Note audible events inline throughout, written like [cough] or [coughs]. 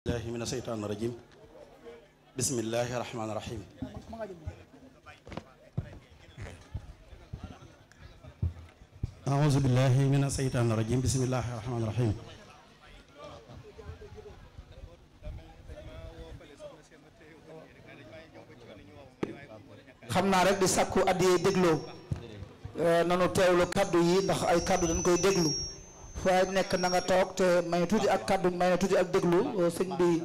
billahi min bismillahi irahmaan irahim bismillahi irahmaan irahim xam naa rek di sàkku addiyee dégloo nanu teewlu kaddu yi ndax ay kaddu dañ koy déglu fooy nekk na nga toog te may tuuti ak kaddu may tuuti ak déglu uh, sëñ bi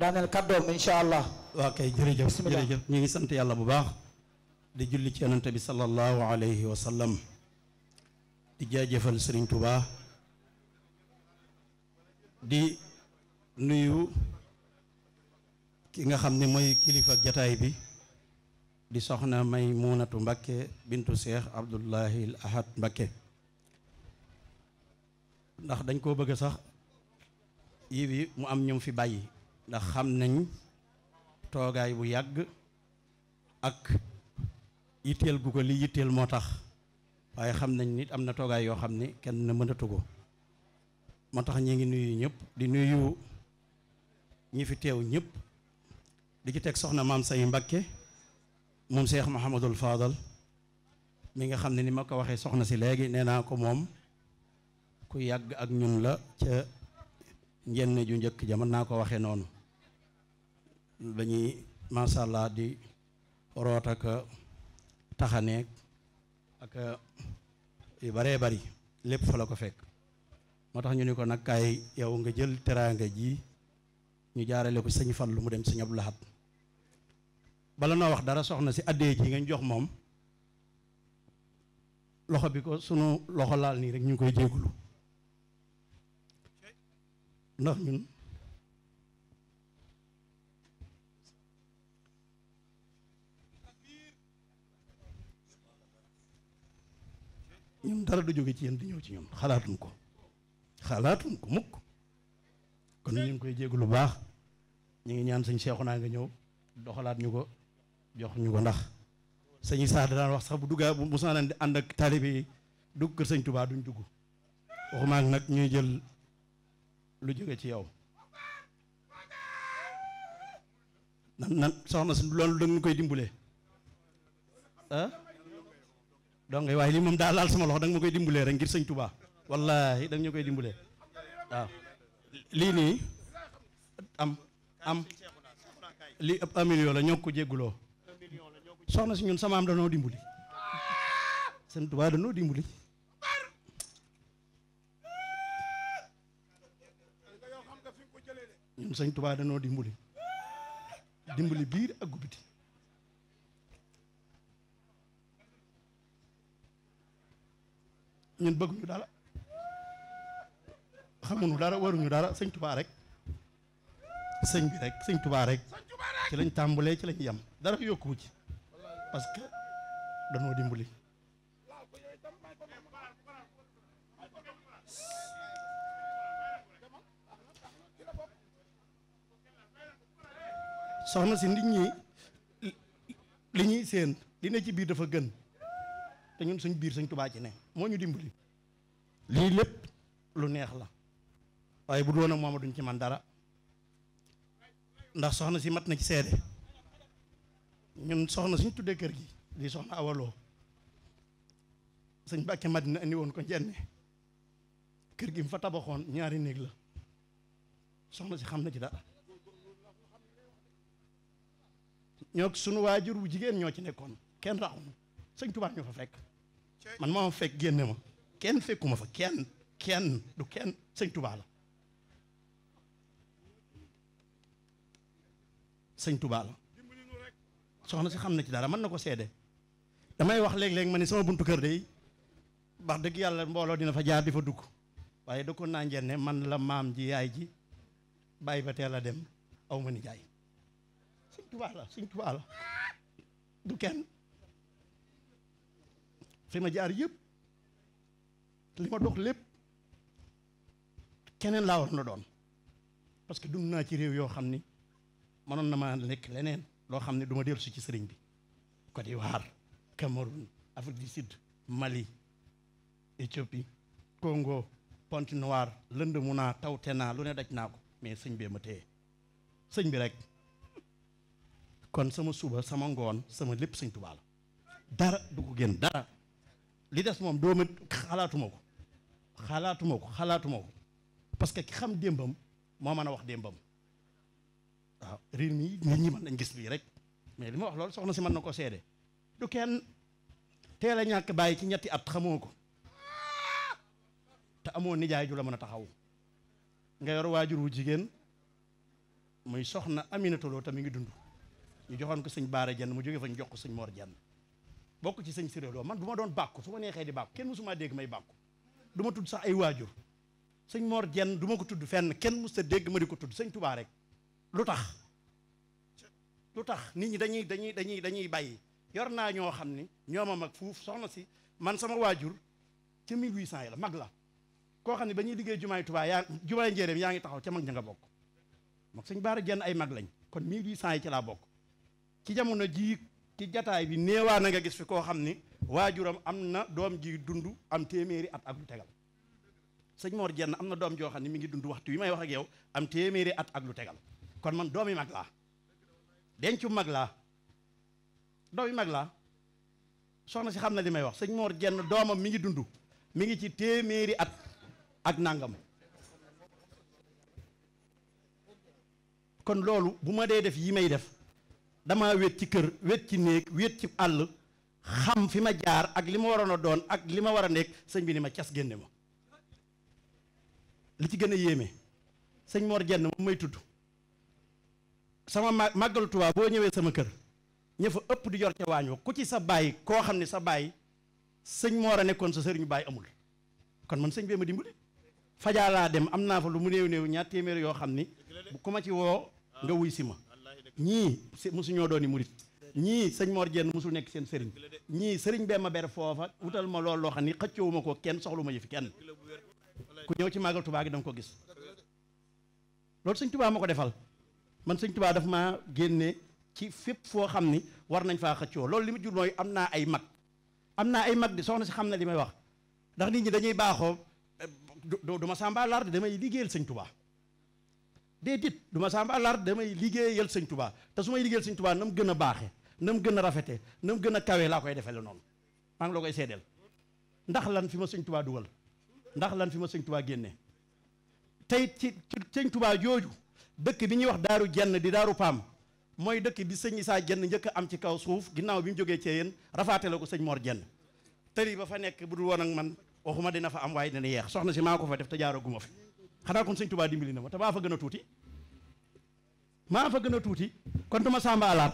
daaneel kaddoom incha allah. waa jërëjëf ñu ngi sant yàlla bu baax. di julli ci yonante bi sallallahu alayhi wa sallam. di jaajëfal sëriñ Touba. di nuyu ki nga xam ni mooy kilifa jataay bi. di soxna Maymunatu Mbakke bintu Cheikh Abdullahi Ahad Mbakke. ndax dañ koo bëgg sax yi mu am ñum fi bàyyi ndax xam nañ toogaay bu yàgg ak yitteel gu ko li yitteel moo tax waaye xam nañ nit am na toogaay yoo xam ni kenn na mënatu ko moo tax ñi ngi nuyu ñëpp di nuyu ñi fi teew ñëpp di ci teg soxna maam say Mbakke moom Cheikh Mouhamadul Fadal mi nga xam ne ni ma ko waxee soxna si léegi nee naa ko moom ku yàgg ak ñun la ca njenn ju njëkk ja mën naa ko waxee noonu dañuy macha allah di root ak taxaneeg ak yu baree bari lépp fa la ko fekk moo tax ñu ni ko nag kaay yow nga jël teraanga ji ñu jaarale ko sëñ lu mu dem sëñ Abdou Lahad bala noo wax dara soxna si addee ji nga ñu jox moom loxo bi ko sunu loxo laal nii rek ñu ngi koy jéggulu ndax ñun ñun dara du jóge ci yéen di ñëw ci ñun xalaatuñ ko xalaatuñ ko mukk kon ñu koy jéegu lu baax ñu ngi ñaan sëñ seexu naa nga ñëw doxalaat ñu ko jox ñu ko ndax sëñ Isaa daan wax sax bu duggaa bu musaanaan di ànd ak taalibe yi dugg kër sëñ Tubaa duñ dugg waxumaa nag ñuy jël lu jóge ci yow nan nan soxna si loolu danga koy dimbulee ah donc waaye lii moom daa laal sama loxo danga ma koy dimbulee rek ngir sëñ Tuubaa wallaahi danga ñu koy dimbulee waaw lii nii am am lii ëpp un million la ñoo ko jégguloo soxna si ñun sama am danoo dimbuli sëñ Tuubaa danoo dimbuli ñun sëñ Tuubaa danoo dimbali dimbali biir ak gubbiti ñun bëgguñu dara xamuñu dara waruñu dara sëñ Tuubaa rek sëñ bi rek sëñ Tuubaa rek ci lañ tàmbalee ci lañ yem dara yokkuwu ci parce que danoo dimbali soxna si nit ñi li ñuy séen li ne ci biir dafa gën te ñun suñ biir suñ tubaa ci ne moo ñu dimbali lii lépp lu neex la waaye bu doon ak moom duñ ci man dara ndax soxna si mat na ci seede ñun soxna suñ tuddee kër gi di soxna awaloo sëñ Bàkke Madina na woon ko jenne kër gi mu fa tabaxoon ñaari néeg la soxna si xam na ci dara ñoo sunu waajur wu jigéen ñoo ci nekkoon kenn raxunu sëñ Tuubaa ñu fa fekk man maa fekk génne ma kenn fekkuma fa kenn kenn du kenn sëñ Tuubaa la sëñ soxna si xam na ci dara mën na ko sedde damay wax léeg-léeg ma ni sama buntu kër day wax dëgg yàlla mbooloo dina fa jaar di fa dugg waaye dëkkoon naa njenne man la maam ji yaay ji bàyyi ba teel a dem aw ma ni jaay tubaa la suñ tubaa la du kenn fi ma jaar yëpp li ma dox lépp keneen laa war na doon parce que dund naa ci réew yoo xam ni mënoon na maa nekk leneen loo xam ne du ma dellusi ci sëriñ bi Côte d'Ivoire Cameroun Afrique du Sud Mali Éthiopie Congo Pointe-Noire lënd mu naa tawte naa lu ne daj naa ko mais sëñ bee ma téye sëñ bi rek kon sama suba sama ngoon sama lépp sëñ Tuubaa la dara du ko génn dara li des moom doo xalaatuma ko xalaatuma ko xalaatuma ko parce que ki xam démbam moo mën a wax démbam waaw réew mi nit ñi mën nañ gis bii rek mais li ma wax loolu soxna si mën na ko seede du kenn teel a ñàkk bàyyi ci ñetti at xamoo ko te amoo nijaay ju la mën a taxaw nga yor waajur jigéen muy soxna Aminata Lo te mi ngi dund ñu joxoon ko sëñ baara jenn mu jógee fa ñu jox ko sëñ moor jenn bokk ci sëñ siréloo man du ma doon bàkku su ma neexee di bàkku kenn musuma dégg may bàkku du ma tudd sax ay waajur sëñ moor jenn du ma ko tudd fenn kenn musta dégg ma di ko tudd sëñ tubaa rek lu tax lu tax nit ñi dañuy dañuy dañuy dañuy bàyyi yor naa ñoo xam ni ñooma mag fuuf soxna si man sama waajur ca 1800 yi la mag la koo xam ne ba ñuy liggéey jumaay tubaa yaa jumaay njéeréem yaa ngi taxaw ca mag ña nga bokk mag sëñ baara jenn ay mag lañ kon cent yi ci laa bokk ci jamono jii ci jataay bi néewaa na nga gis fi koo xam ni waajuram am na doom ji dund am téeméeri at ak lu tegal sëñ moor Jenn am na doom joo xam ne mi ngi dund waxtu wi may wax ak yow am téeméeri at ak lu tegal kon man doomi mag laa dencu mag laa doomi mag laa soxna si xam na li may wax sëñ moor Jenn doomam mi ngi dund mi ngi ci téeméeri at ak nangam kon loolu bu ma dee def yi may def damaa wét ci kër wét ci néeg wét ci àll xam fi ma jaar ak li ma waroon a doon ak li ma war a nekk sëñ bi ni ma cas génne ma li ci gën a yéeme sëñ Mor Jenn moom may tudd sama ma màggalu Tuubaa boo ñëwee sama kër ña ëpp di yor ca waañ wa ku ci sa baay koo xam ne sa baay sëñ Mor a nekkoon sa sëriñu baay amul kon man sëñ bee ma dimbali fajaa laa dem am naa fa lu mu néew néew ñaar téeméer yoo xam ni ku ma ci woo nga wuy si ma ñii mosuñoo doon i murit ñii sëñ Mor Dieng mosul nekk seen sëriñ ñii sëriñ bee ma ber foofa wutal ma loolu loo xam ni xëccoowuma ko kenn soxlu ma fi kenn ku ñëw ci màggal Tuubaa gi danga ko gis loolu sëñ Tuubaa ma ko defal man sëñ Tuubaa daf maa génne ci fépp foo xam ni war nañ faa xëccoo loolu li mu jur mooy am naa ay mag am naa ay mag di soxna si xam na li may wax ndax nit ñi dañuy baaxoo eh, du ma sàmba lar damay liggéeyal sëñ tubaa déedéet duma ma sàmba alar damay liggéeyal sëñ tubaa te su may liggéeyal sëñ tubaa na gën a baaxe na gën a rafete na gën a kawe laa koy defee la noonu maa ngi la koy seedeel ndax lan fi ma sëñ tubaa dugal ndax lan fi ma sëñ tubaa génne tey ci sëñ tubaa jooju dëkk bi ñuy wax daaru jenn di daaru paam mooy dëkk bi sëñ saa jenn njëkk am ci kaw suuf ginnaaw bi mu jógee ci yéen rafaate la ko sëñ Mor jenn tëri ba fa nekk bu dul woon ak man waxuma dina fa am waaye dina yeex soxna si maa ko fa def te jaaraguma fi xanaa kon sëñ Tuubaa dimbali na ma te maa fa gën a tuuti maa fa gën a tuuti kon duma sàmba alaar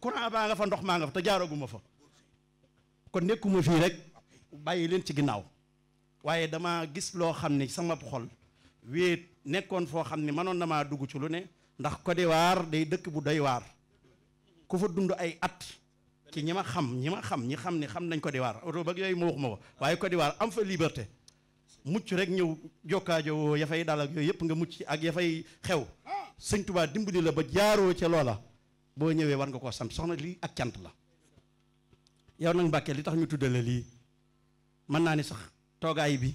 courant baa nga fa ndox maa nga fa te jaaraguma fa kon nekkuma fii rek bàyyi leen ci ginnaaw waaye dama gis loo xam ne sama xol wéet nekkoon foo xam ne mënoon na maa dugg ci lu ne ndax Côte d'Ivoire day dëkk bu doy waar ku fa dund ay at ci ñi ma xam ñi ma xam ñi xam ni xam nañ Côte d'Ivoire oto ba yooyu ma ma ko waaye Côte am fa liberté mucc rek ñëw jokkaajowoo ya fay dal ak yooyu yëpp nga mucc ak ya fay xew sëñ Tuubaa dimbali la ba jaaroo ca loola boo ñëwee war nga ko sant soxna lii ak cant la yow nag Mbàkke li tax ñu tuddale lii mën naa ni sax toogaay bi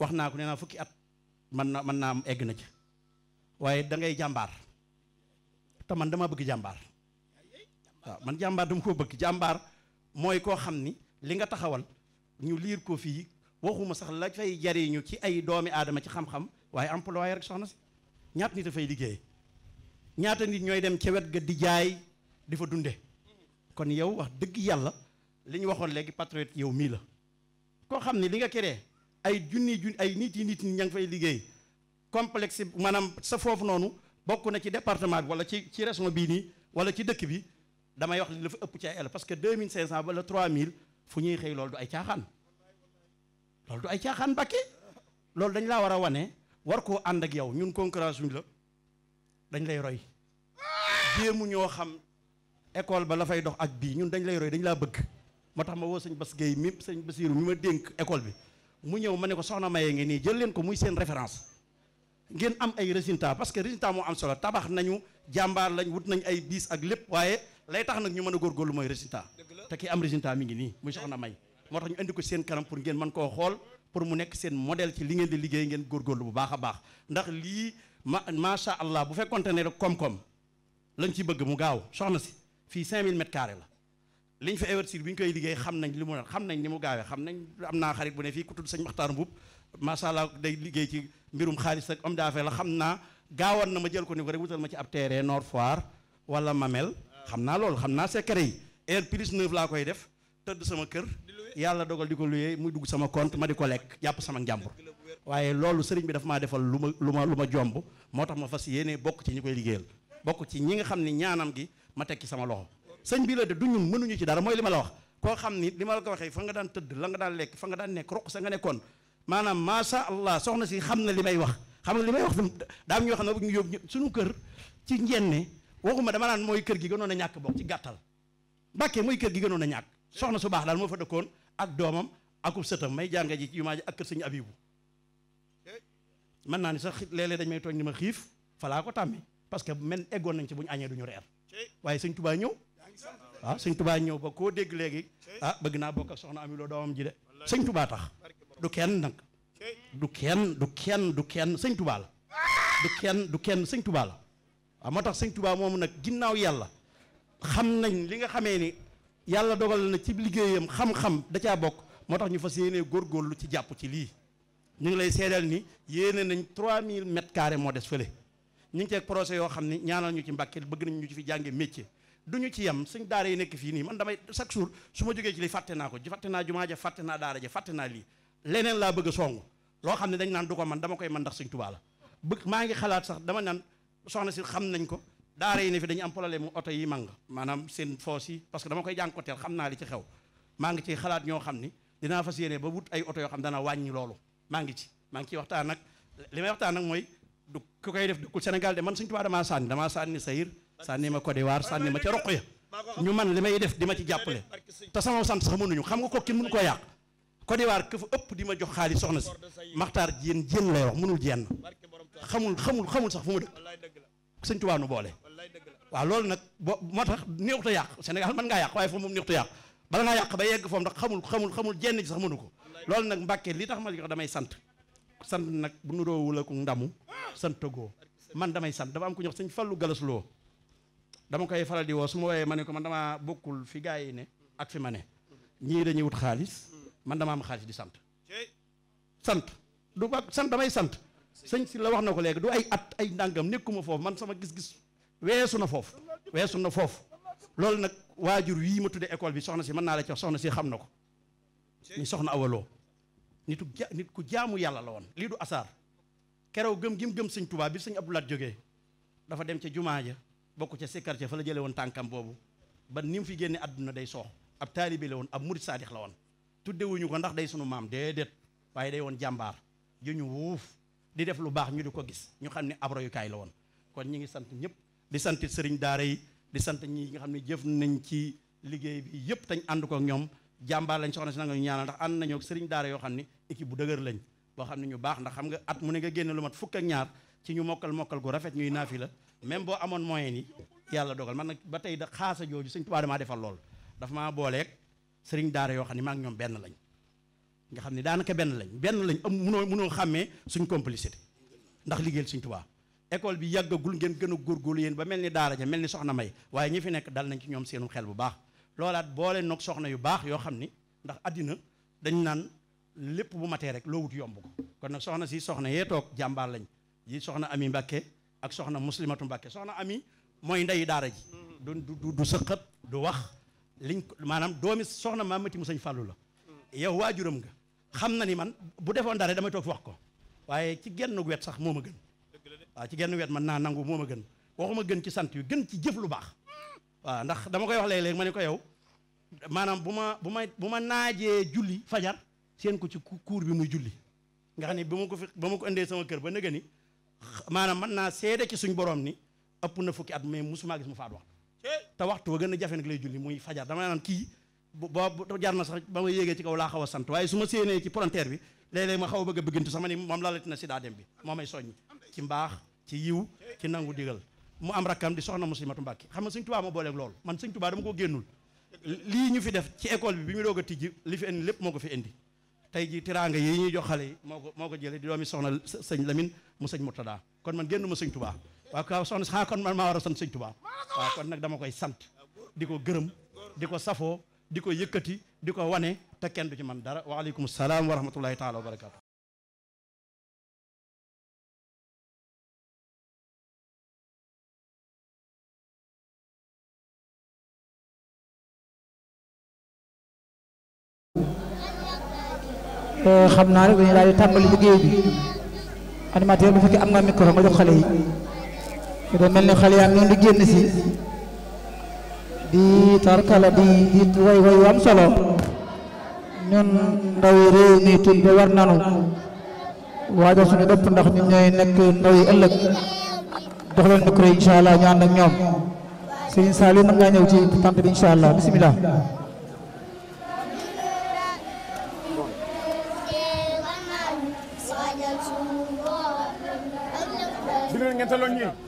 wax naa ko nee naa fukki at mën naa mën naa am egg na ci waaye da ngay jàmbaar te man dama bëgg jàmbaar waaw man jàmbaar dama koo bëgg jàmbaar mooy koo xam ni li nga taxawal ñu liir ko fii waxuma sax la fay jariñu ci ay doomi aadama ci xam-xam waaye employé rek soxna si ñaata nit a fay liggéeye ñaata nit ñooy dem ca wet ga di jaay di fa dunde kon yow wax dëgg yàlla li ñu waxoon léegi patriote yow mii la koo xam ne li nga créé ay junni junni ay nit yi nit ñi ña ngi fay liggéey complexe maanaam sa foofu noonu bokk na ci département bi wala ci ci région bii nii wala ci dëkk bi damay wax li la fa ëpp ci ay el parce que 2500 wala 3000 fu ñuy xëy loolu du ay loolu du ay caaxaan mbàkke loolu dañ laa war a wane war koo ànd ak yow ñun concurrence suñ la dañ lay roy jéemu ñoo xam école ba la fay dox ak bii ñun dañ lay roy dañ laa bëgg moo tax ma woo sëñ Bas Guèye mi sëñ Basiiru mi ma dénk école bi mu ñëw ma ne ko soxna Maye ngi nii jël leen ko muy seen référence ngeen am ay résultat parce que résultat moo am solo tabax nañu jàmbaar lañu wut nañ ay biis ak lépp waaye lay tax nag ñu mën a góorgóorlu mooy résultat te ki am résultat mi ngi nii muy soxna May moo tax ñu indi ko seen kanam pour ngeen man koo xool pour mu nekk seen modèle ci li ngeen di liggéey ngeen góorgóorlu bu baax a baax ndax lii ma macha allah bu fekkonte ne rek koom-koom lañ ci bëgg mu gaaw soxna si fii 5000 mètres carrés la liñ fa investir bi ñu koy liggéey xam nañ li mu xam nañ ni mu gaawee xam nañ am naa xarit bu ne fii ku tudd sëñ Maxtaar Mbuub macha allah day liggéey ci mbirum xaalis ak homme la xam naa gaawoon na ma jël ko ni ko rek wutal ma ci ab terrain Nord Foire wala Mamel ah. xam naa loolu xam naa secret yi air plus neuf laa koy def tëdd sama kër yàlla dogal di ko luyee muy dugg sama compte ma di ko lekk jàpp sama njàmbur waaye loolu sëriñ bi dafa maa defal lu ma lu ma jomb moo tax ma fas yéene bokk ci ñi koy liggéeyal bokk ci ñi nga xam ne ñaanam gi ma tekki sama loxo sëñ bi la de du ñun mënuñu ci dara mooy li a la wax koo xam ni li a la ko waxee fa nga daan tëdd la nga daan lekk fa nga daan nekk roq sa nga nekkoon maanaam macha allah soxna si xam na li may wax xam na li may wax daam ñoo xam ne ñu yóbbu suñu kër ci njenne gi gënoon a ñàkk bokk ci gàttal Mbàkke mooy kër a soxna su baax daal moo fa dëkkoon ak doomam akub sëtam may jànga ji ci jumaa ji ak kër sëñ abibu mën naa ni sax léeg dañ may tooñ ni ma xiif falaa ko tàmmi parce que men eggoon nañ ci buñ ñu añee du ñu reer waaye sëñ tubaa ñëw waaw ah, sëñ tubaa ñëw ba koo dégg léegi ah bëgg naa bokk ak soxna ami doomam ji de sëñ tubaa tax du kenn nag du kenn du kenn du kenn sëñ tubaa la du kenn du kenn sëñ tubaa la waaw ah, moo tax sëñ tubaa moomu nag ginnaaw yàlla xam nañ li nga xamee ni yàlla dogal na ci liggéeyam xam-xam da caa bokk moo tax ñu fas yéenee góorgóorlu ci jàpp ci lii ñu ngi lay seedal ni yéene nañ 3000 mètres carrés moo des fële ñu ngi ceeg projet yoo xam ne ñaanal ñu ci mbàkke bëgg nañ ñu ci fi jànge métier du ñu ci yem suñ daara yi nekk fii nii man damay chaque jour su ma jógee ci li fàtte naa ko fàtte naa jumaa ja fàtte naa daara ja fàtte naa lii leneen laa bëgg a song loo xam ne dañ naan du ko man dama koy man ndax suñ tubaa la bëgg maa ngi xalaat sax dama naan soxna si xam nañ ko daara yi ne fi dañu am problème mu oto yi mang maanaam seen foos yi parce que dama koy jànkoteel xam naa li ci xew maa ngi ci xalaat ñoo xam ni dinaa fa yéene ba wut ay oto yoo xam dana wàññi loolu maa ngi ci maa ngi ciy waxtaan nag li may waxtaan nag mooy du ku koy def dëkkul Sénégal de man suñ tubaab damaa sànni damaa sànni Sayir sànni ma Côte d'Ivoire sànni ma ca roq ya ñu man li may def di ma ci jàppale te sama sant sax mënuñu xam nga ko kenn mënu koo yàq Côte d'Ivoire ka ëpp di ma jox xaalis soxna si maxtaar jéen jéen lay wax mënul jéen xamul xamul xamul sax fu mu dëkk sëñ tubaab nu boole waaw loolu nag boo moo tax néew te yàq Sénégal mën ngaa yàq waaye foofu moom néew yàq bala ngaa yàq ba yegg foofu ndax xamul xamul xamul jenn ci sax mënu ko loolu nag Mbàkke li tax ma jox damay sant sant nag bu nu roowul ndamu sant goo man damay sant dafa am ku ñox sëñ Fallu Galas Lo dama koy faral di woo su ma woowee ma ne ko man damaa bokkul fi gars yi ne ak fi ne ñii dañuy wut xaalis man dama am xaalis di sant sant du sant damay sant sëñ si la wax na ko léegi du ay at ay ndàngam nekkuma foofu man sama gis-gis weesu na foofu weesu na foofu loolu nag waajur wii ma tudde école bi soxna si mën naa la ci wax soxna si xam na ko ñu soxna awaloo nitu ja nit ku jaamu yàlla la woon lii du asaar kerew gëm gëm sëñ Tuubaa bi sëñ Abdou Lahad jógee dafa dem ca jumaa ja bokk ca sikkar ca fa la jële woon tànkam boobu ba ni mu fi génne àdduna day soox ab taalibe la woon ab murit saadix la woon tuddewuñu ko ndax day suñu maam déedéet waaye day woon jàmbaar ju ñu wuuf di def lu baax ñu di ko gis ñu xam ne ab la woon kon ñi ngi sant ñëpp di sant sëriñ daara yi di sant ñi nga xam ne jëf nañ ci liggéey bi yëpp tañ ànd ko ak ñoom jàmbaar lañ soxna si nanga ñu ñaanal ndax ànd nañoo ak sëriñ daara yoo xam ne équipe bu dëgër lañ boo xam ne ñu baax ndax xam nga at mu ne nga génne lu mat fukk ak ñaar ci ñu mokkal mokkal gu rafet ñuy naafi la même boo amoon moyen yi yàlla dogal man nag ba tey da xaasa jooju sëñ Tuubaa damaa defal lool dafa maa booleeg sëriñ daara yoo xam ne maa ngi ñoom benn lañ nga xam ne daanaka benn lañ benn lañ am munoo munoo xàmmee suñ complicité ndax liggéeyal sëñ Tuubaa école bi yàggagul ngeen gën a góorgóorlu yéen ba mel ni daara ja mel ni soxna may waaye ñi fi nekk dal nañ ci ñoom seenum xel bu baax loolaat boole noog soxna yu baax yoo xam ni ndax àddina dañ naan lépp bu matee rek loo wut yomb ko kon nag soxna si soxna yee toog jàmbaar lañ yi soxna ami Mbàkke ak soxna muslimatu Mbàkke soxna ami mooy ndeyu daara ji du du du sëqat du wax liñ maanaam doomi soxna maamati mu sëñ fàllu la yow waajuram nga xam na ni man bu defoon dara damay toog wax ko waaye ci genn wet sax moo ma waaw ci genn wet man naa nangu moom ma gën waxuma gën ci sant yu gën ci jëf lu baax waaw ndax dama koy wax léeg-léeg ma ne ko yow maanaam bu ma bu ma bu ma naajee julli fajar seen ko ci kuur bi muy julli nga xam ne ba ma ko fi ba ma ko indee sama kër ba nëga ni maanaam man naa seede ci suñ borom ni ëpp na fukki at mais musuma gis mu faat waxtu te waxtu wa gën a jafe nag lay julli muy fajar dama naan kii boo jar na sax ba ma yéegee ci kaw laa a sant waaye su ma séenee ci frontière bi xaw a bëgg a na si daa dem moo may soññ ci mbaax ci yiw ci nangu digal mu am rakkam di soxna matu Mbàkke xam nga sëñ Tuubaa ma booleeg lool man sëñ Tuubaa dama koo génnul lii ñu fi def ci école bi bi ñu doog a tijji li fi indi lépp moo ko fi indi tey ji tiraanga yi ñuy jox xale yi moo ko moo ko jële di doomi soxna sëñ Lamin mu sëñ Murtadaa kon man génn ma sëñ Tuubaa waaw kaw ah, kon man maa war a sant sëñ waaw kon nag dama koy sant di ko gërëm di ko safoo di ko yëkkati di ko wane te kenn du ci man dara waaleykum salaam wa rahmatullahi taala wa barakatu Eh, xam naa rek dañuy daal di tàmbali liggéey bi animateur bu fekkee am nga micro nga jox xale yi te doo mel ni xale yaa ngi di génn si di tarkala di di way way am solo ñun ndaw yi réew mi tun ba war nanu waajal suñu bopp ndax ñun ñooy nekk ndaw yi ëllëg dox leen micro yi incha allah ñu ànd ñoom Serigne Saliou mën ngaa ñëw ci tànt bi incha allah bisimilah. ngeen tolloon ñii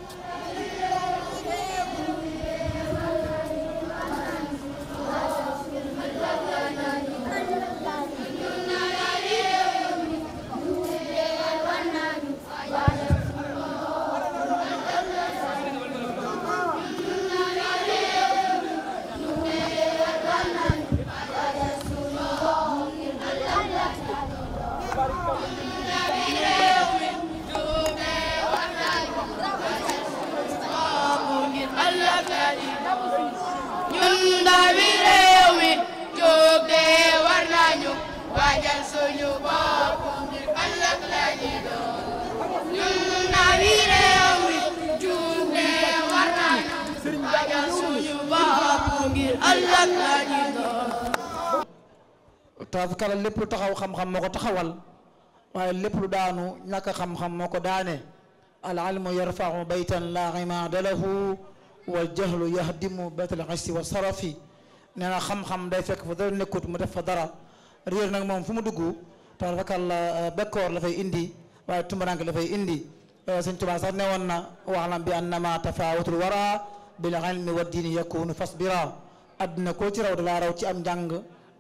ak lañu doon taskala lépp lu taxaw xam-xam moo ko taxawal waaye lépp lu daanu ñàkk xam-xam moo ko daane al ilmu yarfau baytan la imaada lahu wal jahlu yahdimu baytal xisti wa sarafi nee na xam-xam day fekk fa dara nekkut mu def fa dara réer nag moom fu mu dugg tabarakallah euh, bekkoor la fay indi waaye tumbaranke la fay indi euh, Sëñ Tuubaa sax newoon na waxlam bi annama tafawutul wara bil ilmi wa diini yakunu fasbira addina koo ci raw dalaa raw ci am njàng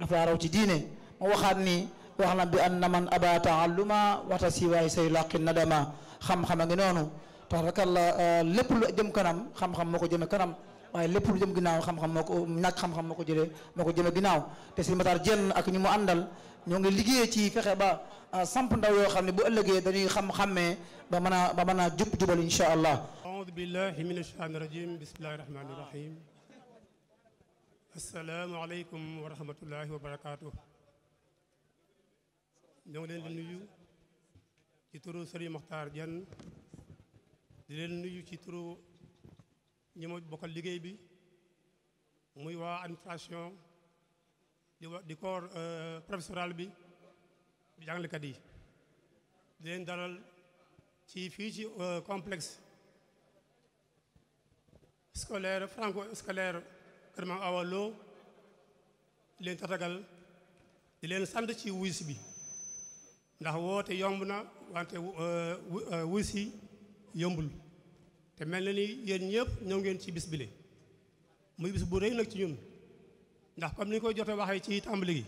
dafa laa raw ci diine mu waxaat ni wax na bi an na man aba taalluma waxta si waay say làqi nadama xam-xam a ngi noonu tabarakallah euh, lépp lu jëm kanam xam-xam moo ko jëme kanam waaye lépp lu jëm ginnaaw xam-xam moo ko ñàkk xam moo ko jëlee moo ko jëme ginnaaw te si mataar jenn ak ñu mu àndal ñoo ngi liggéey ci fexe ba euh, samp ndaw yoo xam ne bu ëllëgee dañuy xam-xammee ba mën a ba mën a jub jubal insha allah aoudu billahi min ashaytaani bismillahi rahmani rahim asalaamualeykum wa rahmatullahi wa barakaatu. ñoo ngi leen di ci turu Serigne Makhtar Diène di leen nuyu ci turu ñi bokkal liggéey bi muy waa administration di wa di corps euh, professoral bi jàngalekat yi di leen dalal ci fii ci euh, complexe franco scolaire kër maam Awa di leen tatagal di leen sant ci wuyus bi ndax woote yomb na wante euh, euh, wuyus yi yombul te mel na ni yéen ñëpp ñëw ngeen ci bis bile muy bis bu rëy nag ci ñun ndax comme ni ñu koy jotee waxee ci tàmbali gi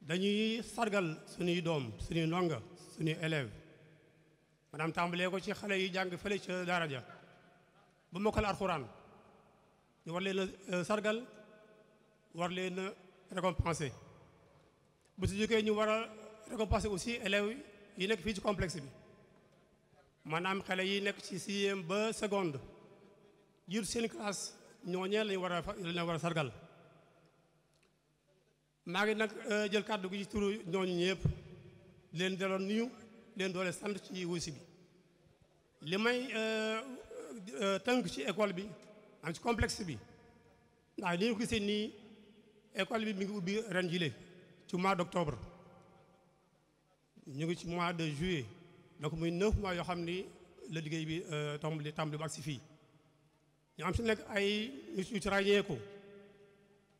dañuy sargal suñuy doom suñuy ndonga suñuy élèves maanaam tàmbalee ko ci xale yi jàng fële ca daara ja ba mokkal alxuraan ñu war leen euh, sargal war leen a bu si jógee ñu war a récompenser aussi élèves yi nekk fii ci complexe bi maanaam xale yi nekk ci sixième ba seconde jur seen classe ñooñee lañu war a sargal maa ngi nag euh, jël kàddu gi ci turu ñooñu ñëpp leen deloon nuyu leen doole sant ci wuy si bi li may euh, tënk ci école bi am ci complexe bi ndax li ñu ko gisee nii école bi mi ngi ubbi ren jile ci mois d' octobre ñu ngi ci mois de juillet donc muy neuf mois yoo xam ni la liggéey bi euh, tàmbali li ba ak si fii ñu am ci nekk ay ñu ci ràññeeku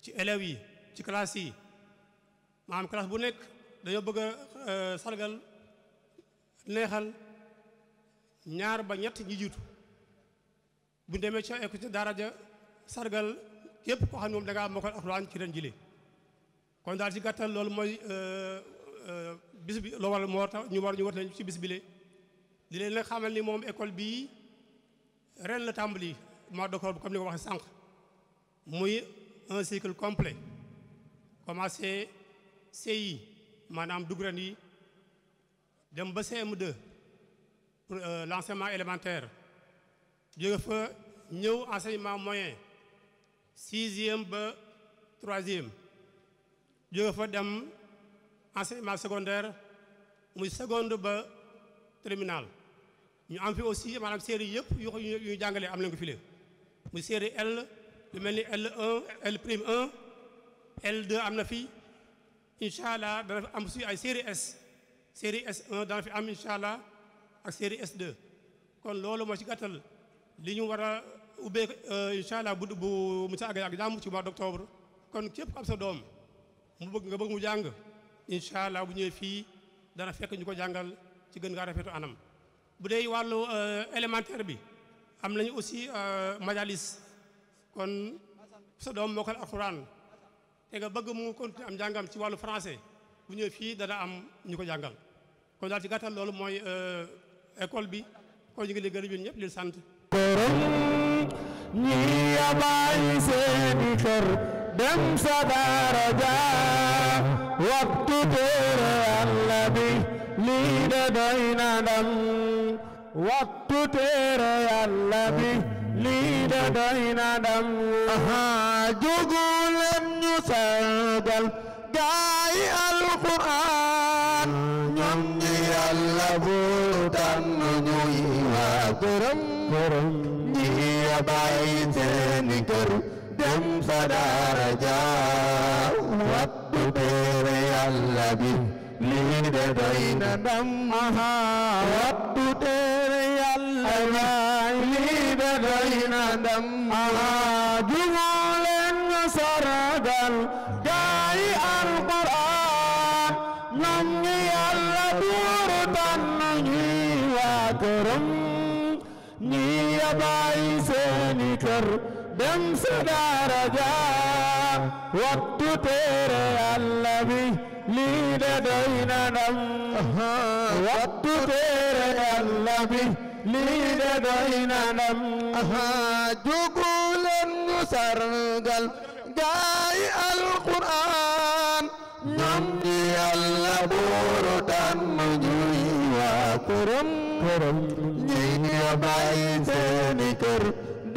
ci élèves yi ci classe yi maanaam classe bu nekk dañoo bëgg a euh, sargal neexal ñaar ba ñett ñi jiitu bu demee ca école daara ja sargal képp koo xam ne moom da ngaa mokkal alxuraan ci ren jile kon daal ci gàttal loolu mooy euh, euh, bis bi loo waral moo tax ñu war ñu war leen ci bis bile li leen nag xamal ni moom école bii ren la tàmbali mois d'octobre comme ni ko waxee sànq muy un cycle complet commencé CI maanaam dugg ren yi dem ba CM2 pour euh, l'enseignement élémentaire jóge fa ñëw enseignement moyen sixième ba troisième jóge fa dem enseignement secondaire muy seconde ba terminal ñu am fi aussi maanaam série yëpp yu ñu jàngalee am nañu ko file muy série L lu mel ni l L prime L2 am na fi incha allah dana fi am suy ay série S série S1 dana fi am incha allah ak série S2 kon loolu moo ci gàttal li ñu war a ubbee euh, incha allah bu bu monsieur Aga ak jàmm ci mois d'octobre kon képp am sa doom mu bëgg nga bëgg mu jàng incha allah bu ñëwee fii dana fekk ñu ko jàngal ci gën ngaa rafetu anam. bu dee wàllu euh, élémentaire bi am nañu aussi euh, majalis kon sa doom mokkal bëgg mu continuer jàngam ci wàllu français bu ñëwee fii dana am ñu ko jàngal kon daal ci gàttal loolu mooy école bi kon ñu ngi liggéey ñun ñëpp leen sant. korom ñi yabaay seeni kër dem sa daara ja waxtu téere Yàlla bi lii de doy na ndam waxtu téere Yàlla bi lii de doy na ndam aha jógu leen ñu sargal këram ñi ya bàyyi seeni kër dem sa daara lii de doy na ndam aha wattu téere yàlla lii de doy na ndam kër lii de doy na ndam wattu téere Yàlla bi lii de doy na ndam jugu leen ñu sargal gaay alquran ñoom ñi Yàlla buuru tan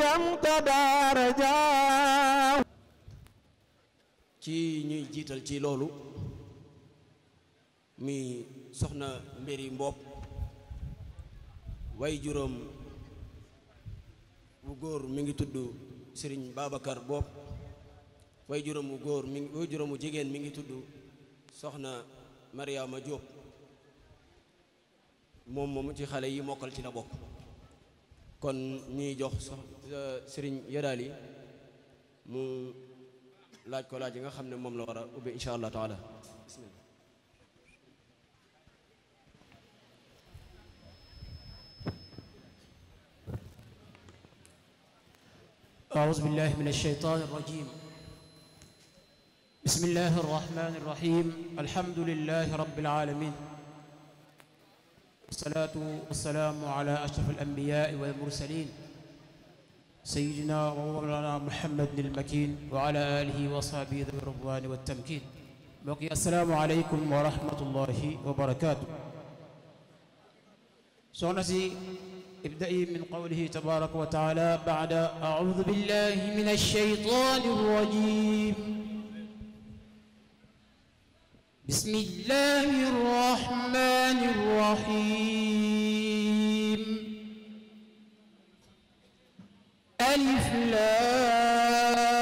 dem ta ci ñuy jiital ci loolu mi soxna mbiri mboob way juróom bu góor mi ngi tudd sëriñ Babacar Mboob way juróom bu góor mi way juróom bu jigéen mi ngi tudd soxna Mariama Diop moom moom ci xale yi mokkal ci la bokk kon ñuy jox sëriñ yadaal yi mu laaj ko laaj yi nga xam ne moom la war a ubbi insha allah taala bismillah أعوذ بالله من الشيطان الرجيم بسم الله الرحمن الرحيم الحمد لله رب العالمين والصلاة والسلام على أشرف الأنبياء والمرسلين سيدنا ومولانا محمد المكين وعلى آله وصحبه ذوي الرضوان والتمكين mbokk yi asalaamaaleykum wa rahmatullahi wa barakaatu soxna si ibda'i min qawlihi tabaraka wa taala ba'da a'uudu billahi mina shaytaani rajiim bismillahi rahmaani rahiim alif laam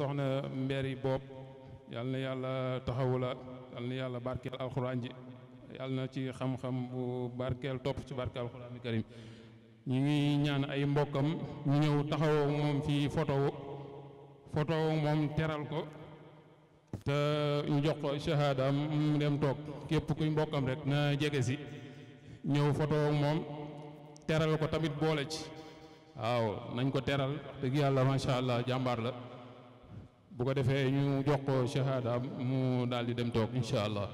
soxna Mbeeri Boob yal na yàlla taxawu la yal na yàlla barkeel alxuraan yal na ci xam-xam bu barkeel topp ci barkeel alxuraan karim ñu ngi ñaan ay mbokkam ñu ñëw taxawoo moom fii photo photo moom teral ko te jox ko shahaadaam dem toog képp kuy mbokkam rek na jege si ñëw photo moom teral ko tamit boole ci waaw nañ ko teral dëgg yàlla macha allah jàmbaar la bu ko defee ñu jox ko mu daal di dem toog incha allah.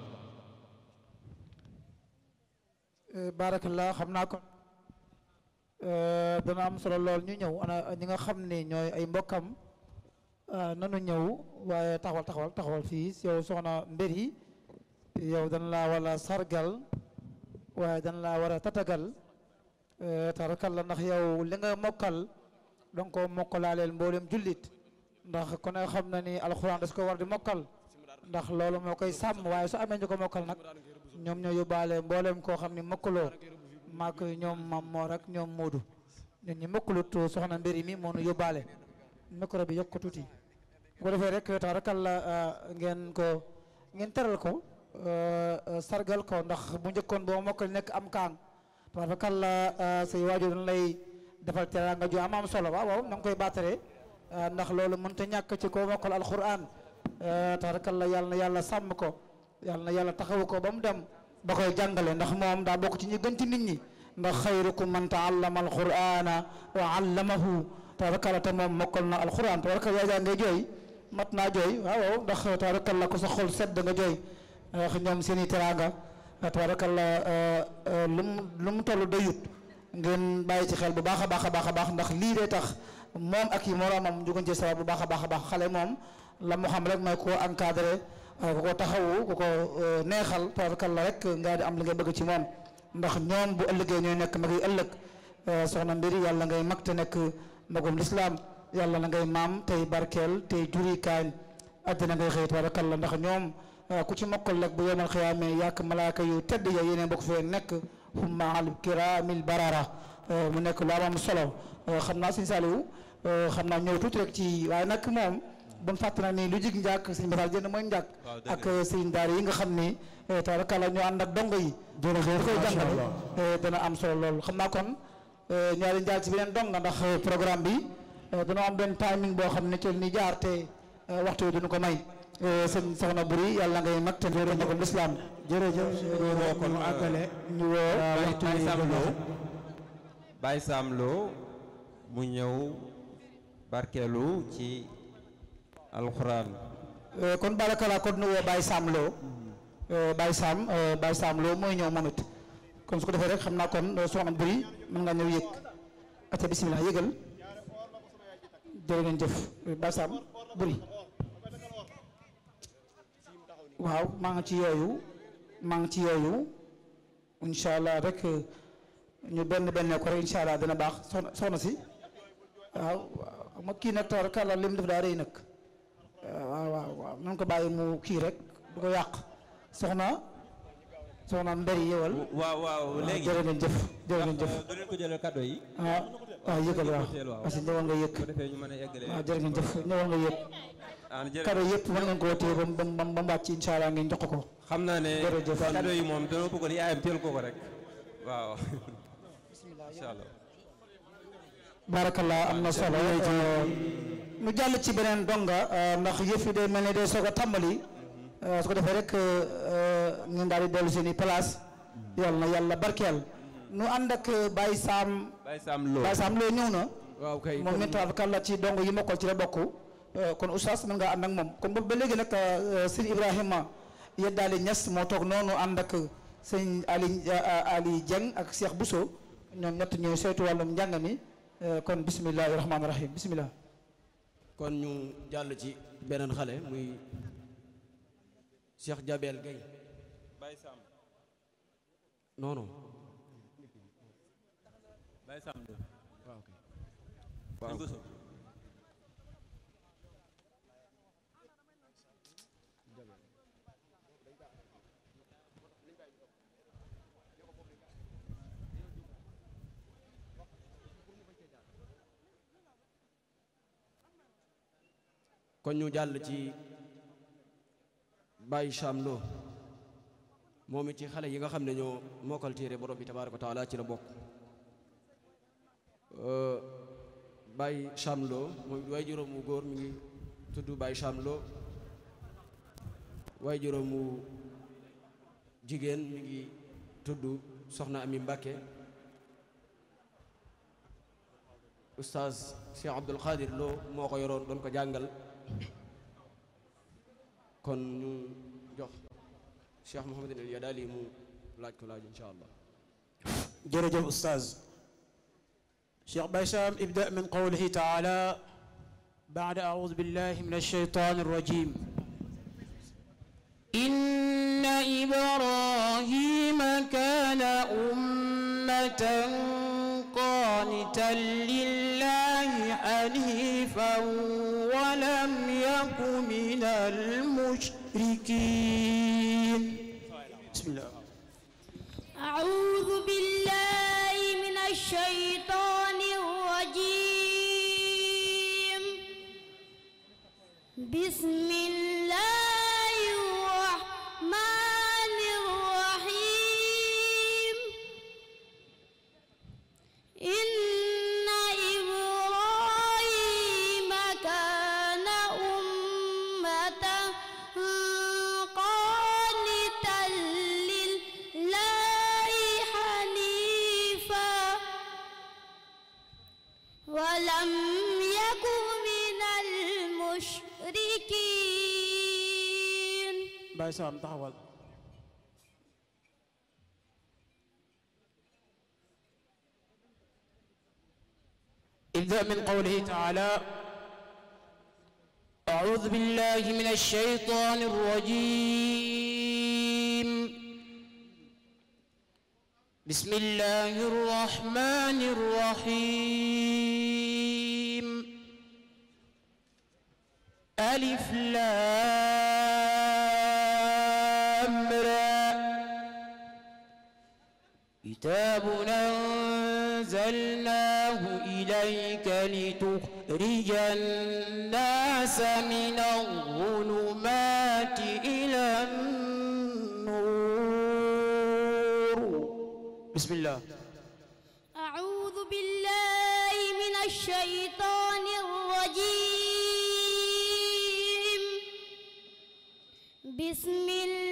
Eh, barakallah xam naa kon eh, dana am solo lool ñu ñëw ana ñi nga xam ne ñooy ay mbokkam eh, nanu ñëw waaye taxawal taxawal taxawal fii yow soxna Mbéri yow dana laa wala sargal waaye dana laa war a tatagal tarakal la ndax yow li nga mokkal danga ko mokkalaaleel mboolem jullit ndax ku xam na ni alxuraan das ko war di mokkal ndax loolu moo koy sàmm waaye su amee ñu ko mokkal nag ñoom ñoo yóbbaale mbooleem koo xam ne mokkaloo maa koy ñoom mam moor ak ñoom moodu nit ñi mokkalut soxna mbiri mi moo nu yóbbaale micro bi yokk ko tuuti bu defee rek tabarakal la euh, ngeen ko ngeen teral ko euh, sargal ko ndax bu njëkkoon boo mokkal nekk am kaang tabarakal la euh, say waajur dañ lay defal teraanga ju am solo waaw waaw na koy baataree Ah, ndax loolu mënta ñàkk ci koo mokkal alquran ah, tabarakalla yàlla na yàlla sàmm ko yàlla na yàlla taxaw ko ba mu dem ba koy jàngale ndax moom daa bokk ci ñi gën ci nit ñi ndax xayrukum man taallama alqurana wa allamahu tabarakalla te moom mokkal na alquran tabarakalla yaa jooy mat naa jooy waaw ndax tabarakalla ko sa xol sedd nga jooy ndax ah, ñoom seen i teraanga tabarakalla lu mu lu mu toll doyut ngeen bàyyi ci xel bu baax a baax a baax a baax ndax lii dee tax moom ak yi moroomam ñu ci sabab bu baax a baax a baax xale moom la mu xam rek mooy ku ko encadré euh, ku ko taxawu ku ko euh, neexal tabarakal la rek nga di am li nga bëgg ci moom ndax ñoom bu ëllëgee ñooy nekk mag yi ëllëg euh, soxna mbiri yàlla ngay mag te nekk magum na ngay maam tey barkeel tey juri kaañ àddina ngay xëy tabarakal la ndax ñoom ku ci mokkal rek bu yemal xiyaamee yàkk malaaka yu tedd ya yeneen bokk fee nekk humma al kiraamil barara mu nekk lu am solo xam naa Euh, xam naa ñëw tuuti rek ci waaye nag moom ba mu fàttali ne lu jig njàkk sëñ Matar Dieng mooy njàkk. ak euh, sëñ daara yi nga xam ni euh, tabarakallah ñoo ànd ak dongo yi. jërëjëf koy jàngale dana am solo lool xam naa kon ñaari njaal ci beneen dong ndax programme bi dañoo am benn timing boo xam ne ci ni jaar te waxtu wi duñu ko may. sëñ soxna Buri yàlla ngay mag te njëriñ la ko lislaam. jërëjëf kon ñu àggale. mu ñëw. barkeelu ci alxuraan euh, kon barakala kon nu woo Baye Sam Lo euh, Baye Sam euh, Baye Sam Lo mooy ñëw moom kon su ko defee rek xam naa kon soxna Buri mën nga ñëw yëg ate bisimilah yëgal jërë ngeen jëf Baye Sam Buri waaw maa ci yooyu maa ci yooyu incha allah rek ñu benn benn ko rek incha allah dina baax soxna si waaw waaw ma kii nag tawar kàlla lim def daa rëy nag waaw waaw waaw ko bàyyi mu kii rek du ko yàq soxna soxna Ndeye yëwal. waaw waaw léegi jërë ngeen jëf jërë ngeen jëf. yi. ah, ah waaw yëgal waaw parce que ñëwoon nga yëg. waaw ah, jëf ñëwoon nga yëg. Ah, kado yëpp mën nañ koo téye ba mu ba mu wàcc allah ngeen jox ko. xam naa ne kado yi moom ko ko rek waaw [laughs] barakallah am na solo mu jàll ci beneen donga euh, ndax yëf yi mel ne day soog a tàmbali euh, su ko defee rek euh, ñu daal di dellu seen i place yàlla barkeel nu ànd ak Baye Sam Baye Sam Lo Baye Sam Lo ñëw na waaw kay moom mi tabarakallah ci dong yi mokkal ci la bokk kon oustaz mën nga ànd ak moom kon boobu ba léegi nag sëñ Ibrahima Yeddaali Niass moo toog noonu ànd ak sëñ Ali Ali Dieng ak Cheikh Bousso ñoom ñett ñooy saytu wàllum njàng mi Euh, kon bisimilah rahmaani rahim bisimilah. kon ñu jàll ci beneen xale muy Cheikh Jabel Gueye. Baye waaw. kon ñu jàll ci Baye Cham Lo moom ci xale yi nga xam ne ñoo mokkal téere borom bi tabaaraka wa taala ci la bokk euh, bàyyi Cham Lo moom waaye juróom wu góor mi ngi tudd Baye Cham Lo waaye juróom wu jigéen mi ngi tuddu Soxna Ami Mbàkke Oustaz Cheikh Abdul Qadir Lo moo ko yoroon doon ko jàngal kon ñu jox Cheikh Mouhamadin El Yadali mu laaj ko laaj incha allah jërëjëf ustaaz Cheikh Basham ibda min qawlihi taala بعد أعوذ بالله من الشيطان الرجيم إن إبراهيم كان أمة قانتا لله حنيفا المسكين بسم الله أعوذ بالله من الشيطان الرجيم بسم الله Abdoulaye Sam taxawal إذا من قوله تعالى أعوذ بالله من الشيطان الرجيم بسم الله الرحمن الرحيم ألف لام كتاب أنزلناه إليك لتخرج الناس من الظلمات إلى النور بسم الله أعوذ بالله من الشيطان الرجيم بسم الله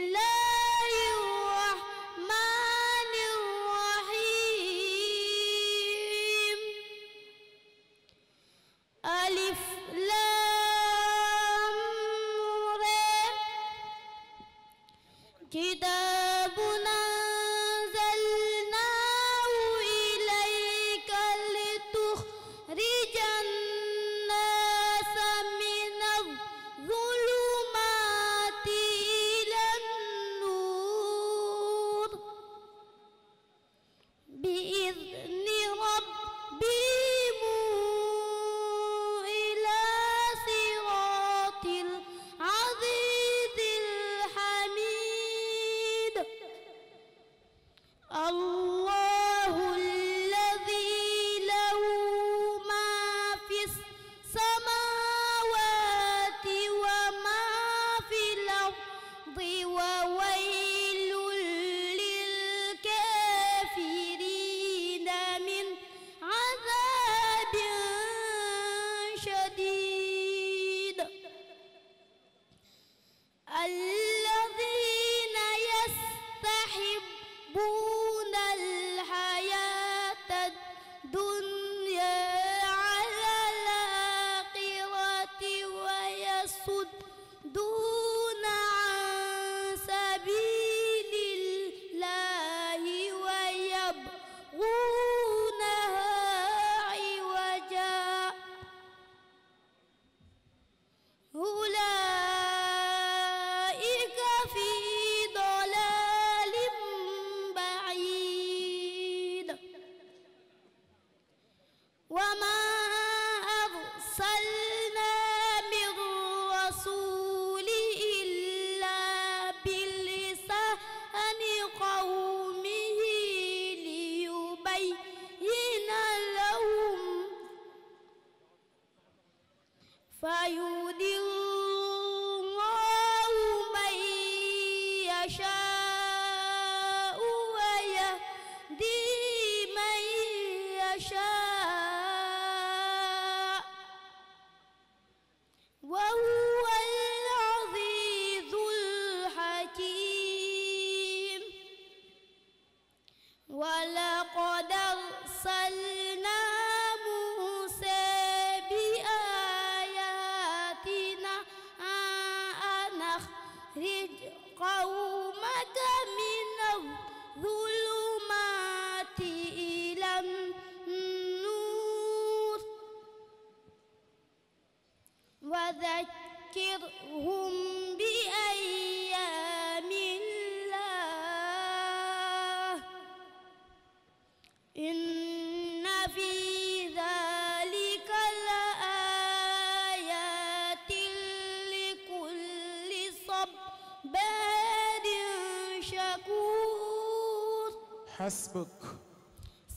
حسبك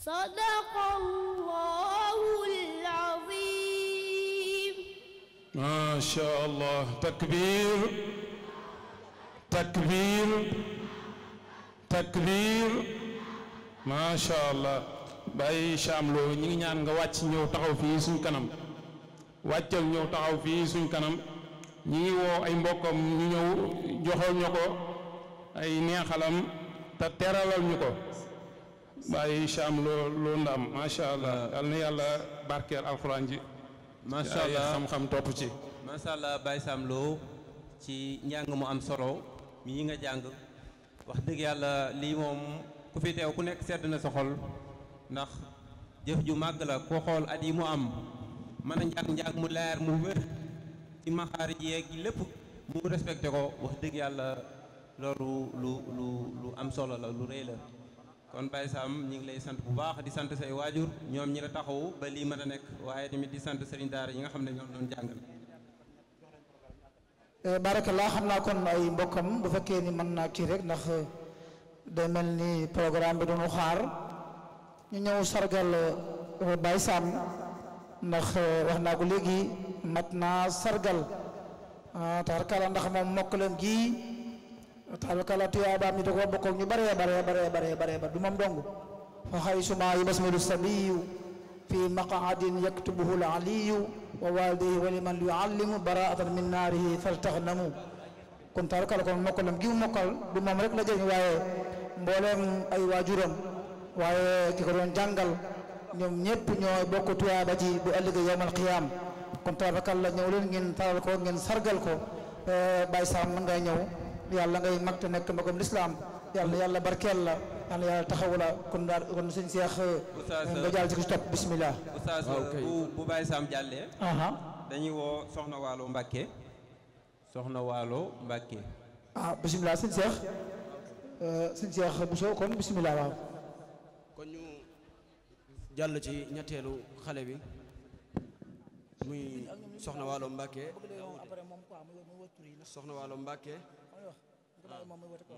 صدق الله العظيم ما شاء الله تكبير تكبير تكبير ما شاء الله Baye Cham ñi ngi ñaan nga wàcc ñëw taxaw fii suñ kanam wàccal ñëw taxaw fii suñ kanam ñi ngi ay mbokkam ñu ñëw joxal ñu ko ay neexalam te teralal ñu ko bàyyi incha am loo loo ndam macha allah ah. yal na yàlla barkeel alxuraan ji. macha allah xam-xam topp ci. macha allah Baye Sam ci njàng mu am solo mii nga jàng wax dëgg yàlla lii moom ku fi teew ku nekk sedd na sa xol ndax jëf ju màgg la ko xool at yi mu am mën a njàng njàng mu leer mu wér ci maxaar yeeg lépp mu respecté ko wax dëgg yàlla loolu lu lu lu am solo la lu rëy la. kon Baye Sam ñi ngi lay sant bu baax di sant say waajur ñoom ñi la taxawu ba lii mën a nekk waaye tamit di sant sëriñ daara yi nga xam ne ñoom doon jàngal eh, barakallah xam naa kon ay mbokkam bu fekkee ni man naa kii rek ndax eh, day mel ni programme bi duñu xaar ñu ñëw sargal eh, Baye Sam ndax wax naa ko léegi mat naa sargal ah, tabarkalla ndax moom mokkalam gii tabakala tuyaabaam ni da koo bokk ak ñu baree baree baree baree baree ba du moom dong fa xaysuma yubasmilu sabiyu fi maqaadin yaktubuhu aliyu wa walideyi wa liman yuallimu baraatan min naarihi faltaxnamu kon tabakala kon mokkalam gi mu mokkal du moom rek la jëriñ waaye mbooleem ay waajuram waaye ki ko doon jàngal ñoom ñëpp ñoo bokk tuyaaba ji bu ëllëgee yowmal qiyaam kon tabakala ñëw leen ngeen ko ngeen sargal ko eh, bàyyi saam mën nga ñëw yàlla ngay mag te nekk magam lislaam yàlla yàlla barkeel la yàlla yàlla taxawu la kon daal kon sëñ eh, Seex nga jàll ci ko si topp bismillah ah, bu soo ah, eh, kon bismillah waaw jàll ci ñetteelu xale bi muy soxna waalo Mbàkke soxna waalo Mbàkke moom mooy woote ko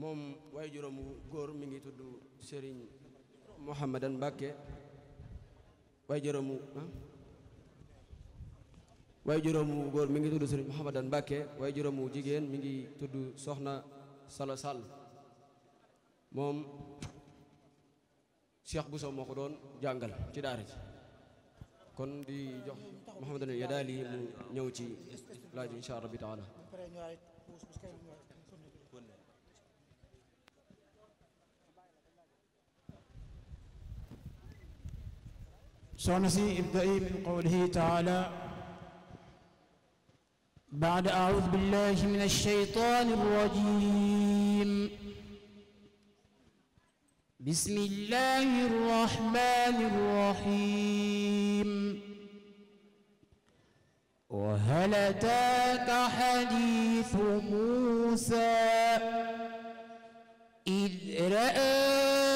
moom waaye juróomu góor mi ngi tudd Serigne Mouhamadan Mbacke waaye juróomu ah? waaye juróomu góor mi ngi tudd Serigne Mouhamadan Mbacke waaye juróomu jigéen mi ngi tudd Soxna Sala Sall moom bu Bousso moo ko doon jàngal ci daara ji kon di jox Mouhamadan Yadaali mu ñëw ci laaj incha allah bi taala ñu waay puus puus kay ñu waay sonne soxna si ibda'i min qawlihi ta'ala بعد أعوذ بالله من الشيطان الرجيم بسم الله الرحمن الرحيم وهل أتاك حديث موسى إذ رأى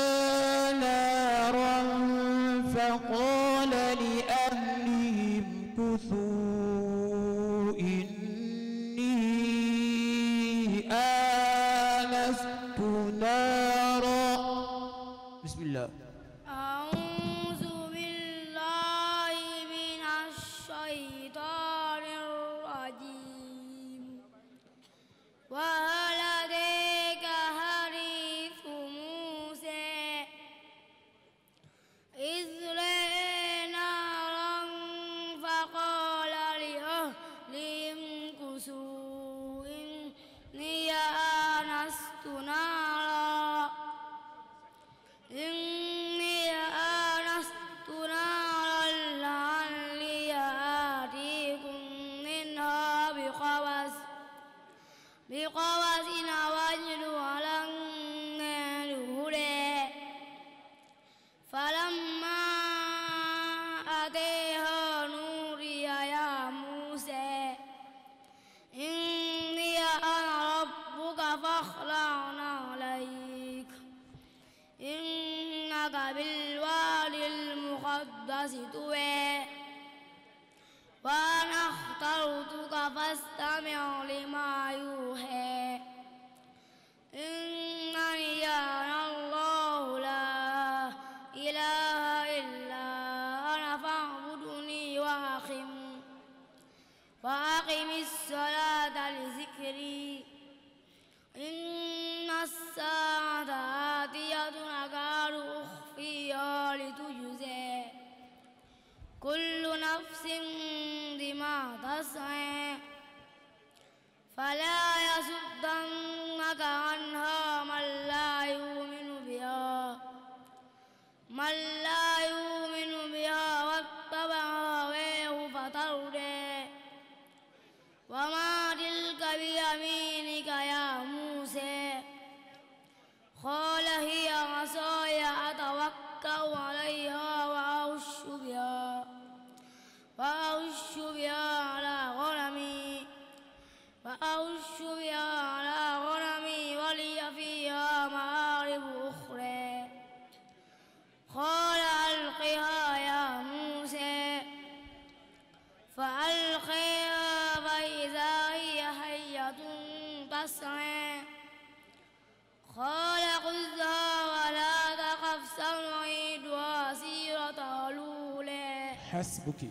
fukki.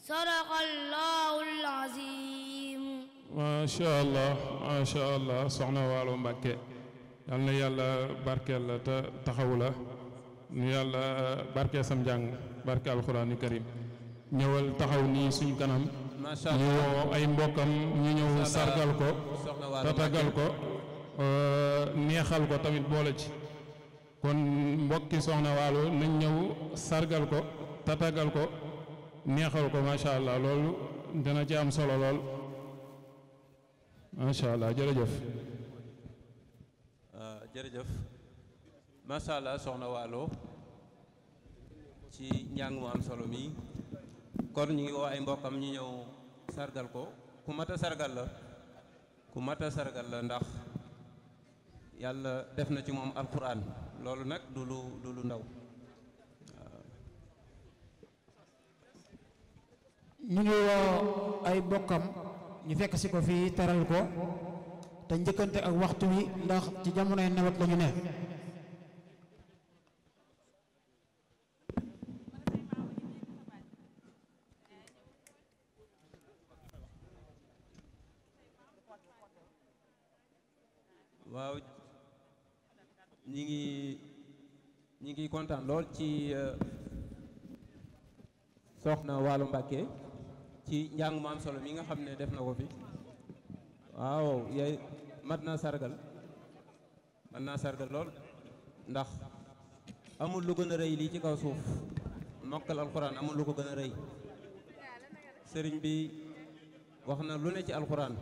sadaqallaahul allah macha soxna Waalo Mbàkke yal na yàlla barkeel la te taxawu la nu yàlla barkeel sam njàng barke alxuraanu karim ñëwal taxaw nii suñ kanam. macha allah ñu ay mbokkam ñu ñëw sargal ko. tatagal ko euh, neexal ko tamit boole ci. kon mbokki soxna Waalo nañ ñëw sargal ko tatagal ko. neexal ko macha allah loolu dana ci am solo lool macha allah jërëjëf. Euh, jërëjëf macha allah soxna Waalo ci njàng mu am solo mi kon ñu ngi woo ay mbokkam ñu ñëw sargal ko ku mat a sargal la ku mat a sargal la ndax yàlla def na ci moom alquran loolu nag du lu du lu ndaw. ñu ngi woo ay bokkam ñu fekk si ko fii teral ko te njëkkante ak waxtu wi ndax ci jamonoy nawet la ñu ne waaw ñi ngi ñi ngi kontaan lool ci euh, soxna Walu Mbàkke ci njàng mu am solo mi nga xam ne def na ko fi waaw yaay mat naa sargal mat naa sargal lool ndax amul lu gën a rëy lii ci kaw suuf mokkal alxuraan amul lu ko gën a rëy sëriñ bi wax na lu ne ci alxuraan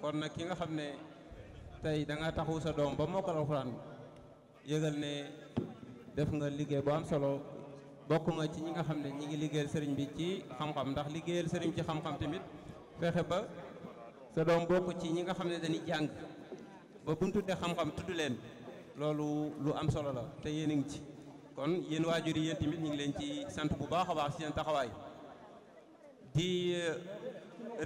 kon nag ki nga xam ne tey da nga taxu sa doom ba mokkal alxuraan yëgal ne def nga liggéey bu am solo bokkuma ci ñi nga xam ne ñi ngi liggéeyal sëriñ bi ci xam-xam ndax liggéeyal sëriñ ci xam-xam tamit fexe ba sa doom bokk ci ñi nga xam ne dañuy jàng ba bu ñu tuddee xam-xam tudd leen loolu lu am solo la te yéen a ngi ci kon yéen waajur yi yéen tamit ñu ngi leen ci sant bu baax a baax ci seen taxawaay di euh,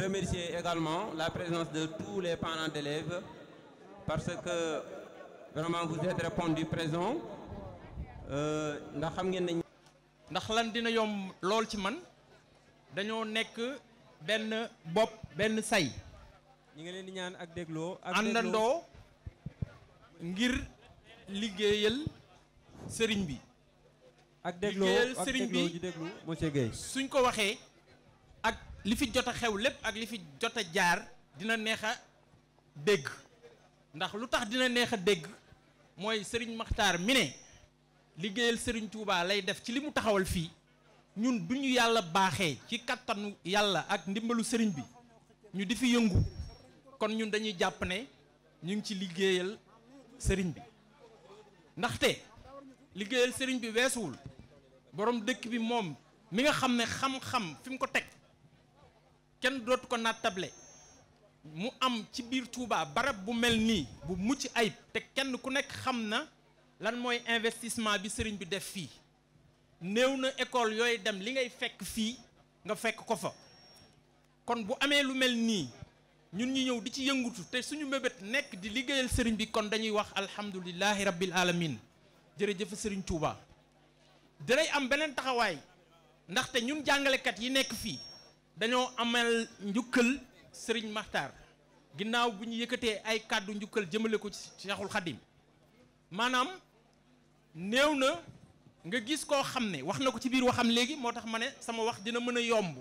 remercier également la présence de tous les parents d'élèves parce que vraiment vous êtes répondu présent euh, ndax xam ngeen ne ndax lan dina yomb lool ci man dañoo nekk benn bopp benn say. ñi ngi leen di ñaan ak dégloo. ak àndandoo ngir liggéeyal sëriñ bi. ak dégloo liggéeyal sëriñ bi monsieur suñ ko waxee. ak li fi jot a xew lépp ak li fi jot a jaar dina neex a dégg ndax lu tax dina neex a dégg mooy sëriñ Maxtaar mi ne. liggéeyal sëriñ Touba lay def ci li mu taxawal fii ñun du ñu yàlla baaxee ci kattanu yàlla ak ndimbalu sëriñ bi ñu di fi yëngu kon ñun dañuy jàpp ne ñu ngi ci liggéeyal sëriñ bi ndaxte liggéeyal sëriñ bi weesuwul boroom dëkk bi moom mi nga xam ne xam-xam fi mu ko teg kenn dootu ko nattable mu am ci biir Touba barab bu mel nii bu mucc ayib te kenn ku nekk xam na lan mooy investissement bi sëriñ bi def fii néew na école yooyu dem li ngay fekk fii nga fekk ko fa kon bu amee lu mel nii ñun ñu ñëw di ci yëngutu te suñu mébét nekk di liggéeyal sëriñ bi kon dañuy wax alhamdulilahi rabbil alamin jërëjëf sëriñ Touba dinay am beneen taxawaay ndaxte ñun jàngalekat yi nekk fii dañoo amal njukkal sëriñ maxtar ginnaaw bu ñu yëkkatee ay kàddu njukkal jëmale ko ci Seexul Xadim maanaam néew na nga gis koo xam ne wax na ko ci biir waxam léegi moo tax ma ne sama wax dina mën a yomb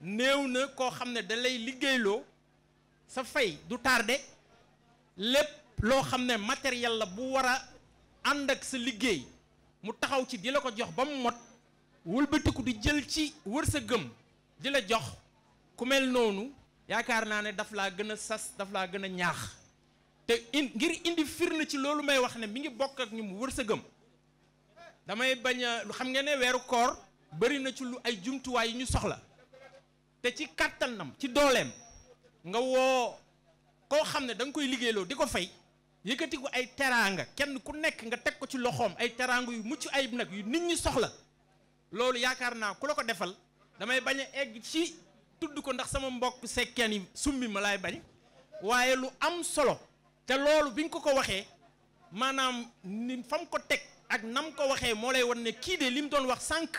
néew na koo xam ne da lay liggéeyloo sa fay du tàrde lépp loo xam ne matériel la bu war a ànd ak sa liggéey mu taxaw ci di la ko jox ba mu mot wëlbatiku di jël ci wër sa gëm di la jox ku mel noonu yaakaar naa ne daf laa gën a sas daf laa gën a ñaax te in ngir indi firnde ci loolu may wax ne mi ngi bokk ak ñum wërsëgam damay bañ a xam nga ne weeru koor bëri na ci lu ay jumtuwaay yu ñu soxla te ci kàttanam ci dooleem nga woo koo xam ne danga nga koy liggéeyloo di ko fay yëkkati ko ay teraanga kenn ku nekk nga teg ko ci loxoom ay teraanga yu mucc ayib nag yu nit ñi soxla loolu yaakaar naa ku la ko defal damay bañ a egg ci tudd ko ndax sama mbokk sekkeen yi summi ma laay bañ waaye lu am solo te loolu bi nga ko ko waxee maanaam ni fam ko teg ak nam ko waxee moo lay wan ne kii de li mu doon wax sànq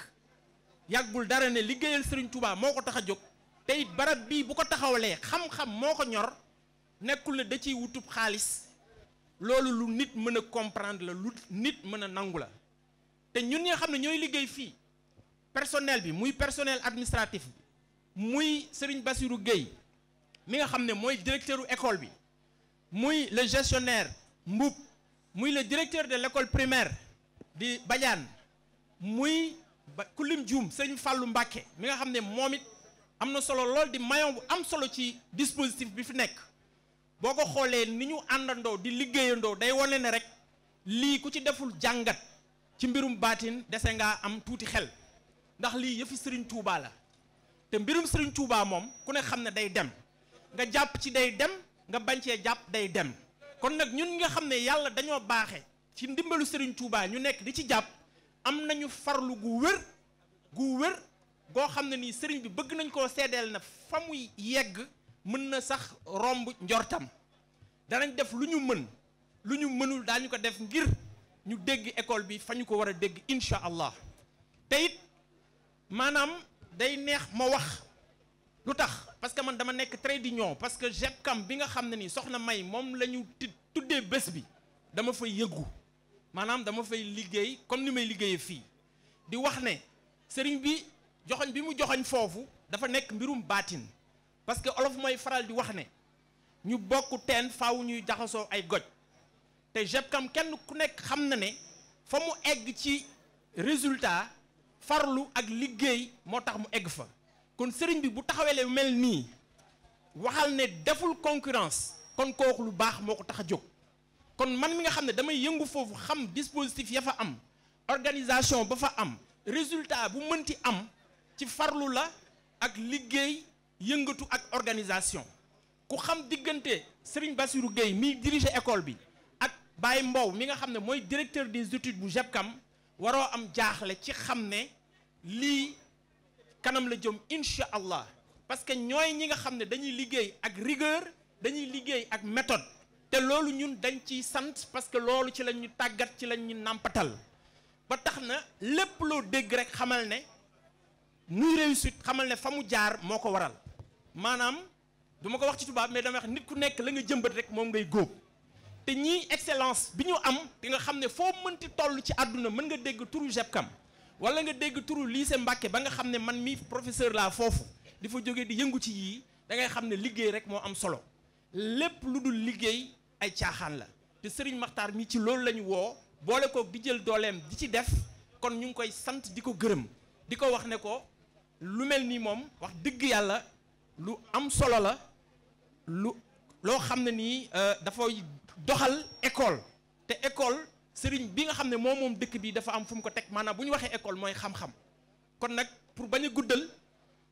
yàggul dara ne liggéeyal Serigne Touba moo ko tax a jóg te barab bii bu ko taxawalee xam-xam moo ko ñor nekkul ne da ciy wutub xaalis loolu lu nit mën a comprendre la lu nit mën a nangu la te ñun ñi nga xam ne ñooy liggéey fii personnel bi muy personnel administratif bi muy Serigne Bassirou Gueye mi nga xam ne mooy directeuru école bi muy le gestionnaire Mboup muy le directeur de l'école primaire di Badiane muy ba Kulim Dioum sëñ Fallou Mbacké mi nga xam ne moom it am na solo lool di maillon bu am solo ci dispositif bi fi nekk boo ko xoolee ni ñu àndandoo di liggéeyandoo day wane ne rek lii ku ci deful jàngat ci mbirum baatin dese ngaa am tuuti xel ndax lii yëfi Serigne Touba la te mbirum Serigne Touba moom ku ne xam ne day dem nga jàpp ci day dem. nga bañ cee jàpp day dem kon nag ñun nga xam ne yàlla dañoo baaxe ci ndimbalu Serigne Touba ñu nekk di ci jàpp am nañu farlu gu wér gu wér goo xam ne nii Serigne bi bëgg nañ koo seedeel na fa muy yegg mën na sax romb njortam danañ def lu ñu mën lu ñu mënul daañu ko def ngir ñu dégg école bi fa ñu ko war a dégg incha allah te maanaam day neex ma wax lu tax parce que man dama nekk très d'union parce que JEPCAM bi nga xam ne nii soxna May moom la ñu tuddee bés bi dama fay yëgu maanaam dama fay liggéey kon ni may liggéeyee fii di wax ne sëriñ bi joxoñ bi mu joxoñ foofu dafa nekk mbirum baatin parce que olof mooy faral di wax ne ñu bokk teen faw ñuy jaxasoo ay goj te JEPCAM kenn ku nekk xam na ne fa mu egg ci résultat farlu ak liggéey moo tax mu egg fa kon sëriñ bi bu taxawee taxawelee mel nii waxal ne deful concurrence kon kooku lu baax moo ko tax a jóg kon man mi nga xam ne damay yëngu foofu xam dispositif ya fa am organisation ba fa am résultat bu mënti am ci farlu la ak liggéey yëngatu ak organisation ku xam diggante Serigne Bassirou Gueye miy diriger école bi ak Baye Mbow mi nga xam ne mooy directeur des études bu JEPCAM waroo am jaaxle ci xam ne lii kanam la jëm incha allah parce que ñooy ñi nga xam ne dañuy liggéey ak rigueur dañuy liggéey ak méthode te loolu ñun dañ ciy sant parce que loolu ci lañ ñu tàggat ci lañ ñu nàmpatal ba tax na lépp loo dégg rek xamal ne muy réussite xamal ne fa mu jaar moo ko waral maanaam duma ko wax ci tubaab mais dama wax nit ku nekk la nga jëmbat rek moom ngay góob te ñii excellence bi ñu am di nga xam ne foo mënti toll ci àdduna mën nga dégg turu JEPCAM wala nga dégg turu lycée Mbacke ba nga xam ne man mi professeur laa foofu di fa jóge di yëngu ci yii da ngay xam ne liggéey rek moo am solo lépp lu dul liggéey ay caaxaan la te Serigne Makhtar mi ci loolu la ñu woo boole ko di jël dooleem di ci def kon ñu ngi koy sant di ko gërëm di ko wax ne ko lu mel nii moom wax dëgg yàlla lu am solo la lu loo xam ne nii euh, dafay doxal école te école sëriñ bi nga xam ne moo moom dëkk bi dafa am fu mu ko teg maanaam bu ñu waxee école mooy xam-xam kon nag pour bañ a guddal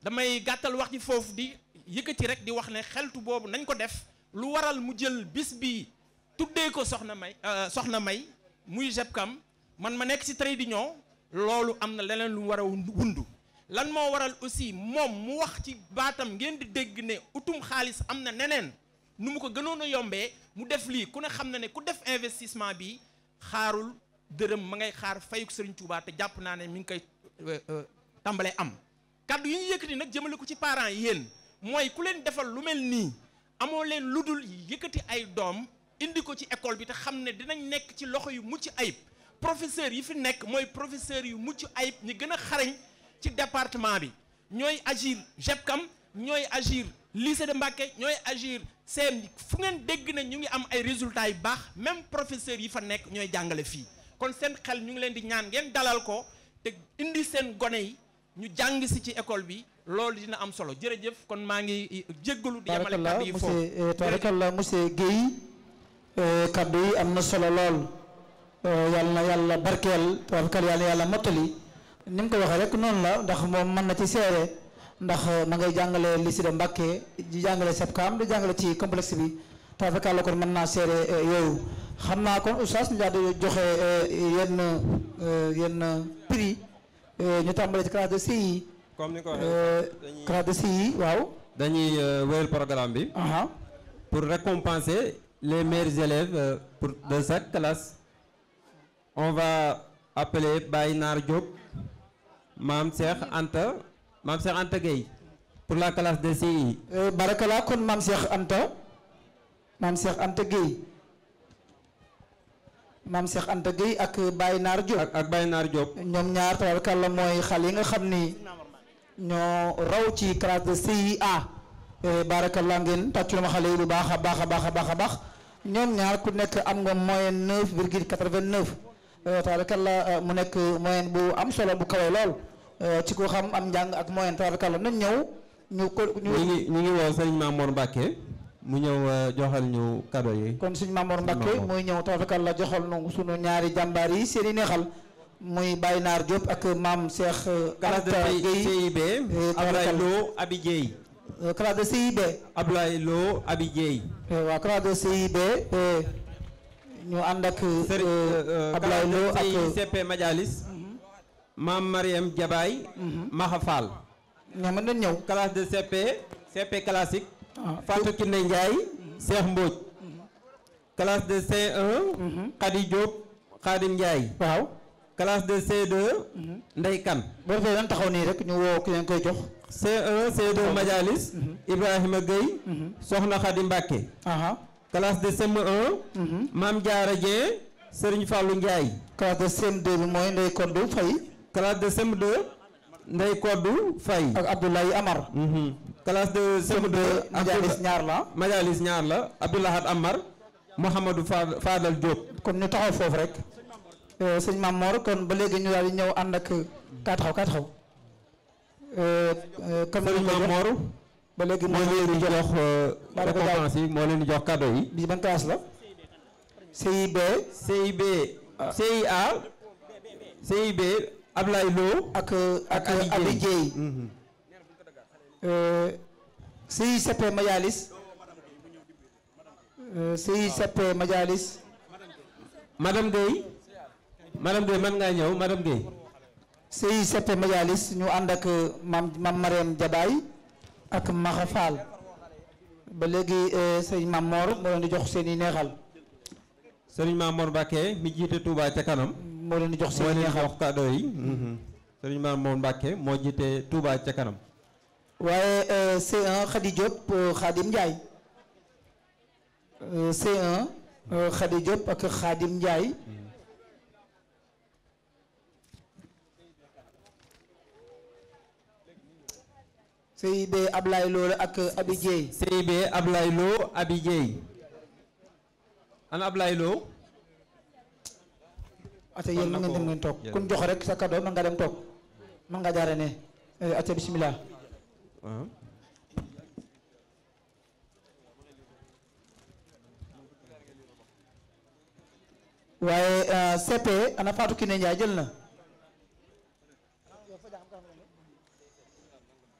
damay gàttal wax ji foofu di yëkkati rek di wax ne xeltu boobu nañ ko def lu waral mu jël bis bi tuddee ko soxna may euh, soxna may muy JEPCAM man ma nekk ci trade union loolu am na leneen lu mu war a wundu lan moo waral aussi moom mu wax ci baatam ngeen di dégg ne utum xaalis am na neneen nu mu ko gënoon a yombee mu def lii ku ne xam na ne ku def investissement bi xaarul dërëm ma ngay xaar fayuk sëriñ Touba te jàpp naa ne mi ngi koy euh, euh, tàmbalee am kàddu yi ñu yëkkati nag jëmale ko ci parents yéen mooy ku leen defal lu mel nii amoo leen lu dul yëkkati ay doom indi ko ci école bi te xam ne dinañ nekk ci loxo yu mucc ayib professeur yi fi nekk mooy professeur yu mucc ayib ñi gën a xarañ ci département bi ñooy agir JEPCAM ñooy agir lycée de Mbacké ñooy agir seen fu ngeen dégg na ñu ngi am ay résultats yu baax même professeurs yi fa nekk ñooy jàngale fii kon seen xel ñu ngi leen di ñaan ngeen dalal ko te indi seen gone yi ñu jàng si ci école bi loolu dina am solo jërëjëf kon maa ngi eh, jéggalu di yemale kàddu yi foofu eh, tabarakalla monsieur Guèye eh, kàddu yi am na solo lool yàlla na yàlla barkeel tabarakal yàlla yàlla mottali ni mu ko waxee rek noonu la ndax moom mën na ci seere ndax ma euh, ngay jàngale lycée de Mbacké di jàngale SEPCAM di jàngale ci complexe bi tafakalla kon mën naa euh, xam naa kon oustaz ñu daal di joxe euh, ñu tàmbalee ci classe de CI. comme ni ko waxee classe de CI waaw. dañuy wéyal programme bi. pour récompenser les meilleurs élèves pour de chaque classe on va appeler Baye Nar Diop Maam Cheikh Anta. Mam Cheikh Anta Gueye pour la classe de CI. Euh, Barakala kon Mam Cheikh Anta Mam Cheikh Anta Gueye Mam Cheikh Anta Gueye ak Baye Naar Diop. ak ak Baye Naar Diop. mooy xale yi nga xam ni ñoo raw ci classe de CIA. Euh, barakalla ngeen tàccul ma xale yi bu baax a baax a baax a baax ñoom ñaar ku nekk am nga moyenne neuf virgule quatre-vingt-neuf euh, tabarkalla mu nekk moyenne bu am solo bu kawe lool. Euh, ci ko xam am njàng ak moyen tabarkàlla nañ ñëw ñu ko ñu ngi ñu ngi woo sëñ Mamour Mbacke mu ñëw euh, joxal ñu kado yi kon sëñ Mamour Mbacke muy ñëw tabarkàlla joxal nu sunu ñaari jàmbaar yi seen i neexal muy Baye Naar Diop ak maam Cheikh euh, classe de CIB Ablaye Lo Abi Dieye classe de CIB de CIB ñu ànd ak Ablaye Lo ak CP Madialis maam Mariam Jabaay mhm. Maxa Fall mën nañ ñëw classe de CP CP classique ah, Fatou Kiné Ndiaye mhm. Cheikh mhm. classe de C1 Khady Diop Khadim Ndiaye waaw classe de C2 Ndey Kan boo fee dañ taxaw nii rek Ibrahima Gueye Soxna Khady Mbacke classe de CM1 Mame Diarra Dieng Serigne Fallou Ndiaye classe de CM2 bi mooy Ndey Kondo Faye classe de CM2 Ndey Koddu Faye ak Abdoulaye Amar mhm. classe de CM2 Majalis ñaar la Majalis ñaar la Abdoulahat Amar Mouhamadou Fadal Diop kon ñu taxaw foofu rek euh, sëñ Mame Mor kon ba léegi ñu daal di ñëw ànd ak kaa taxaw euh, euh, moo leen jox récompense yi moo ban classe la CIB CIB CIA CIB Ablaye Lo ak ak Abi Dieye mhm. euh, CICP Majalis euh, CICP Majalis madame Gueye madame Gueye man ngaa ñëw madame Gueye CICP Majalis ñu ànd ak euh, mam mam Mariam Jabaay ak Maxa ba léegi sëñ Mamor moo leen di jox seen i neexal sëñ Mamor Mbacke mi jiite Touba ca kanam moo leen di jox seen neexal waxtaanoo yi mhm. sëriñ Maam Moon Mbàkke moo jiite Touba ca kanam waaye euh, C1 Khady Diop euh, Khadim Ndiaye euh, C1 Khady Diop ak Khadim Ndiaye CIB Ablaye Lo ak Abi Dieye CIB Ablaye Lo Abi Dieye ana Ablaye Lo acca yéen mën ngeen dem ngeen toog kun jox rek sa cadeau mën nga dem toog mën nga jaare ne eh, acca bismillah waaye eh, CP ana Fatou Kiné Ndiaye jël na waaw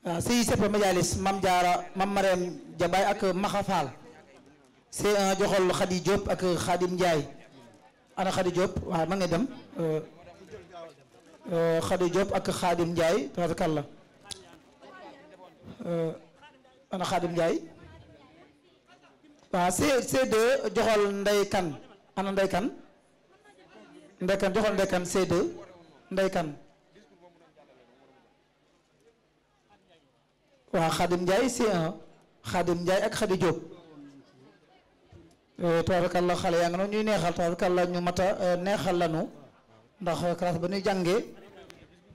ah, si CP Majalis Mam Jaara Mam Marème Jabaay ak Maxa Fall c'est un joxol Khady ak Khadim Ndiaye ana Khady Diop waaw ma ngay dem euh, euh, Khady Diop ak Khadim Ndiaye tabarakallah euh, ana Khadim Ndiaye waaw C2 joxol Ndeye Kane ana Ndeye Kane Ndeye Kane joxol Ndeye Kane c ak Khady tabarakallah xale yaa nga noonu ñuy neexal tabarakallah ñu mat a euh, neexal lanu ndax euh, classe ba ñuy jàngee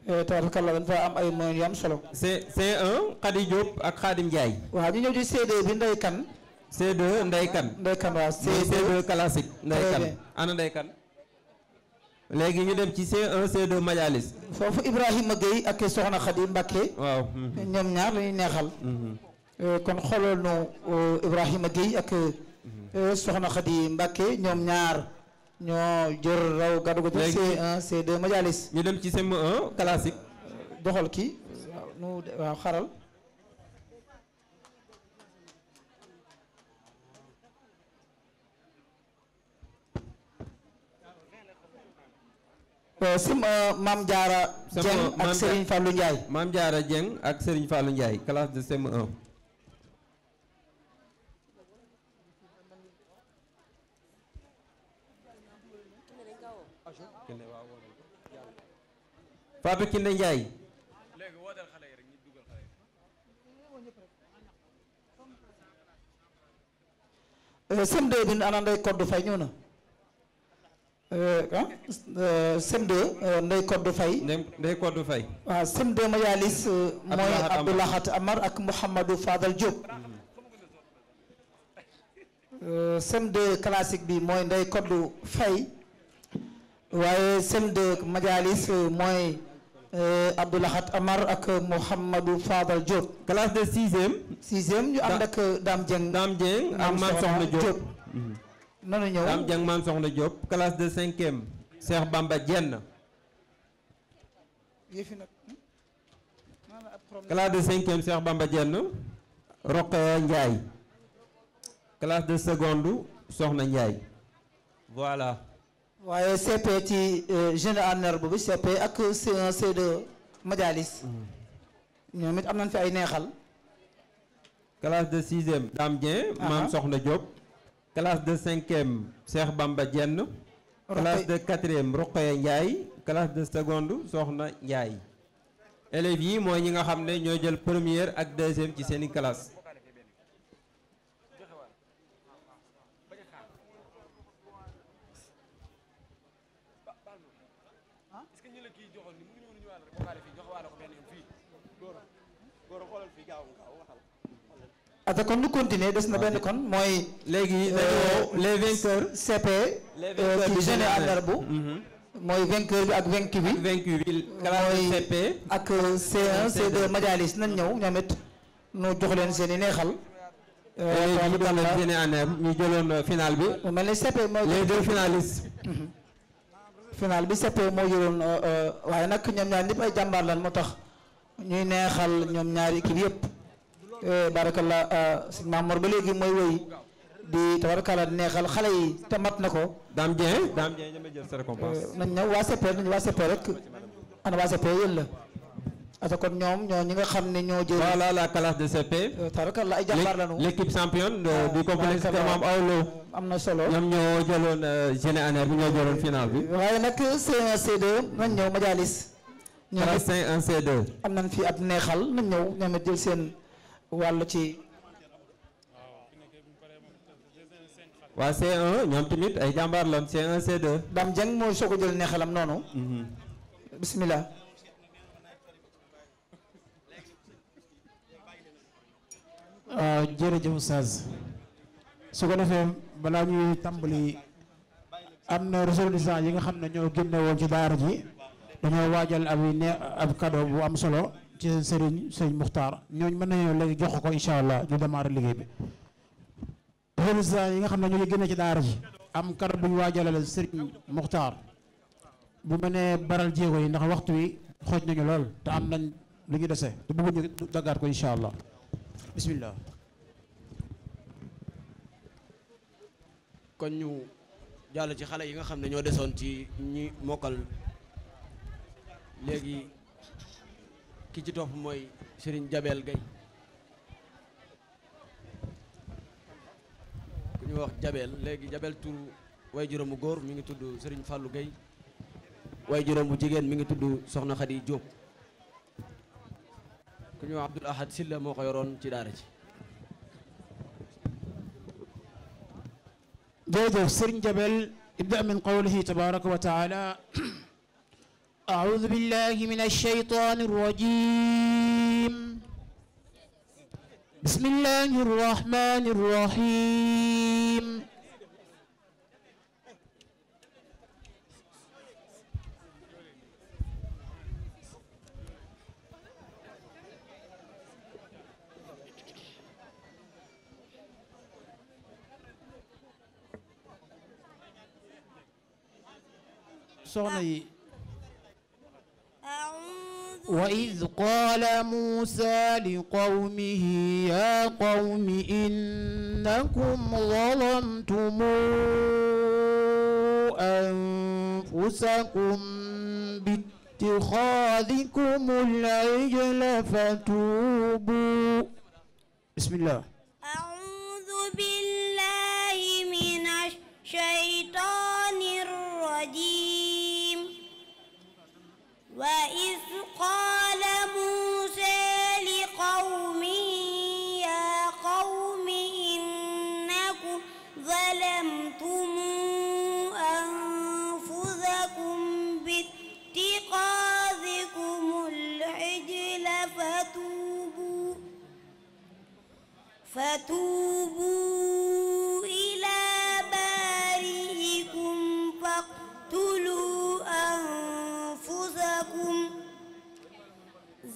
euh, tabarakallah dañ fa am ay moyens yu am solo. c'est c'est un Khady Diop ak Khadim Ndiaye. waaw ñu ñëw ci CD bi Ndeye Kane. C2 Ndeye Kane. Ndeye Kane waaw léegi ñu dem ci C1 C2 Majalis. foofu ak Soxna Khady Mbacké. waaw. ñoom ñaar la neexal. Mhm. kon xooloon nu Ibrahima Gueye ak. Euh, soxna Khady Mbacke ñoom ñaar ñoo jër raw gàddu ko ci C1 c ñu dem ci sem 1 euh, classique euh, doxal kii nu waaw xaral sim Maam Jaara Dieng ak Serigne Fallou Ndiaye Maam Jaara Dieng ak Serigne Fallou Ndiaye classe de CM1 Fatou Kiné Ndiaye CM2 bi euh, ana Ndeye Codou Faye ñëw na euh, ah CM2 euh, Ndeye Codou Faye Ndeye Codou Faye ah, mooy Abdoulahat Amar ak Mouhamadou Fadal Diop CM2 classique bi mooy Ndeye Codou Faye waaye CM2 Majalis mooy Euh, Abdoulahat Amar ak euh, Mouhamadou Fadal Diop. classe de sixième. sixième ñu ànd ak euh, Dame Dieng. Dame Dieng ak Soxna Diop. classe de cinquième. Cheikh Bamba Dieng. Hmm? classe de cinquième Cheikh Bamba Dieng. Rokhaya Ndiaye. classe de seconde Soxna Ndiaye. waaye CP ci euh, jeune en herbe bi CP ak c de c mm. ñoom it am na fi ay neexal. classe de sixième Dame Dieng. Maam Soxna Diop. classe de cinquième Cheikh Bamba jenn classe de quatrième Roqoya Ndiaye. classe de seconde Soxna Ndiaye. élèves yi mooy ñi nga xam ne ñoo jël première ak deuxième ci seeni classe ata comme ñu continuer des na ah, benn kon mooy léegi euh, les vainqueurs CP ci euh, général darbu mhm. mooy vainqueur bi ak vaincu bi vaincu bi classe ak C1 C2 majalis nañ ñëw ñoom it ñu jox leen seen i neexal euh, ñu doon général ñu jëloon final bi mel ni CP mooy les deux finalistes mhm. final bi CP moo jëloon waaye nag ñoom ñaar ñëpp ay jàmbaar lan moo tax ñuy neexal ñoom ñaari équipe yëpp Eh, barakallah eh, sëñ Mamour ba léegi mooy woy di tabarkalla neexal xale yi te mat na ko. Dame Dieng eh, Dame Dieng ñoom jël sa récompense. nañ ñëw waa CP nañ waa CP rek ana waa CP yéen la. parce que kon ñoom ñoo ñi nga xam ne ñoo jël. voilà la classe de CP. tabarkalla ay jàmbaar lañu. l'équipe championne ah, du complexe Kër Mame Aw Lo. am na solo ñoom ñoo jëloon géné année bi ñoo jëloon final bi. waaye nag nañ ñëw Majalis. ñoom it nañ fi ab neexal nañ ñëw ñoom jël seen. wàllu ci waa C1 ñoom tamit ay jàmbaar lan C1 C2 Dame Dieng mooy soo ko jël neexalam noonu mhm. bismillah ah, jërëjëf Oustaz su ko defee balaa ñuy tàmbali am na ressortissants yi nga xam ne ñoo génne woon ci daara ji dañoo waajal ab ne bu am solo ci sëriñ sëriñ Muxtaar ñooñ mën nañoo léegi jox ko incha allah ñu démarrer liggéey bi yi nga xam ne ñoo génne ci daara ji am kado bu ñu waajalale sëriñ Muxtaar bu mënee baral jéego yi ndax waxtu wi xooj nañu lool te am nañ lu ñu dese te bëgg daggaat ko incha allah bismillah kon ñu jàll ci xale yi nga xam ne ñoo desoon ci ñi mokkal léegi ki ci topp mooy Serigne Jabel Gaye ku ñu wax Jabel léegi Jabel tur way juróom bu góor mi ngi tudd sëriñ Fallou Gaye way juróom bu jigéen mi ngi tudd Soxna Khady Diop ku ñu wax Abdoul Ahad Silla moo ko yoroon ci daara ci jërëjëf Serigne Jabel ibda min qawlihi tabaraka wa taala أعوذ بالله من الشيطان الرجيم بسم الله الرحمن الرحيم soxna yi وإذ قال موسى لقومه يا قوم إنكم ظلمتم أنفسكم باتخاذكم العجل فتوبوا بسم الله أعوذ بالله من الشيطان الرجيم وإذ قال موسى لقومه يا قوم إنكم ظلمتم أنفسكم باتخاذكم العجل فتوبوا فتوبوا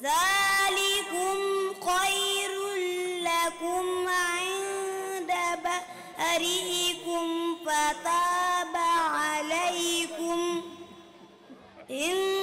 ذلكم خير لكم عند بأرئكم فتاب عليكم إن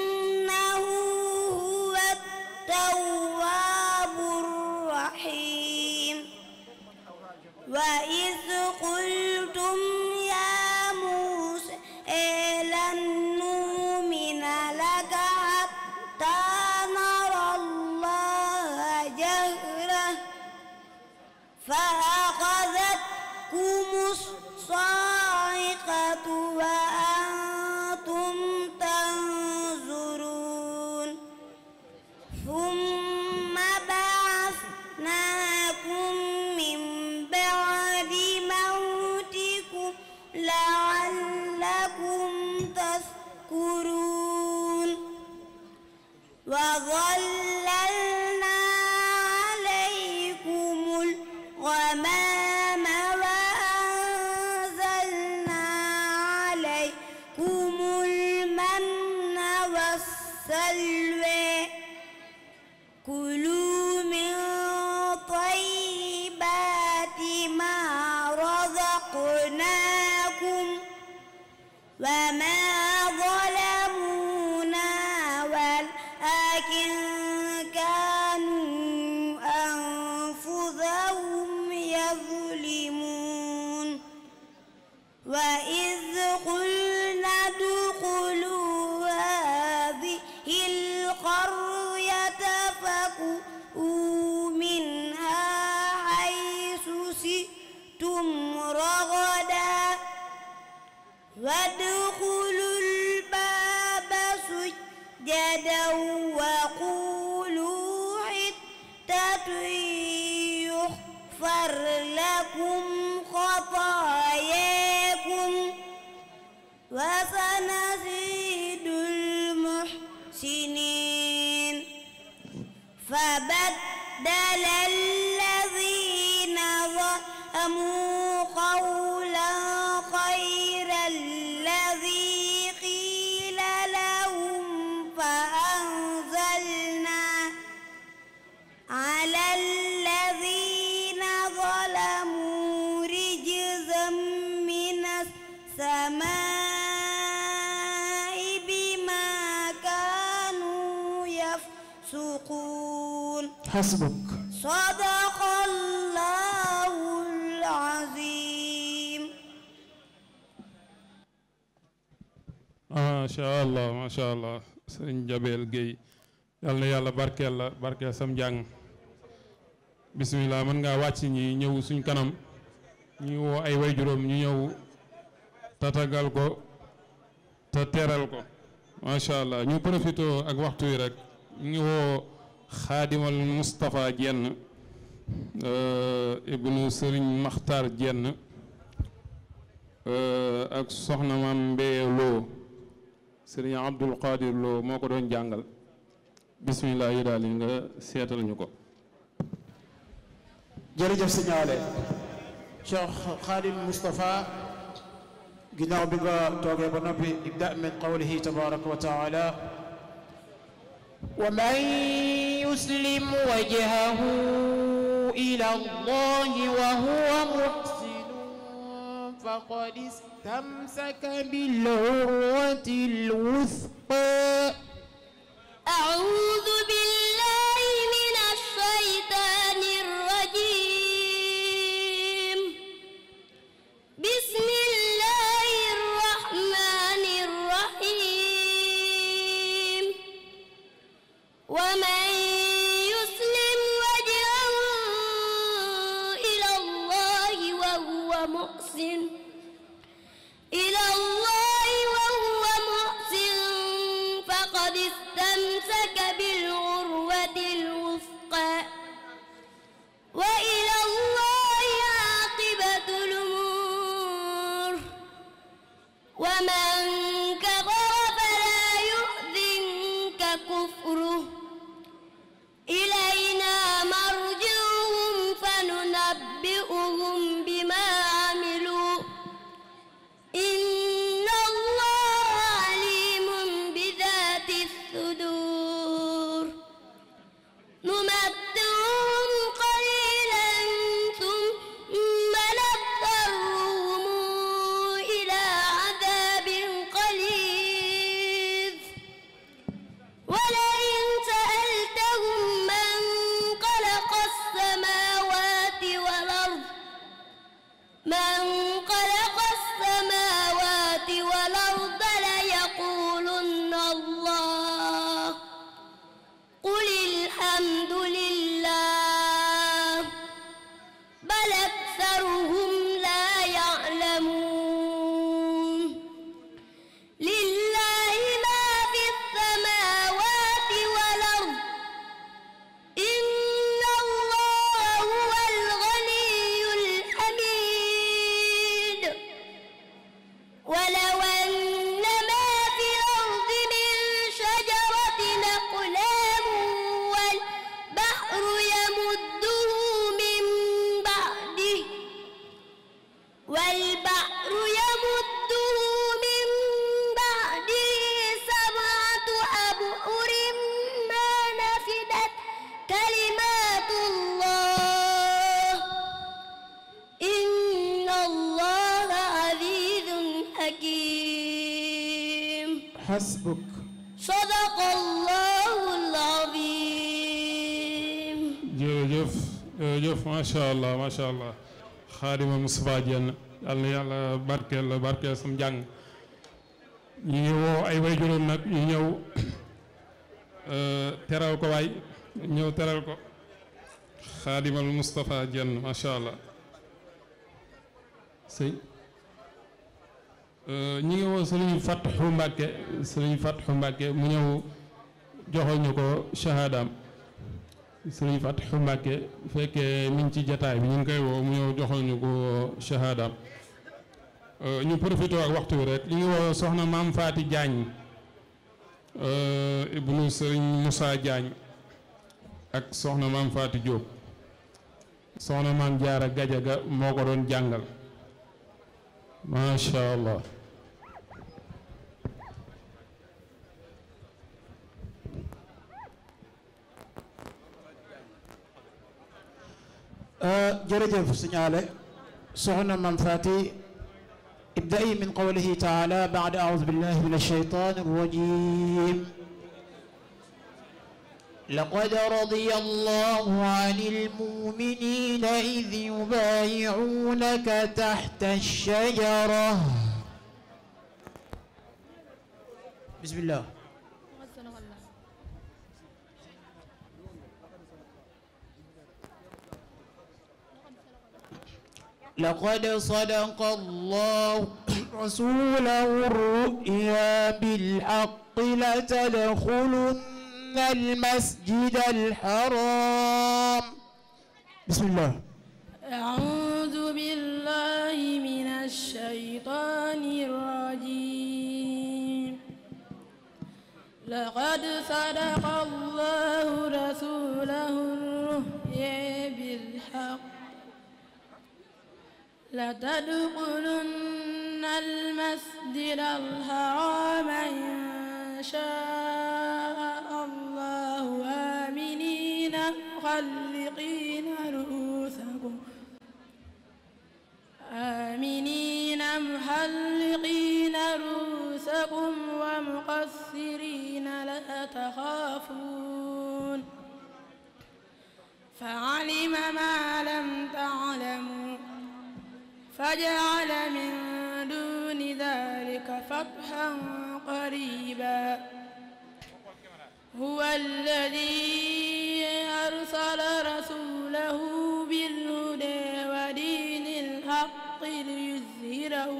حسبك صدق الله العظيم ما شاء الله ما شاء الله na yàlla barkeel la barkeel sam njàng bisimilah mën ngaa wàcc ñi ñëw suñ kanam ñu woo ay way juróom ñu ñëw tatagal ko te teeral ko macha allah ñu profité ak waxtu yi rek ñu woo xaadimal Moustapha Jenn eh, ibnu sëriñ Maxtaar Jenn eh, ak soxna maam Mbeye Lo sëriñ Abdul Qadir Lo moo ko doon jàngal bismillah yi daal nga seetal ñu ko jërëjëf signalé Cheikh Khadim Moustapha ginnaaw bi nga toogee ba noppi ibda min qawlihi tabaraka wa taala يسلم وجهه إلى الله وهو محسن فقد استمسك بالعروة الوثقى macha allah macha allah xaadima Moustapha Diène yàlla na barkeel barkeel sam jàng ñu ngi woo ay way juróom nag ñu ñëw [coughs] euh, teral ko waay ñëw teral ko xaadimal Moustapha Diène macha allah sëñ euh, ñi ngi woo sëriñ Fatxu Mbàkke sëriñ Fatxu Mbàkke mu ñëw joxoñu ko shahaadaam sëriñ Fatou Mbacke fekkee mi ngi ci jataay bi ñu ngi koy woo mu ñëw joxal ñu ko shahada euh, ñu profité ak waxtu bi rek ñu ngi woo soxna maam Faati Diagne euh, ibnu sëriñ Moussa Diagne ak soxna maam Faati Diop soxna maam Jaara Gajaga moo ko doon jàngal macha allah jërëjëf siñaale soxna Mam Faati ibda'i min qawlihi ta'ala ba'da a'uudu billahi mina shaytaani rajiim لقد رضي الله عن المؤمنين إذ يبايعونك تحت الشجرة بسم الله لقد صدق الله رسوله الرؤيا بالحق لتدخلن المسجد الحرام بسم الله أعوذ بالله من الشيطان الرجيم لقد صدق الله رسوله الرؤيا بالحق لتدخلن المسجد الحرام إن شاء الله آمنين مخلقين رؤوسكم آمنين محلقين رؤوسكم ومقصرين لا تخافون فعلى فجعل من دون ذلك فتحا قريبا هو الذي أرسل رسوله بالهدى ودين الحق ليظهره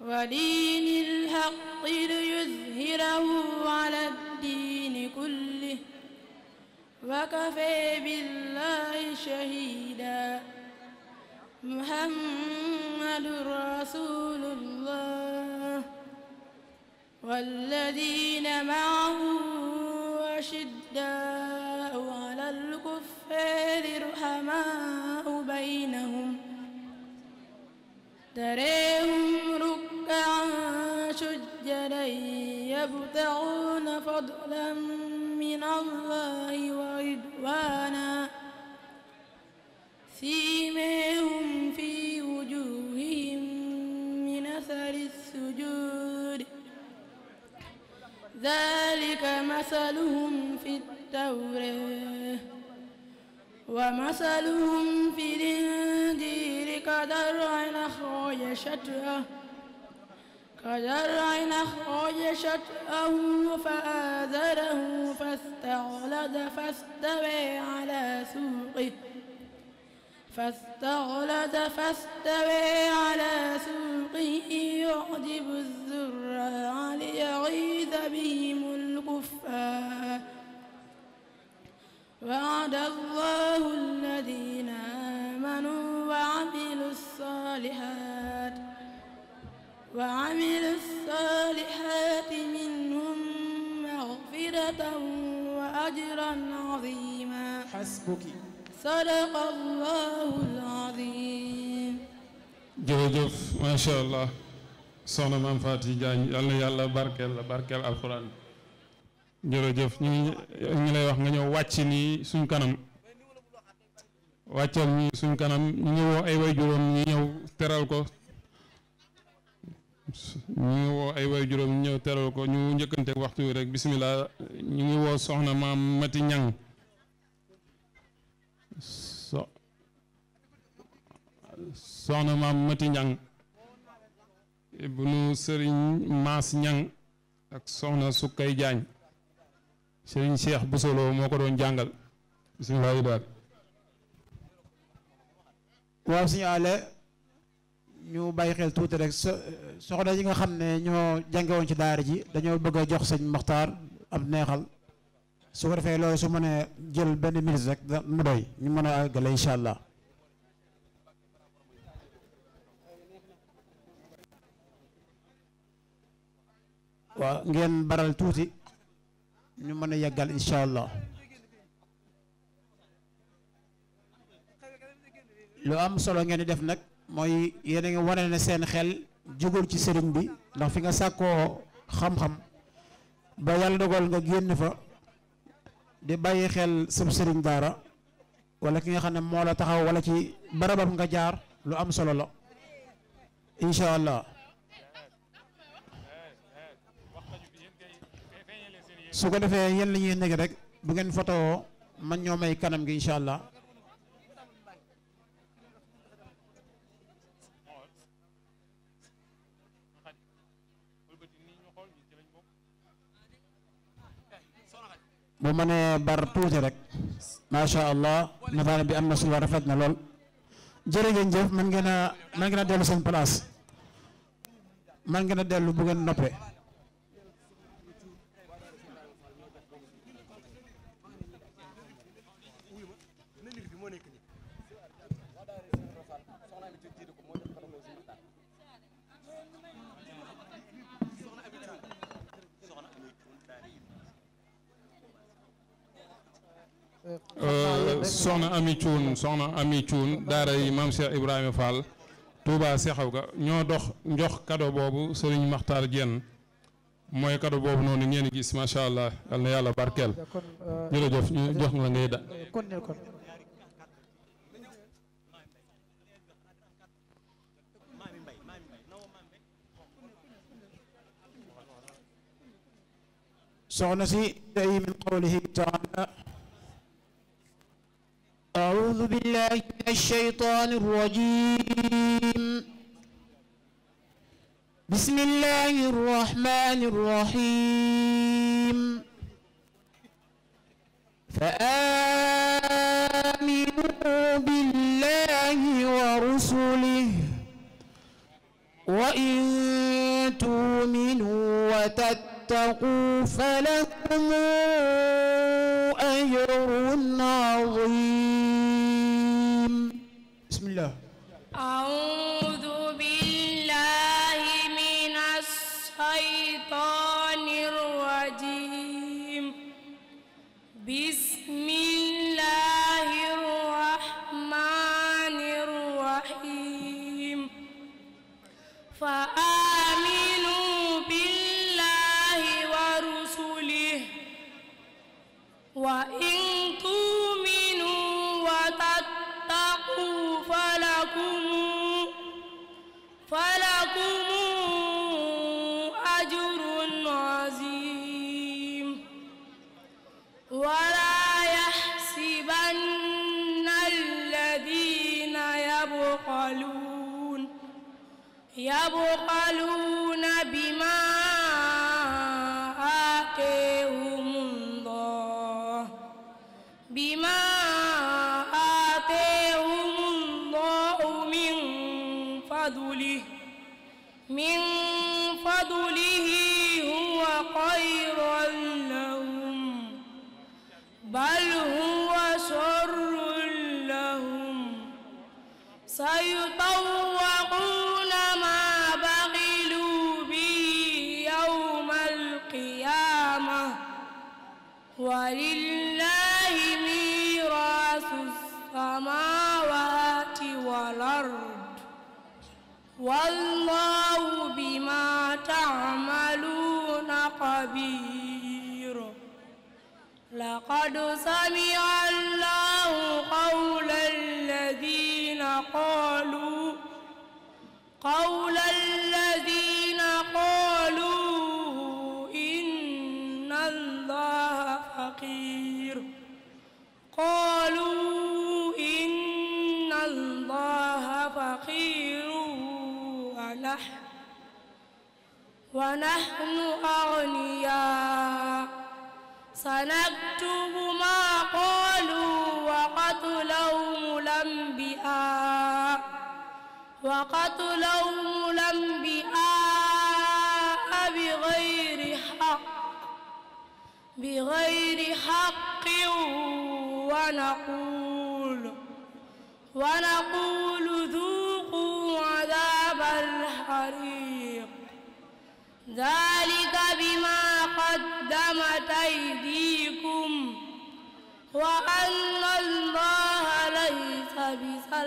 ودين الحق ليظهره على الدين كله وكفى بالله شهيدا محمد رسول الله والذين معه أشداء على الكفار رحماء بينهم تريهم ركعا سجدا يبتغون فضلا من الله ورضوانا سيماهم ذلك مثلهم في التوراة ومثلهم في الإنجيل كزرع أخرج شطأه كزرع أخرج شطأه فآزره فاستغلظ فاستوى على سوقه فاستغلظ فاستوى على سوقه تقي يعجب الزرع ليغيظ بهم الكفار وعد الله الذين آمنوا وعملوا الصالحات وعملوا الصالحات منهم مغفرة وأجرا عظيما حسبك صدق الله العظيم jërëjëf macha allah soxna maam Faati Jaañ yal yàlla barkeel la barkeel alxuraan jërëjëf ñu ngi lay wax nga ñëw wàcc nii suñ kanam wàccal ñi suñ kanam ñu ngi woo ay way juróom ñu ñëw teral ko ñu ngi juróom ñëw teral ko ñu njëkkante waxtu wi rek bisimilah ñu ngi woo soxna maam Mati Ñang soxna maam mati ñang ibnu sëriñ maas ñang ak soxna sukkay jaañ sëriñ cheikh busoloo moo ko doon jàngal bisimilah idaar waaw suñu àlle ñu bàyyi xel tuuti rek soxna yi nga xam ne ñoo jàngewoon ci daara ji dañoo bëgg a jox sëñ Maxtaar ab neexal su ko defee loolu su mënee jël benn minute rek mu doy ñu mën a àggale incha allah waaw ngeen baral tuuti ñu mën a yeggal incha allah lu am solo ngeen di def nag mooy yéen a na seen xel jógal ci sëriñ bi ndax fi nga sàkkoo xam-xam ba yàlla dogal nga génn fa di bàyyi xel sab sëriñ daara wala ki nga xam ne moo la taxaw wala ci barabam nga jaar lu am solo la incha allah su ko defee yéen la ñuy nekk rek bu ngeen fotowoo man ñoo may kanam gi incha allah. bu ma nee bar tuuti rek macha allah nataal bi am na su solo rafet na lool jërëjëf man ngeen a man ngeen dellu seen place man ngeen dellu bu ngeen noppee. Euh, soxna ami cuun soxna ami cuun daara yi maam Cheikh Ibrahima Fall Touba Seexaw ga ñoo dox njox kado boobu Serigne Makhtar Diène mooy kado boobu noonu ngeen gis macha allah yal na yàlla barkeel jox nga la ngay da أعوذ بالله من الشيطان الرجيم بسم الله الرحمن الرحيم فآمنوا بالله ورسله وإن تؤمنوا وتتقوا واتقوا فلكم أجر عظيم wallaahu bimaa ta'maluuna xabiir laqad sami'a allaahu qawla allaziina qaaluu qawla allaziina qaaluu inna allaaha faqiir ونحن أغنياء سنكتب ما قالوا وقتلهم الأنبياء وقتلهم الأنبياء بغير حق بغير حق ونقول ونقول ذلك بما قدمت أيديكم وأن الله ليس بظلام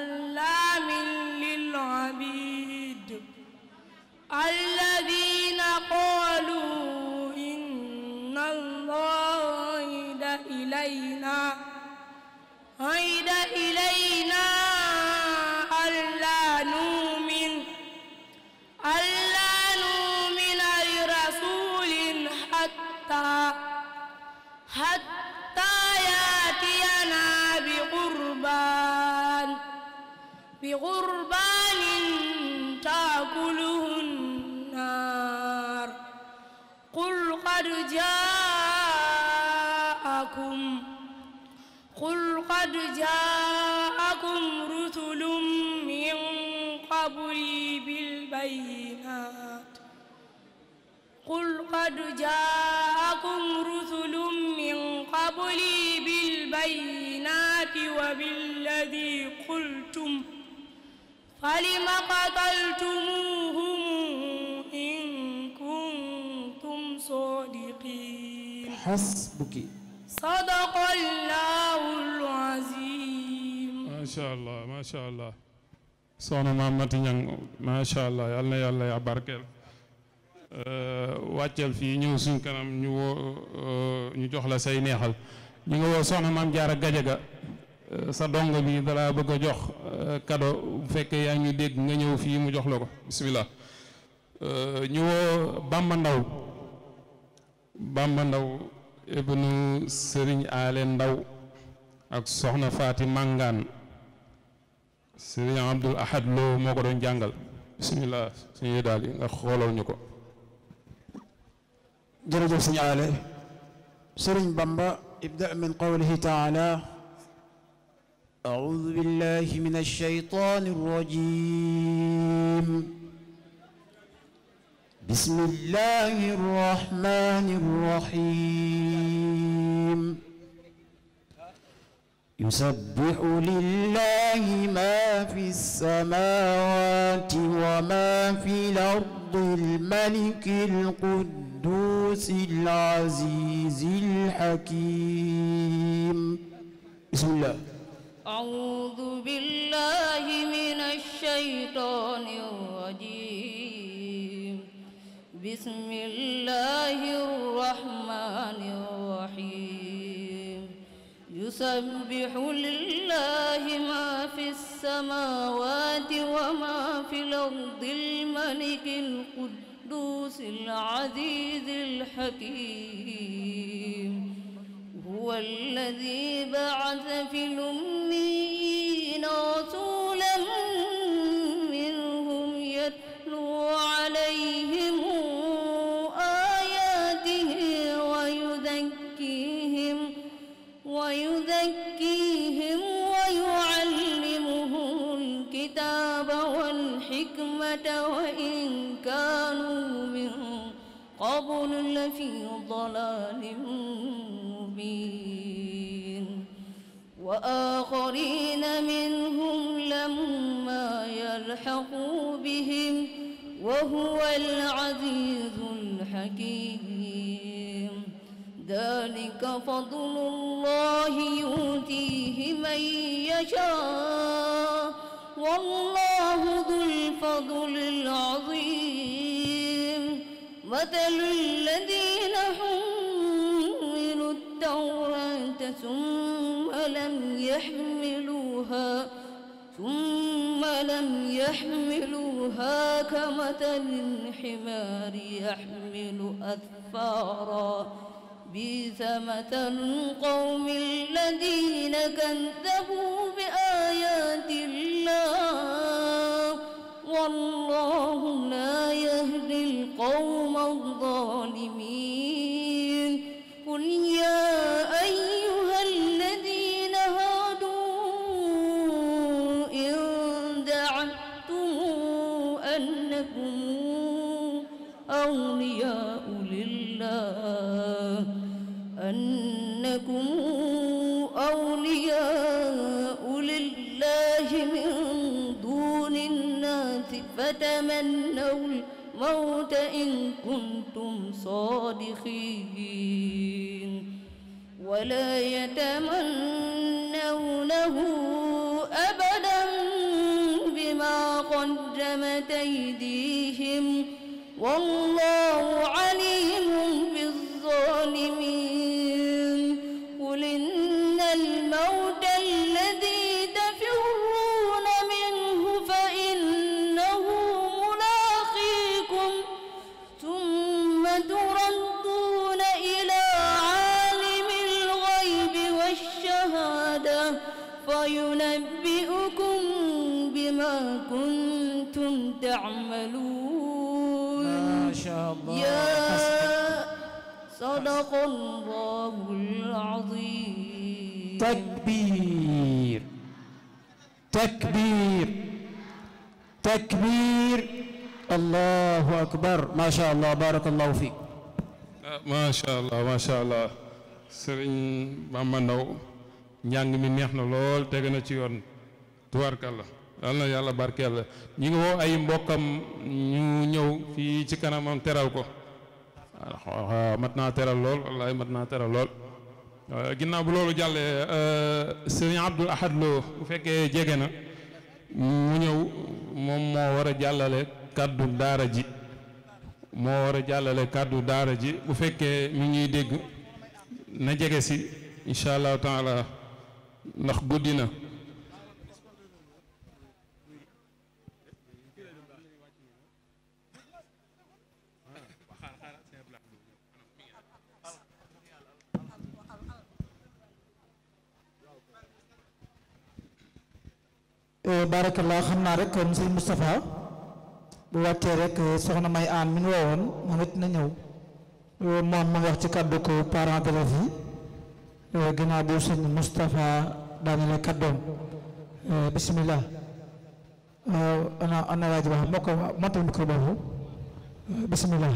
فلم قتلتموهم إن كنتم صادقين حسبك صدق الله العظيم ما شاء الله ما شاء الله soxna maam Mati Ñang macha allah yal na yàlla yaa barkeel wàcceel fii ñëw suñ kanam ñu woo ñu jox la say neexal ñu nga woo soxna maam Jaara Gajaga Euh, sa dongo bi dalaa bëgg a jox kado euh, bu fekkee yaa ngi dégg nga ñëw fii mu jox la ko bisimilah euh, ñu woo Bamba Ndaw Bamba Ndaw ibnu Sëriñ Aale Ndaw ak soxna Faati Màngaan Sëriñ Abdul Ahad jàngal bisimilah suñuy daal yi nga xoolal ñu ko jërëjëf sëñ Aale Sëriñ Bamba ibda min qawlihi taala أعوذ بالله من الشيطان الرجيم بسم الله الرحمن الرحيم يسبح لله ما في السماوات وما في الأرض الملك القدوس العزيز الحكيم بسم الله أعوذ بالله من الشيطان الرجيم بسم الله الرحمن الرحيم يسبح لله ما في السماوات وما في الأرض الملك القدوس العزيز الحكيم هو الذي بعث في الأميين رسولا منهم يتلو عليهم آياته ويزكيهم ويزكيهم ويعلمهم الكتاب والحكمة وإن كانوا من قبل لفي ضلال العالمين وآخرين منهم لما يلحقوا بهم وهو العزيز الحكيم ذلك فضل الله يؤتيه من يشاء والله ذو الفضل العظيم مثل الذين حملوا ثم لم يحملوها ثم لم يحملوها كمثل الحمار يحمل أثفارا بئس مثل القوم الذين كذبوا بآيات الله والله لا يهدي القوم الظالمين كنتم صادقين ولا يتمنونه أبدا بما قدمت أيديهم والله Allahul azim. takbir takbir takbir. Allahu akbar macha allah barakallahu fiik. macha allah macha allah Serigne Bamba Ndaw njàng mi neex na lool teg na ci yoon tubaarkàlla la na yàlla barkeel la ñu ngi woo ay mbokkam ñu ñëw fii ci kanamam teral ko. waaw mat naa teral lool wallaay mat naa teral lool euh, ginnaaw bu loolu jàllee euh, sëriñ Abdul Ahad Lo bu fekkee jege na mu ñëw moom moo war a jàllale kàddu daara ji moo war a jàllale kàddu daara ji bu fekkee mu ñuy dégg na jege si incha allahu taala ndax guddi na Euh, barakallah xam naa rek kon sëñ Moustapha bu wàccee rek euh, soxna May aan mi ñu woowoon moom it na ñëw euh, moom mu wax ci kàddu ko parents d'élèves yi ginnaaw bu sëñ Moustapha daanele bismillah ana ana waaj wax moo ko matal micro boobu bismillah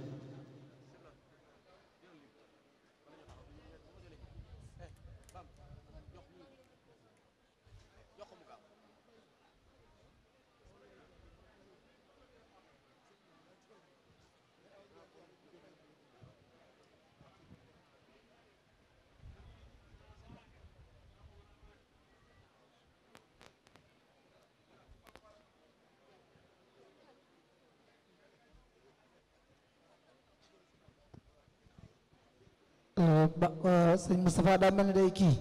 Euh, ba euh, sëñ Moustapha day kii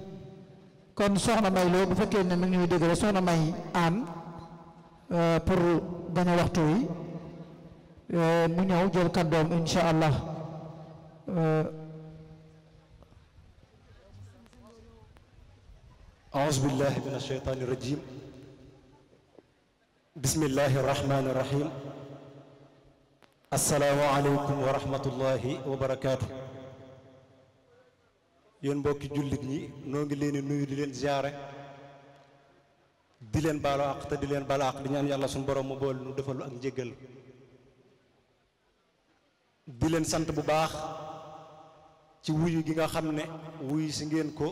kon soxna May loo bu fekkee ne mi ngi ñuy dégg rek soxna May aan euh, pour bañ waxtu yi mu ñëw jël kàddoom incha allah. أعوذ بالله من الشيطان الرجيم بسم الله الرحمن الرحيم السلام عليكم ورحمة الله وبركاته yéen mbokki jullit ñi noo ngi leen nuyu di leen ziare di leen baalu te di leen baalu di ñaan yàlla suñu borom mu bool nu defalu ak njéggal di leen sant bu baax ci wuyu gi nga xam ne wuyu si ngeen ko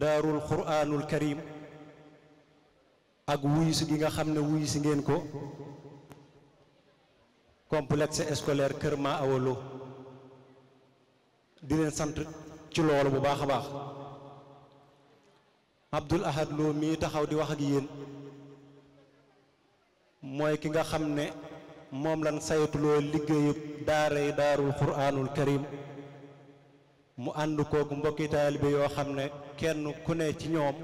daarul quraanul karim ak wuyu gi nga xam ne wuyu si ngeen ko complexe scolaire Kër Ma Awa di leen sant ci loolu bu baax a baax Abdul Ahad Lo taxaw di wax ak yéen mooy ki nga xam ne moom lan saytuloo liggéeyu daaray daarul quraanul karim mu ànd kooku mbokki taalibe yoo xam ne kenn ku ne ci ñoom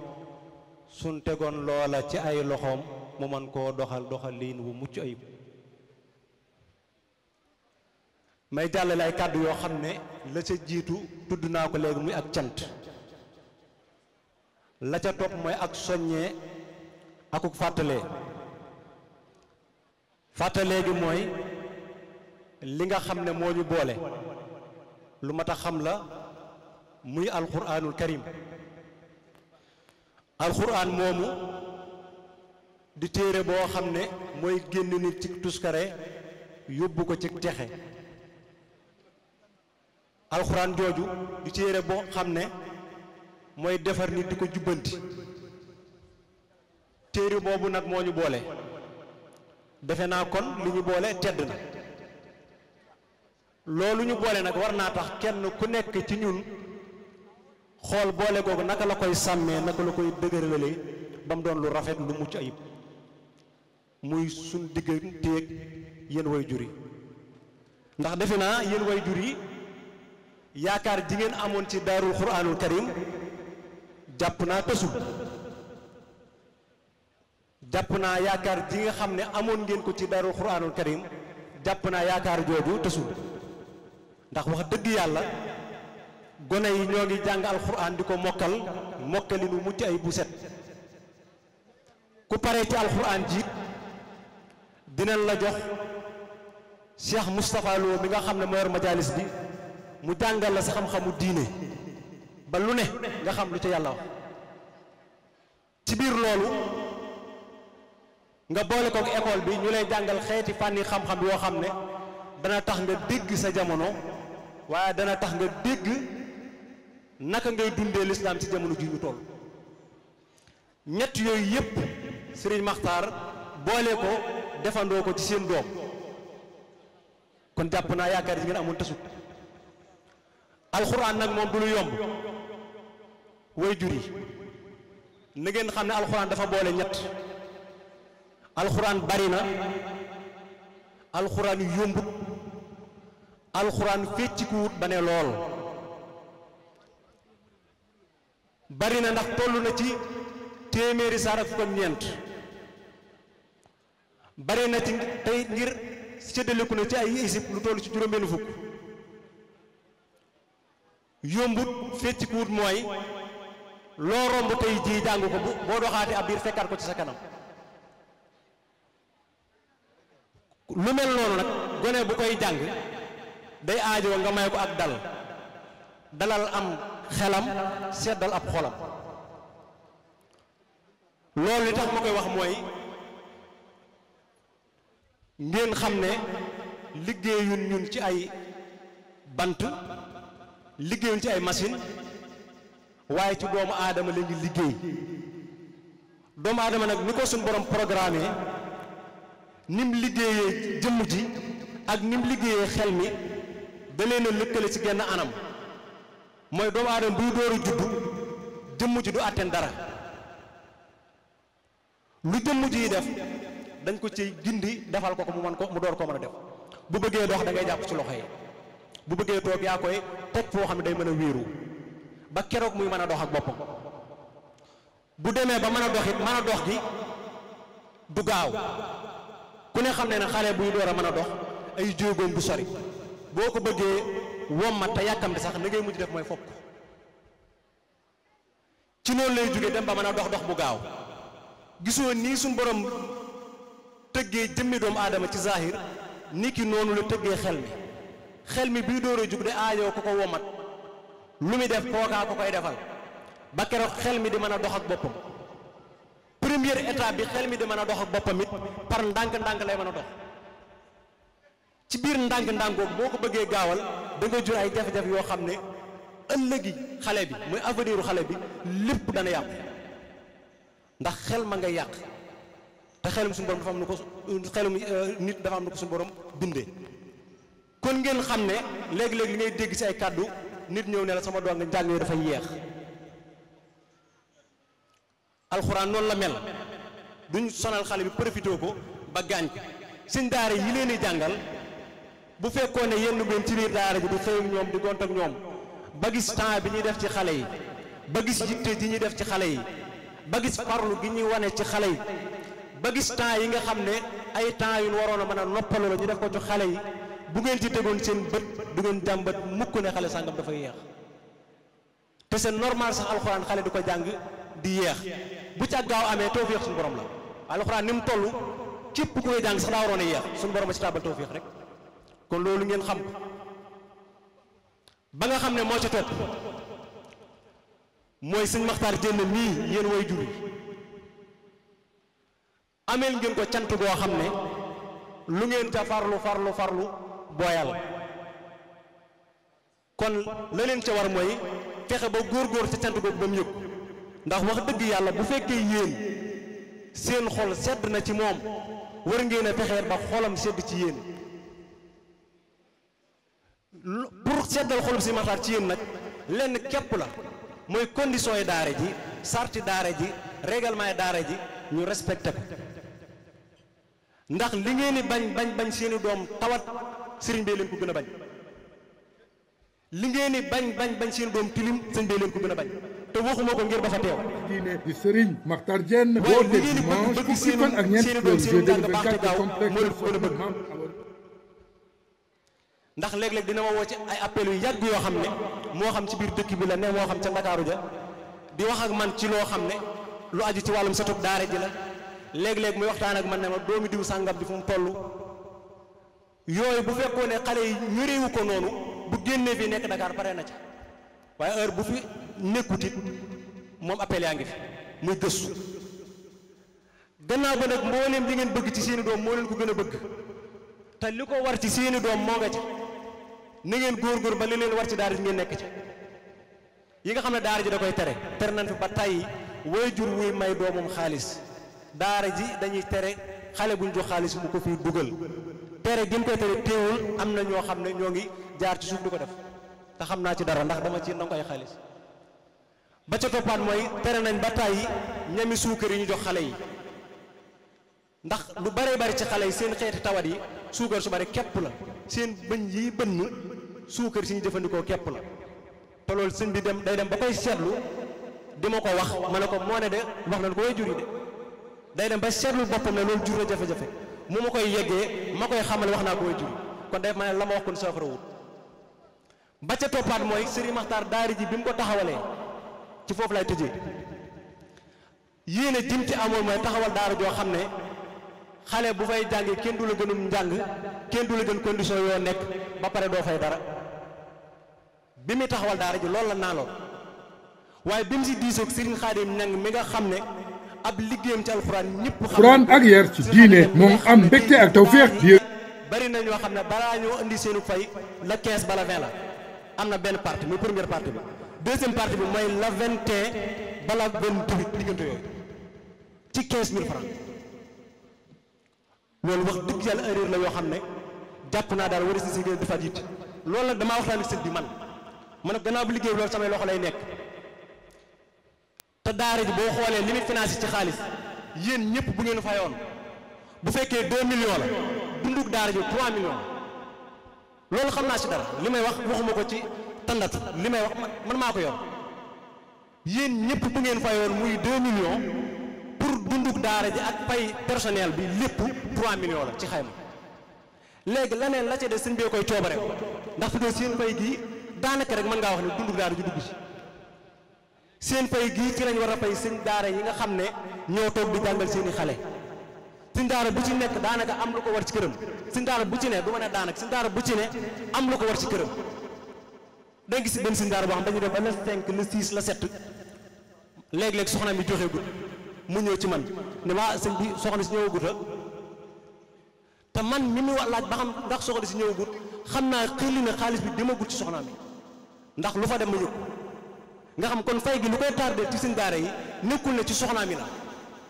suñ tegoon loola ci ay loxoom mu mën koo doxal doxal liin wu mucc ayib may jàllale ay kàddu yoo xam ne la ca jiitu tudd naa ko léegi muy ak cant la ca topp mooy ak soññee akuk fàttale fàttale gi mooy li nga xam ne moo ñu boole lu mat a xam la muy alxuraanul karim alxuraan moomu di téere boo xam ne mooy génn nit ci tuskare yóbbu ko ci texe alxuraan jooju du ci yére boo xam ne mooy defar nit di ko jubbanti téere boobu nag moo ñu boole defe naa kon li ñu boole tedd na loolu ñu boole nag war naa tax kenn ku nekk ci ñun xool boole googu naka la koy sàmmee naka la koy dëgëralalee ba mu doon lu rafet lu mucc ayib muy suñ digganteeg yéen way jur yi ndax defe naa yéen way jur yi yaakaar ji ngeen amoon ci daarul quraanul karim jàpp naa tasul jàpp naa yaakaar ji nga xam ne amoon ngeen ko ci daarul quraanul karim jàpp naa yaakaar jooju tasul ndax wax dëgg yàlla gone yi ñoo ngi jàng alxuraan di ko mokkal mokkali nu mucc ay bu set ku paree ci alxuraan jiit dinañ la jox Cheikh Moustapha Lo bi nga xam ne moo yor bi mu jàngal la sa xam-xamu diine ba lu ne nga xam lu ca yàlla wax ci biir loolu nga boole kook école bi ñu lay jàngal xeeti fànni xam-xam yoo xam ne dana tax nga dégg sa jamono waaye dana tax nga dégg naka ngay dundee lislaam ci jamono ji ñu toll ñett yooyu yépp Sëriñ Maxtaar boole ko defandoo ko ci seen doom kon jàpp naa yaakaar yi ngeen amoon tasut alxuraan nag moom du lu yomb way jur yi ngeen xam ne alxuraan dafa boole ñett alxuraan bari na alxuraan yombut alxuraan féccikuwut ba ne lool bari na ndax toll na ci téeméeri saar ak ñeent bari na ci tey ngir séddaleku na ci ay isib lu toll ci juróom-benn fukk yombut feccikuwut mooy loo romb tey jii jàng ko boo doxaatee ab biir fekkaat ko ci sa kanam lu mel noonu nag gone bu koy jàng day aajoo nga may ko ak dal dalal am xelam seddal ab xolam loolu li tax ma koy wax mooy ngeen xam ne liggéeyun ñun ci ay bant liggéeyul ci ay machine waaye ci doomu aadama la ñu liggéey doomu aadama nag ni ko suñ borom programme nim liggéeyee jëmm ji ak nim liggéeyee xel mi da na lëkkale ci genn anam mooy doomu aadama buy door a juddu jëmm ji du àtteen dara lu jëmm ji def dañ ko ci gindi defal ko ko mu man ko mu door ko mën a def bu bëggee dox da ngay jàpp ci loxo yi bu bëggee toog yaa koy teg foo xam ne day mën a wéeru ba keroog muy mën a dox ak boppam bu demee ba mën a dox mën a dox gi du gaaw ku ne xam ne ne xale buy door a mën a dox ay jéegoom du sori boo ko bëggee wommat te yàkkamte sax na ngay mujj def mooy fokk ci noonu lay jóge dem ba mën a dox dox bu gaaw gisoo nii suñ borom tëggee jëmmi doomu aadama ci zahir nit ki noonu la tëggee xel mi xel mi bii dóor a jug de aajoo ku ko womat lu muy def kookaa ko koy defal ba keroog xel mi di mën a dox ak boppam première étape bi xel mi di mën a dox ak boppam it par ndànk-ndànk lay mën a dox ci biir ndànk-ndànk boobu boo ko bëggee gaawal da nga jur ay jafe-jafe yoo xam ne ëllëgi xale bi muy aveniru xale bi lépp dana yàqu ndax xel ma nga yàq te xelum suñu borom dafa am nu ko xelum euh, nit dafa am nu ko suñu borom bindee kon ngeen xam ne léegi léeg li ngay dégg ci ay kàddu nit ñëw ne la sama doom njàng mi dafay yeex alxuraan noonu la mel duñ sonal xale bi profité ko ba gaañ ko seen daara yi leen di jàngal bu fekkoon ne yenn ngeen ci biir daara ji di xëy ak ñoom di gont ak ñoom ba gis temps bi ñuy def ci xale yi ba gis yitte ji ñuy def ci xale yi ba gis farlu gi ñuy wane ci xale yi ba gis temps yi nga xam ne ay temps yu waroon a mën a noppalu la ñu def ko ci xale yi bu ngeen ci tegoon seen bët du ngeen jàmbat mukk ne xale sàngam dafay yeex te c'est normal sax alxuraan xale du ko jàng di yeex bu ca gaaw amee tawfiix suñu borom la alxuraan ni mu toll képp ku koy jàng sax daa waroon a yeex suñu borom a ci tàbbal tawfiix rek kon loolu ngeen xam ba nga xam ne moo ca topp mooy sëñ Maxtaar Jeen mii yéen way jur ameel ngeen ko cant goo xam ne lu ngeen ca farlu farlu farlu booyal kon la leen ca war mooy fexe ba góor-góor ca cant googu ba mu yëg ndax wax dëgg yàlla bu fekkee yéen seen xol sedd na ci moom war ngeen a fexeer ba xolam sedd ci yéen pour seddal xolum si maxtaar ci yéen nag lenn képp la mooy condition yi daare ji sarti daare ji règlement yi daare ji ñu respecté ko ndax li ngeen bañ bañ bañ seeni doom tawat sëriñ bee leen ko gën a bañ li ngeen ni bañ bañ bañ seen doom tilim sëriñ bee leen ko gën a bañ te waxuma ko ngir ba fa teew. diine di sëriñ Makhtar Diène. waaye li ngeen ni bëgg seen i doom seen i jàng baax te gaaw moo gën a bëgg. ndax léeg-léeg dina ma woo ay appel yu yàgg yoo xam ne moo xam ci biir dëkk bi la ne moo xam ca Ndakaaru ja di wax ak man ci loo xam ne lu aju ci wàllum setub daara ji la léeg-léeg muy waxtaan ak man ne ma doomi diw sàngam bi fu mu toll. yooyu bu fekkoon ne xale yi ñorewu ko noonu bu génnee fii nekk Dakar pare na ca waaye heure bu fi nekkutit moom appel yaa ngi fi muy gëstu gannaaw ba nag mbooleem li ngeen bëgg ci seeni doom moo leen gën a bëgg te li ko war ci seeni doom moo nga ca ni ngeen góorgóor ba li leen war ci daara ji ngeen nekk ca yi nga xam ne daara ji da koy tere tere nañ fi ba tey waajur wuy may doomam xaalis daara ji dañuy tere xale buñ jox xaalis mu ko fiy dugal tere gën koy tere téewul am na ñoo xam ne ñoo ngi jaar ci suuf du ko def te xam naa ci dara ndax dama ci nangu koy xaalis ba ca toppaat mooy tere nañ ba tàyyi ñami suukar yi ñu jox xale yi ndax lu bare bari ci xale yi seen xeeti tawat yi suukar su bari képp la seen bëñ yi bënn suukar si ñu jëfandikoo képp la te loolu sëñ bi dem day dem ba koy seetlu di ma ko wax ma ne ko moo ne de wax nañ ko way jur yi de day dem ba seetlu boppam ne loolu jur na jafe mu ma koy yeggee ma koy xamal wax naa ko way jur kon day ma ne la ma wax kon saafara wut ba ca toppaat mooy Serigne Makhtar daari ji bi mu ko taxawalee ci foofu lay tëjee yéene jim ci amoon mooy taxawal daara joo xam ne xale bu fay jàngi kenn du la gënum njàng kenn du la gën condition yoo nekk ba pare doo fay dara bi muy taxawal daara ji loolu la naaloon waaye bi mu si diisoog Serigne Khadim Niang mi nga xam ne ab liggéeyam ci alxuraan ñëpp xam ak yar ci diine moom am mbégte ak tawféex di bari na ñoo xam ne balaa ñoo indi seenu fay la 15 ba la la am na benn partie muy première partie bi deuxième partie bi mooy la 21 ba la 28 diggante yooyu ci 15000 francs loolu wax dëgg yàlla erreur la yoo xam ne jàpp naa daal war a si si gën a defaat it loolu la damaa waxtaan ak sëñ bi man ma ne gannaaw bu liggéey bi loolu samay loxo lay nekk te daara ji boo xoolee li muy financé ci xaalis yéen ñëpp bu ngeen fayoon bu fekkee 2 million la dunduk daara ji 3 millions loolu xam naa si dara li may wax waxuma ko ci tandat li may wax man maa ko yor yéen ñëpp bu ngeen fayoon muy 2 millions pour dunduk daara ji ak pay personnel bi lépp 3 millions la ci xayma léegi neen la ca des sëñ bee koy coobare ndax fi dee seen pay gi daanaka rek mën ngaa wax ne dunduk daara ji dugg seen pay gii ci lañ war a pay seen daara yi nga xam ne ñoo toog di jàngal seen i xale seen daara bu ci nekk daanaka am lu ko war ci këram seen daara bu ci ne du ma ne daanaka seen daara bu ci ne am lu ko war ci këram danga gis benn seen daara boo xam dañu dem ba le 5 le 6 le 7 léeg-léeg soxna bi joxe gut mu ñëw ci man ne ma sëñ bi soxna si ñëwagut a ah. te man mi mu laaj ba xam ndax soxna si ñëwagut xam naa xilli na xaalis bi demagut ci soxna mi ndax lu fa dem ma yëg nga xam kon fay gi lu koy tardé ci seen daara yi nekkul ne ci soxnaa mi la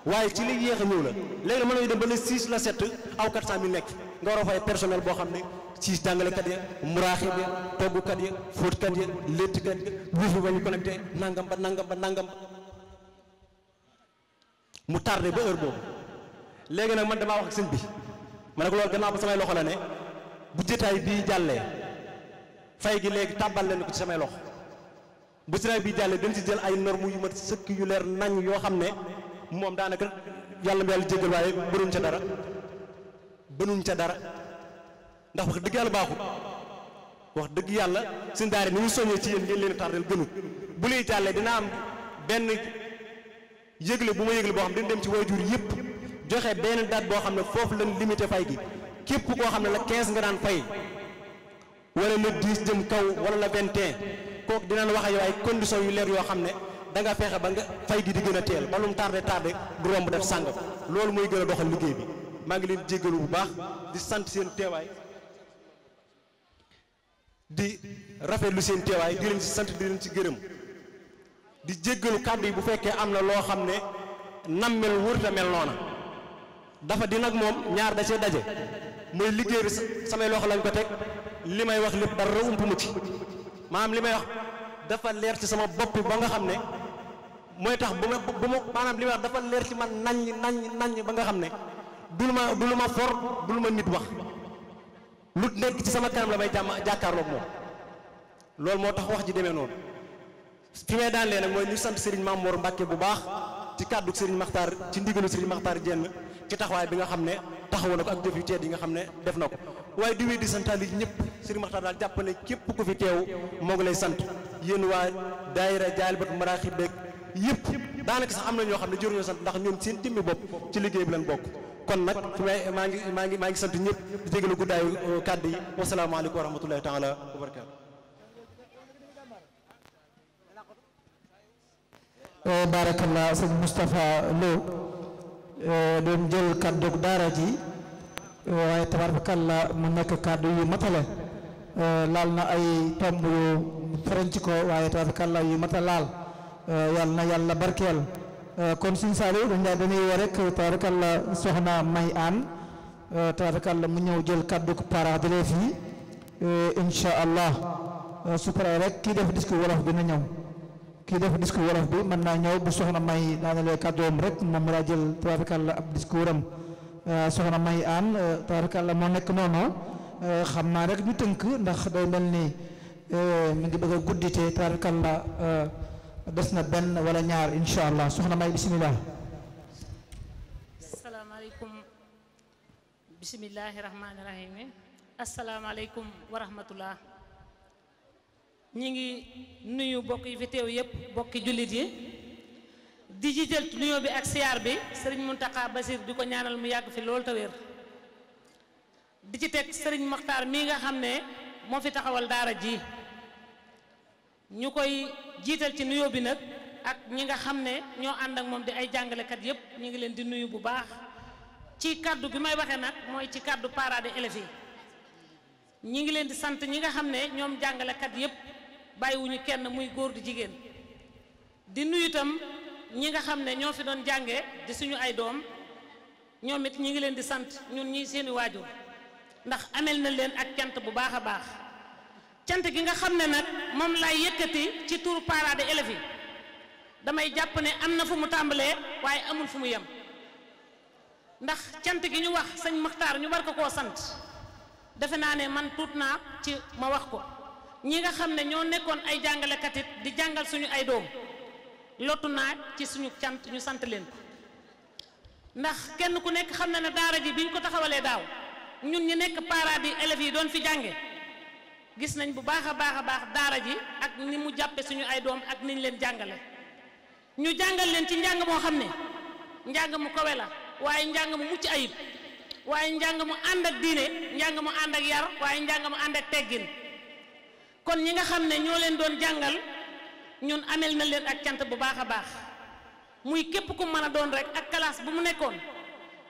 waaye ci li yéex a ñëw la léegi mën nañu dem ba le 6 la 7 aw 400000 nekk nga war a fay personnel boo xam ne ci jàngalekat ya muraaxib ya toggukat ya fóotkat ya léttkat ya wifi ba ñu nangam ba nangam ba nangam ba mu tardé ba heure boobu léegi nag man damaa wax ak sëñ bi ma ne ko loolu gannaaw ba samay loxo la ne bu jotaay bii jàllee fay gi léegi tàbbal leen ko ci samay loxo. bu siraay bi jàllee dañ ci jël ay normes yu mat sëkk yu leer nañ yoo xam ne moom daanaka yàlla na yàlla jéggal waaye bënuñ ca dara bënuñ ca dara ndax wax dëgg yàlla baaxul wax dëgg yàlla suñ daara ni ñu soññee ci yéen ngeen leen tardel gënu bu lay jàllee dina am benn yëgle bu ma yëgle boo xam ne dina dem ci jur yëpp joxe benn daat boo xam ne foofu lañ limité fay gi képp koo xam ne la 15 nga daan fay wala le 10 jëm kaw wala la 21. kooku dinañ wax ak ay conditions yu leer yoo xam ne danga fexe ba nga fay gi di gën a teel ba lu mu tardé tardé du romb def sàngam loolu mooy gën a doxal liggéey bi maa ngi leen jéggalu bu baax di sant seen teewaay di rafetlu seen teewaay di leen ci sant di leen ci gërëm di jéggalu kàddu yi bu fekkee am na loo xam ne nammel wërta mel noona dafa di nag moom ñaar da daje mooy liggéey bi samay loxo lañ ko teg li may wax lépp dara ump mu ci maanaam li dafa leer ci sama bopp ba nga xam ne mooy tax bu ma bu ma maanaam li wax dafa leer ci man naññ nañ naññ ba nga xam ne dul ma dul ma for dul ma nit wax lu nekk ci sama kanam la may jàmm jàkkaarloog moom loolu moo tax wax ji demee noonu fi may daan lee nag mooy ñu sant sëriñ Mamour Mbacke bu baax ci kàddu Serigne Makhtar ci ndigalu Serigne Makhtar Diène ci taxawaay bi nga xam ne taxawu na ko ak jëf yu teed yi nga xam ne def na ko waaye di wéy di santaal yi ñëpp Sëriñ Maxtaar daal jàpp ne képp ku fi teew moo ngi lay sant yéen waa daayira Jaalibatul Maraaxib beeg yëpp daanaka sax am na ñoo xam ne jëruñoo sant ndax ñoom seen timmi bopp ci liggéey bi lañ bokk kon nag maa ngi maa ngi maa ngi sant ñëpp di jégalu guddaayu uh, kàddu yi wasalaamaaleykum wa rahmatullahi taala wa barakaatu uh, barakallah sëñ Moustapha Lo Eh, doon jël kàddu daara ji eh, waaye tabarakallah mu nekk kàddu yu matale eh, laal na ay tomb yu ferenc ko waaye tabarakallah yu mata laal yal na yàlla barkeel kon suñ saali dañ daa dañuy woo rek tabarakallah soxna may aan tabarakallah mu ñëw jël kàddu parent bi fii allah su rek kii def discours wolof dina ñëw kii def discours wolof bi mën naa ñëw bu soxna may daanelee kàddoom rek moom daa jël la ab discours am euh, soxna may aan euh, tabaarakalla moo nekk noonu euh, xam naa rek ñu tënk ndax day mel ni mu ngi bëgg a guddi te tabaarakalla des na benn wala ñaar incha allah soxna may bisimilah. asalaamaaleykum bisimilahi rahmaani rahim asalaamaaleykum wa ñi ngi nuyu bokk yi fi teew yëpp bokki jullit yi di jiital nuyo bi ak siyaar bi sëriñ Muntaxa Basiir bi ko ñaanal mu yàgg fi loolu te wér di ci teg sëriñ Maxtaar mii nga xam ne moo fi taxawal daara ji ñu koy jiital ci nuyo bi nag ak ñi nga xam ne ñoo ànd ak moom di ay jàngalekat yëpp ñu ngi leen di nuyu bu baax ci kàddu bi may waxee nag mooy ci kàddu parents d'élèves yi ñi ngi leen di sant ñi nga xam ne ñoom jàngalekat yëpp bàyyiwuñu kenn muy góor di jigéen di nuyu itam ñi nga xam ne ñoo fi doon jànge di suñu ay doom ñoom it ñi ngi leen di sant ñun ñi seeni waajur ndax amel na leen ak cant bu baax a baax cant gi nga xam ne nag moom laay yëkkati ci turu parents d'élèves yi damay jàpp ne am na fu mu tàmbalee waaye amul fu mu yem ndax cant gi ñu wax sëñ Maxtaar ñu war ko koo sant defe naa ne man tuut naa ci ma wax ko ñi nga xam ne ñoo nekkoon ay jàngalekat it di jàngal suñu ay doom lottu naa ci suñu cant ñu sant leen ko ndax kenn ku nekk xam na ne daara ji biñ ko taxawalee daaw ñun ñi nekk parents di élèves yi doon fi jànge gis nañ bu baax a baax a baax daara ji ak ni mu jàppe suñu ay doom ak niñ leen jàngale ñu jàngal leen ci njàng moo xam ne njàng mu kawe la waaye njàng mu mucc ayib waaye njàng mu ànd ak diine njàng mu ànd ak yar waaye njàng mu ànd ak teggin kon ñi nga xam ne ñoo leen doon jàngal ñun ameel na leen ak cant bu baax a baax muy képp ku mën a doon rek ak kalaas bu mu nekkoon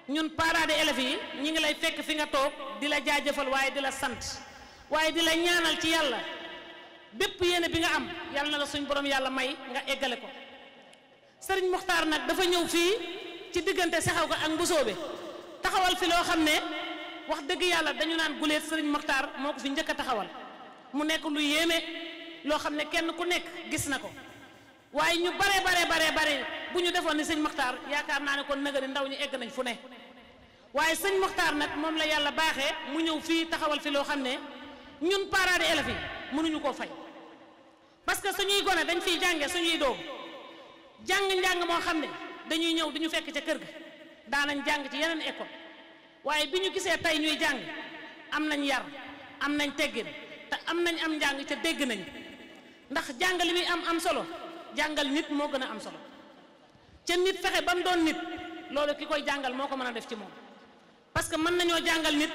ñun parents d'élèves yi ñu ngi lay fekk fi nga toog di la jaajëfal waaye di la sant waaye di la ñaanal ci yàlla bépp yéene bi nga am yàlla na la suñ borom yàlla may nga eggale ko sëriñ Muxtaar nag dafa ñëw fii ci diggante saxaw ko ak mbusoobe taxawal fi loo xam ne wax dëgg yàlla dañu naan guleet sëriñ Muxtaar moo ko fi njëkk mu nekk lu yéeme loo xam ne kenn ku nekk gis na ko waaye ñu bare bare bare bare bu ñu defoon ni sëñ Mokhtar yaakaar naa ne kon nëgëri ndaw ñu egg nañ fu ne waaye sëñ Mokhtar nag moom la yàlla baaxee mu ñëw fii taxawal fi loo xam ne ñun parents d'élèves yi mënuñu koo fay parce que suñuy gone dañ fiy jànge suñuy doom jàng-njàng moo xam ne dañuy ñëw duñu fekk ca kër ga daanañ jàng ci yeneen école waaye bi ñu gisee tey ñuy jàng am nañ yar am nañ teggin am nañ am njàng ca dégg nañ ndax jàng li muy am am solo jàngal nit moo gën a am solo ca nit fexe ba mu doon nit loolu ki koy jàngal moo ko mën a def ci moom parce que mën nañoo jàngal nit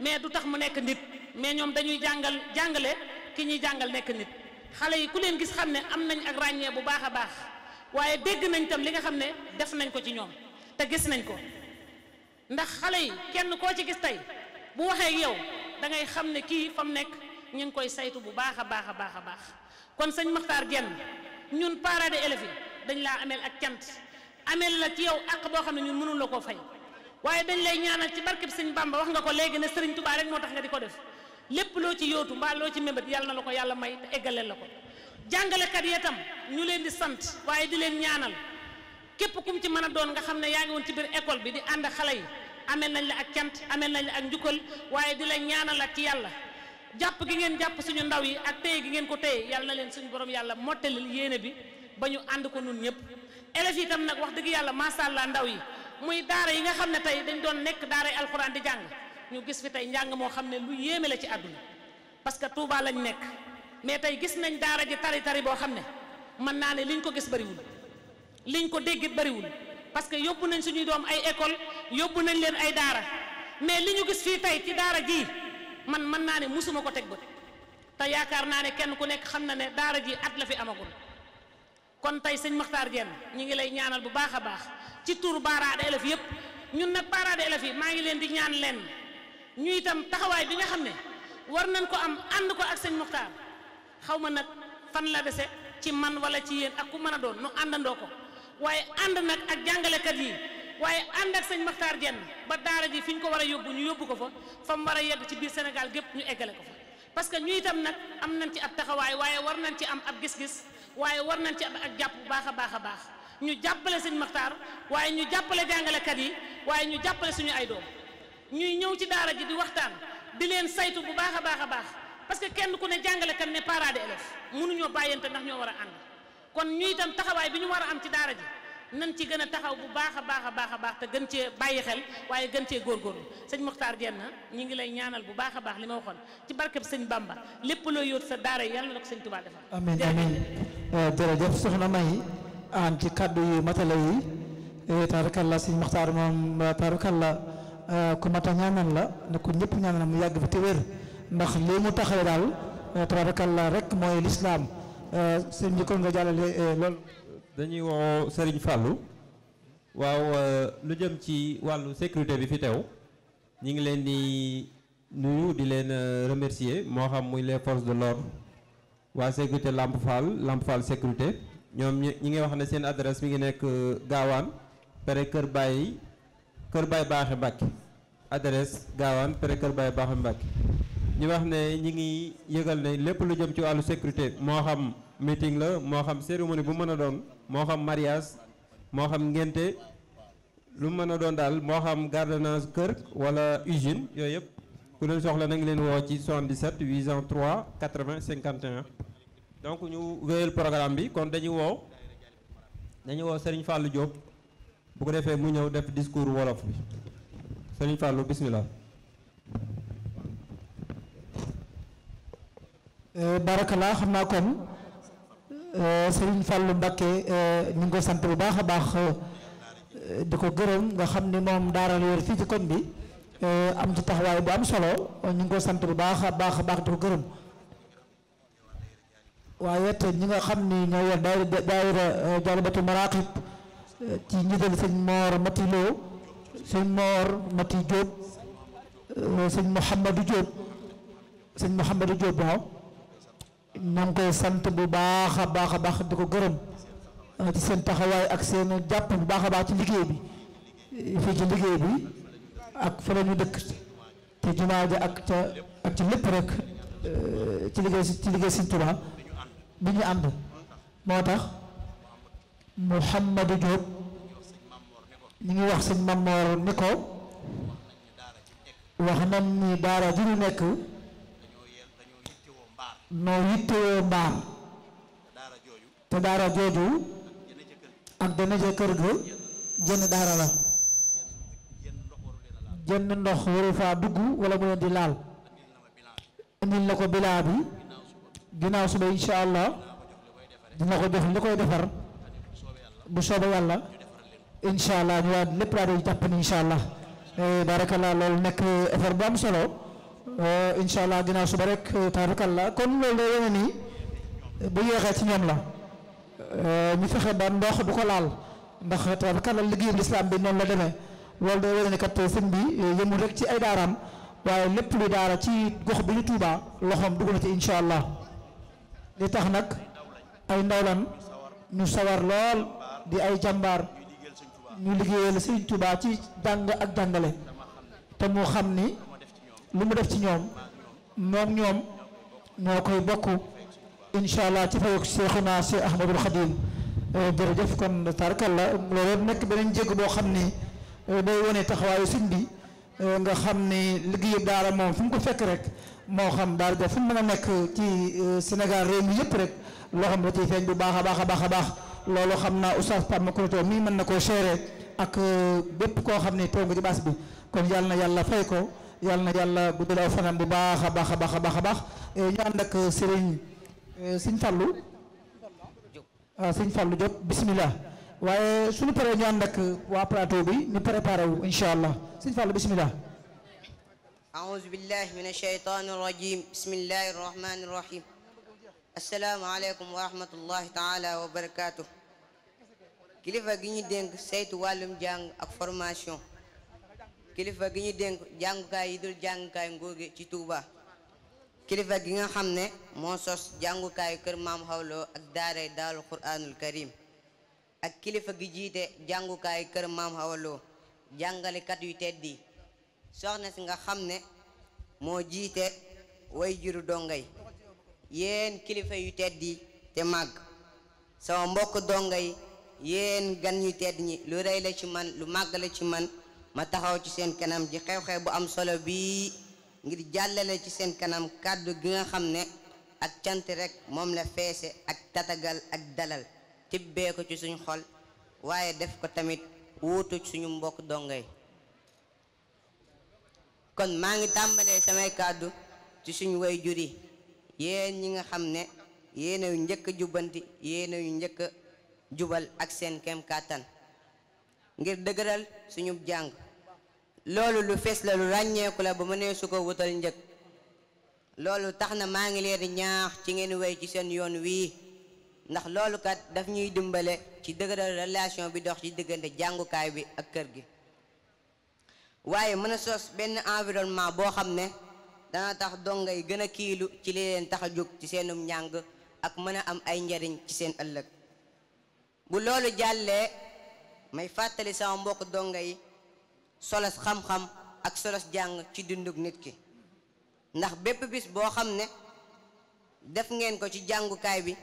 mais du tax mu nekk nit mais ñoom dañuy jàngal jàngale ki ñuy jàngal nekk nit xale yi ku leen gis xam ne am nañ ak ràññee bu baax a baax waaye dégg nañ tam li nga xam ne def nañ ko ci ñoom te gis nañ ko ndax xale yi kenn koo ci gis tey bu waxee yow da xam ne kii ñu ngi koy saytu bu baax a baax a baax a baax kon sëñ Maxtaar genn ñun parents d'élèves yi dañ laa ameel ak cant ameel la ci yow àq boo xam ne ñun mënul la koo fay waaye dañ lay ñaanal ci barkeb sëñ Bamba wax nga ko léegi ne sëriñ Tuubaa rek moo tax nga di ko def lépp loo ci yóotu mbaa loo ci mébét yàlla na la ko yàlla may te eggaleel la ko jàngalekat yi itam ñu leen di sant waaye di leen ñaanal képp kum ci mën a doon nga xam ne yaa ngi woon ci biir école bi di ànd xale yi ameel nañ la ak cant ameel nañ la ak njukkal waaye di la ñaanal ak ci yàlla jàpp gi ngeen jàpp suñu ndaw yi ak téye gi ngeen ko téye yàlla na leen suñu borom yàlla mottalil yéene bi ba ñu ànd ko nun ñëpp élèves yi tam nag wax dëgg yàlla macha allah ndaw yi muy daara yi nga xam ne tey dañ doon nekk daaray alxuraan di jàng ñu gis fi tey njàng moo xam ne lu yéeme la ci àdduna parce que Touba lañ nekk mais tey gis nañ daara ji tari tari boo xam ne mën naa ne liñ ko gis bëriwul liñ ko déggit bariwul parce que yóbbu nañ suñuy doom ay école yóbbu nañ leen ay daara man mën naa ne musuma ko teg bët te yaakaar naa ne kenn ku nekk xam na ne daara ji at la fi amagul kon tey sëñ Makhtar Diène ñi ngi lay ñaanal bu baax a baax ci tur parents d'élèves yëpp ñun nag parents d'élèves yi maa ngi leen di ñaan leen ñu itam taxawaay bi nga xam ne war nañ ko am ànd ko ak sëñ Makhtar xaw ma nag fan la dese ci man wala ci yéen ak ku mën a doon nu àndandoo ko waaye ànd nag ak jàngalekat yi waaye ànd ak sëñ Maxtaar Jenn ba daara ji fi ñu ko war a yóbbu ñu yóbbu ko fa fa mu war a yegg ci biir Sénégal gépp ñu eggale ko fa parce que ñu itam nag am nañ ci ab taxawaay waaye war nañ ci am ab gis-gis waaye war nañ ci am ak jàpp bu baax a baax a baax ñu jàppale sëñ Maxtaar waaye ñu jàppale jàngalekat yi waaye ñu jàppale suñu ay doom ñuy ñëw ci daara ji di waxtaan di leen saytu bu baax a baax a baax parce que kenn ku ne jàngalekat ne parents d'élèves mënuñoo bàyyante ndax ñoo war a ànd kon ñu taxawaay bi ñu war a am ci daara ji nan ci gën a taxaw bu baax a baax a baax a baax te gën cee bàyyi xel waaye gën cee góorgóorlu sëñ Mokhtar Dieng ñi ngi lay ñaanal bu baax a baax li ma waxoon ci barkeb sëñ Bamba lépp loo yóot sa daara yi yàlla na ko sëñ Tuubaa defal. amiin amiin euh, jërëjëf soxna May am ci kaddu yu matale yi euh, tabarakalla sëñ Mokhtar moom la euh, ku mata ñaanal la ne ko ñëpp ñaanal mu yàgg fi te ndax lii mu taxawee daal la rek mooy lislaam sëñ bi kon nga jàllale dañuy woo Serigne Fallou waaw euh, lu jëm ci wàllu sécurité bi fi teew ñi ngi leen di nuyu di leen euh, remercier moo xam muy les forces de l'ordre waa sécurité Lamp Fall Lamp Fall sécurité ñoom ñi ngi wax ne seen adresse mi ngi nekk euh, gaawaan pere kër bàyyi kër Baye Baaxe Mbàkke adresse gaawaan pere kër Baye Baaxe Mbàkke ñu wax ne ñi ngi yëgal ne lépp lu jëm ci wàllu sécurité moo xam meeting la moo xam cérémonie bu mën a doon moo xam marias moo xam ngénte lu mën a doon daal moo xam gardenage kër wala usine yooyu yëpp ku leen soxla na ngi leen woo ci 77 803 80 51. donc ñu wéyal programme bi kon dañu woo dañu woo Serigne Fallou Diop bu ko defee mu ñëw def discours wolof bi Serigne Fallou bismillah. Euh, Euh, Serigne Fallou Mbacké euh, ñu ngi ko sant bu baax a baax euh, di ko gërëm nga xam ni moom daara la fii ci koñ bi am ci taxawaay bu am solo ñu ngi koy sant bu baax a baax a baax di ko gërëm waaye it ñi nga xam ni ñoo yor daayira daayira Jalibatu Maraqib ci njiital sëñ Mor Mati Lo sëñ Mor Mati Diop sëñ Mouhamadou Diop sëñ Mouhamadou Diop waaw ñu koy sant bu baax a baax a baax di ko gërëm ah, ci seen taxawaay ak seen jàpp bu baax a baax ci liggéey bi eh, fii ci liggéey bi ak fa la dëkk te jumaa ja ak ca ak ci lépp rek eh, ci liggéey ci bi ñu ànd moo tax Mouhamadou Diop ñu ngi wax sëñ Mamoor ni ko wax nañ ni daara ji nekk noo yittewoo mbaar te daara jooju ak dana ca kër ga jënn daara la jënn ndox waru faa dugg wala mu leen di laal indil na ko bilaa bi ginnaaw suba insha allah dina ko jox li koy defar bu sooba yàlla insha allah ñu waat lépp laa doon insha allah eh, barakallah loolu nekk effort bu am solo Euh, incha allah ginnaaw suba rek euh, tabarakalla kon loolu day wane ni euh, bu yéexee ci ñoom la ñu fexe ba ndox du ko laal ndax tabarakalla liggéeyu lislaam bi noonu la demee loolu day wane ni kat sëñ bi yëmul rek ci ay daaram waaye lépp lu daara ci gox bi ñu Tuuba loxoom dugg na ci incha allah li tax nag ay ndaw lan ñu sawar lool di ay jàmbaar ñu liggéeyal sëñ Tuuba ci jàng ak jàngale te mu xam ni. lu mu def ci ñoom moom ñoom ñoo koy bokk incha allah ci fayuk Seexuna Seex Ahmadul Xadim eh, jërëjëf kon tarkalla loolu nekk beneen jégg boo xam ni eh, day wone taxawaayu sëñ bi eh, nga xam ni liggéeyu daara moom fu mu ko fekk rek moo xam daal ja fu mu mën a nekk ci Sénégal réew yëpp rek loo xam ne ciy bu baax a baax a baax a baax loolu xam naa oustaz Pape Makoto mii mën na koo seere ak bépp koo xam ne toog nga ci baas bi kon yàlla na yàlla fay ko. yàlla na yàlla guddal aw bu baax a baax a baax a baax a baax eh, ñu ànd ak eh, sëriñ eh, sëñ Fallou waaw ah, sëñ Fallou waaye suñu paree ñu ànd ak waa plateau bi ñu préparé wu incha allah sëñ Fallou bisimilah أعوذ بالله من الشيطان الرجيم kilifa gi ñu dénk saytu wàllum jàng ak formation kilifa gi ñu dénk jàngukaay yi dul jàngukaay nguur gi ci Touba kilifa gi nga xam ne moo sos jàngukaay kër maam xawloo ak daaray daalu quraanul karim ak kilifa gi jiite jàngukaay kër maam xawloo jàngalekat yu teddi soxna si nga xam ne moo jiite way juru dongay yéen kilifa yu teddi te màgg sama mbokk dongay yéen gan ñu tedd ñi lu rëy la ci man lu màgg la ci man ma taxaw ci seen kanam ji xew-xew bu am solo bii ngir jàllale ci seen kanam kàddu gi nga xam ne ak cant rekk moom la feese ak tatagal ak dalal tibbee ko ci suñu xol waaye def ko tamit wuutu suñu mbokk dongay kon maa ngi tàmbalee samay kàddu ci suñu way juri yéen ñi nga xam ne yéen yu njëkk jubanti jubbanti yu njëkk a jubal ak seen kem kàttan ngir dëgëral suñu jàng loolu lu fees la lu ràññeeku la ba mënee su ko wutal njëg loolu tax na maa ngi leen di ñaax ci ngeen wéy ci seen yoon wii ndax loolukat kat daf ñuy dimbale ci dëgëral relation bi dox ci diggante jàngukaay bi ak kër gi waaye mën a sos benn environnement boo xam ne dana tax donga yi gën a kiilu ci li leen tax a jóg ci seenum njàng ak mën a am ay njariñ ci seen ëllëg bu loolu jàllee may fàttali sama mbokk donga yi solos xam-xam ak solos jàng ci dundug nit ki ndax bépp bis boo xam ne def ngeen ko ci jàngukaay bi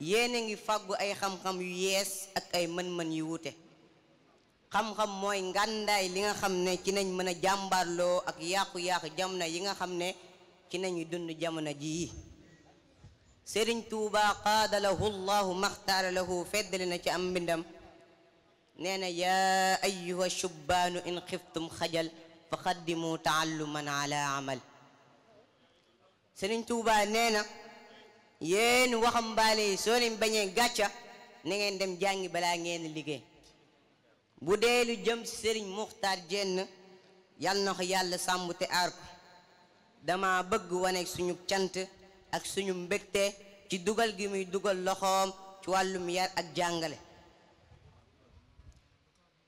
yéen a ngi fàggu ay xam-xam yu yees ak ay mën-mën yu wuute xam-xam mooy ngàndaay li nga xam ne ci nañ mën a jàmbaarloo ak yàqu-yàqu jamono yi nga xam ne ci nañu dund jamono jii seriñ tuuba qaada lahu llahu maxtaara lahu feddali na ci am mbindam nee na yaa ayyuha in xiftum xajal fa xaddimu taalluman ala amal Sëriñ Tuubaa nee na yéen waxambaane yi soo leen bañee gàcca na ngeen dem jàngi bala ngeen liggéey bu dee lu jëm ci Sëriñ Muxtaar Jenn yal na ko yàlla sàmm te dama bëgg wane suñu cant ak suñu mbégte ci dugal gi muy dugal loxoom ci wàllum yar ak jàngale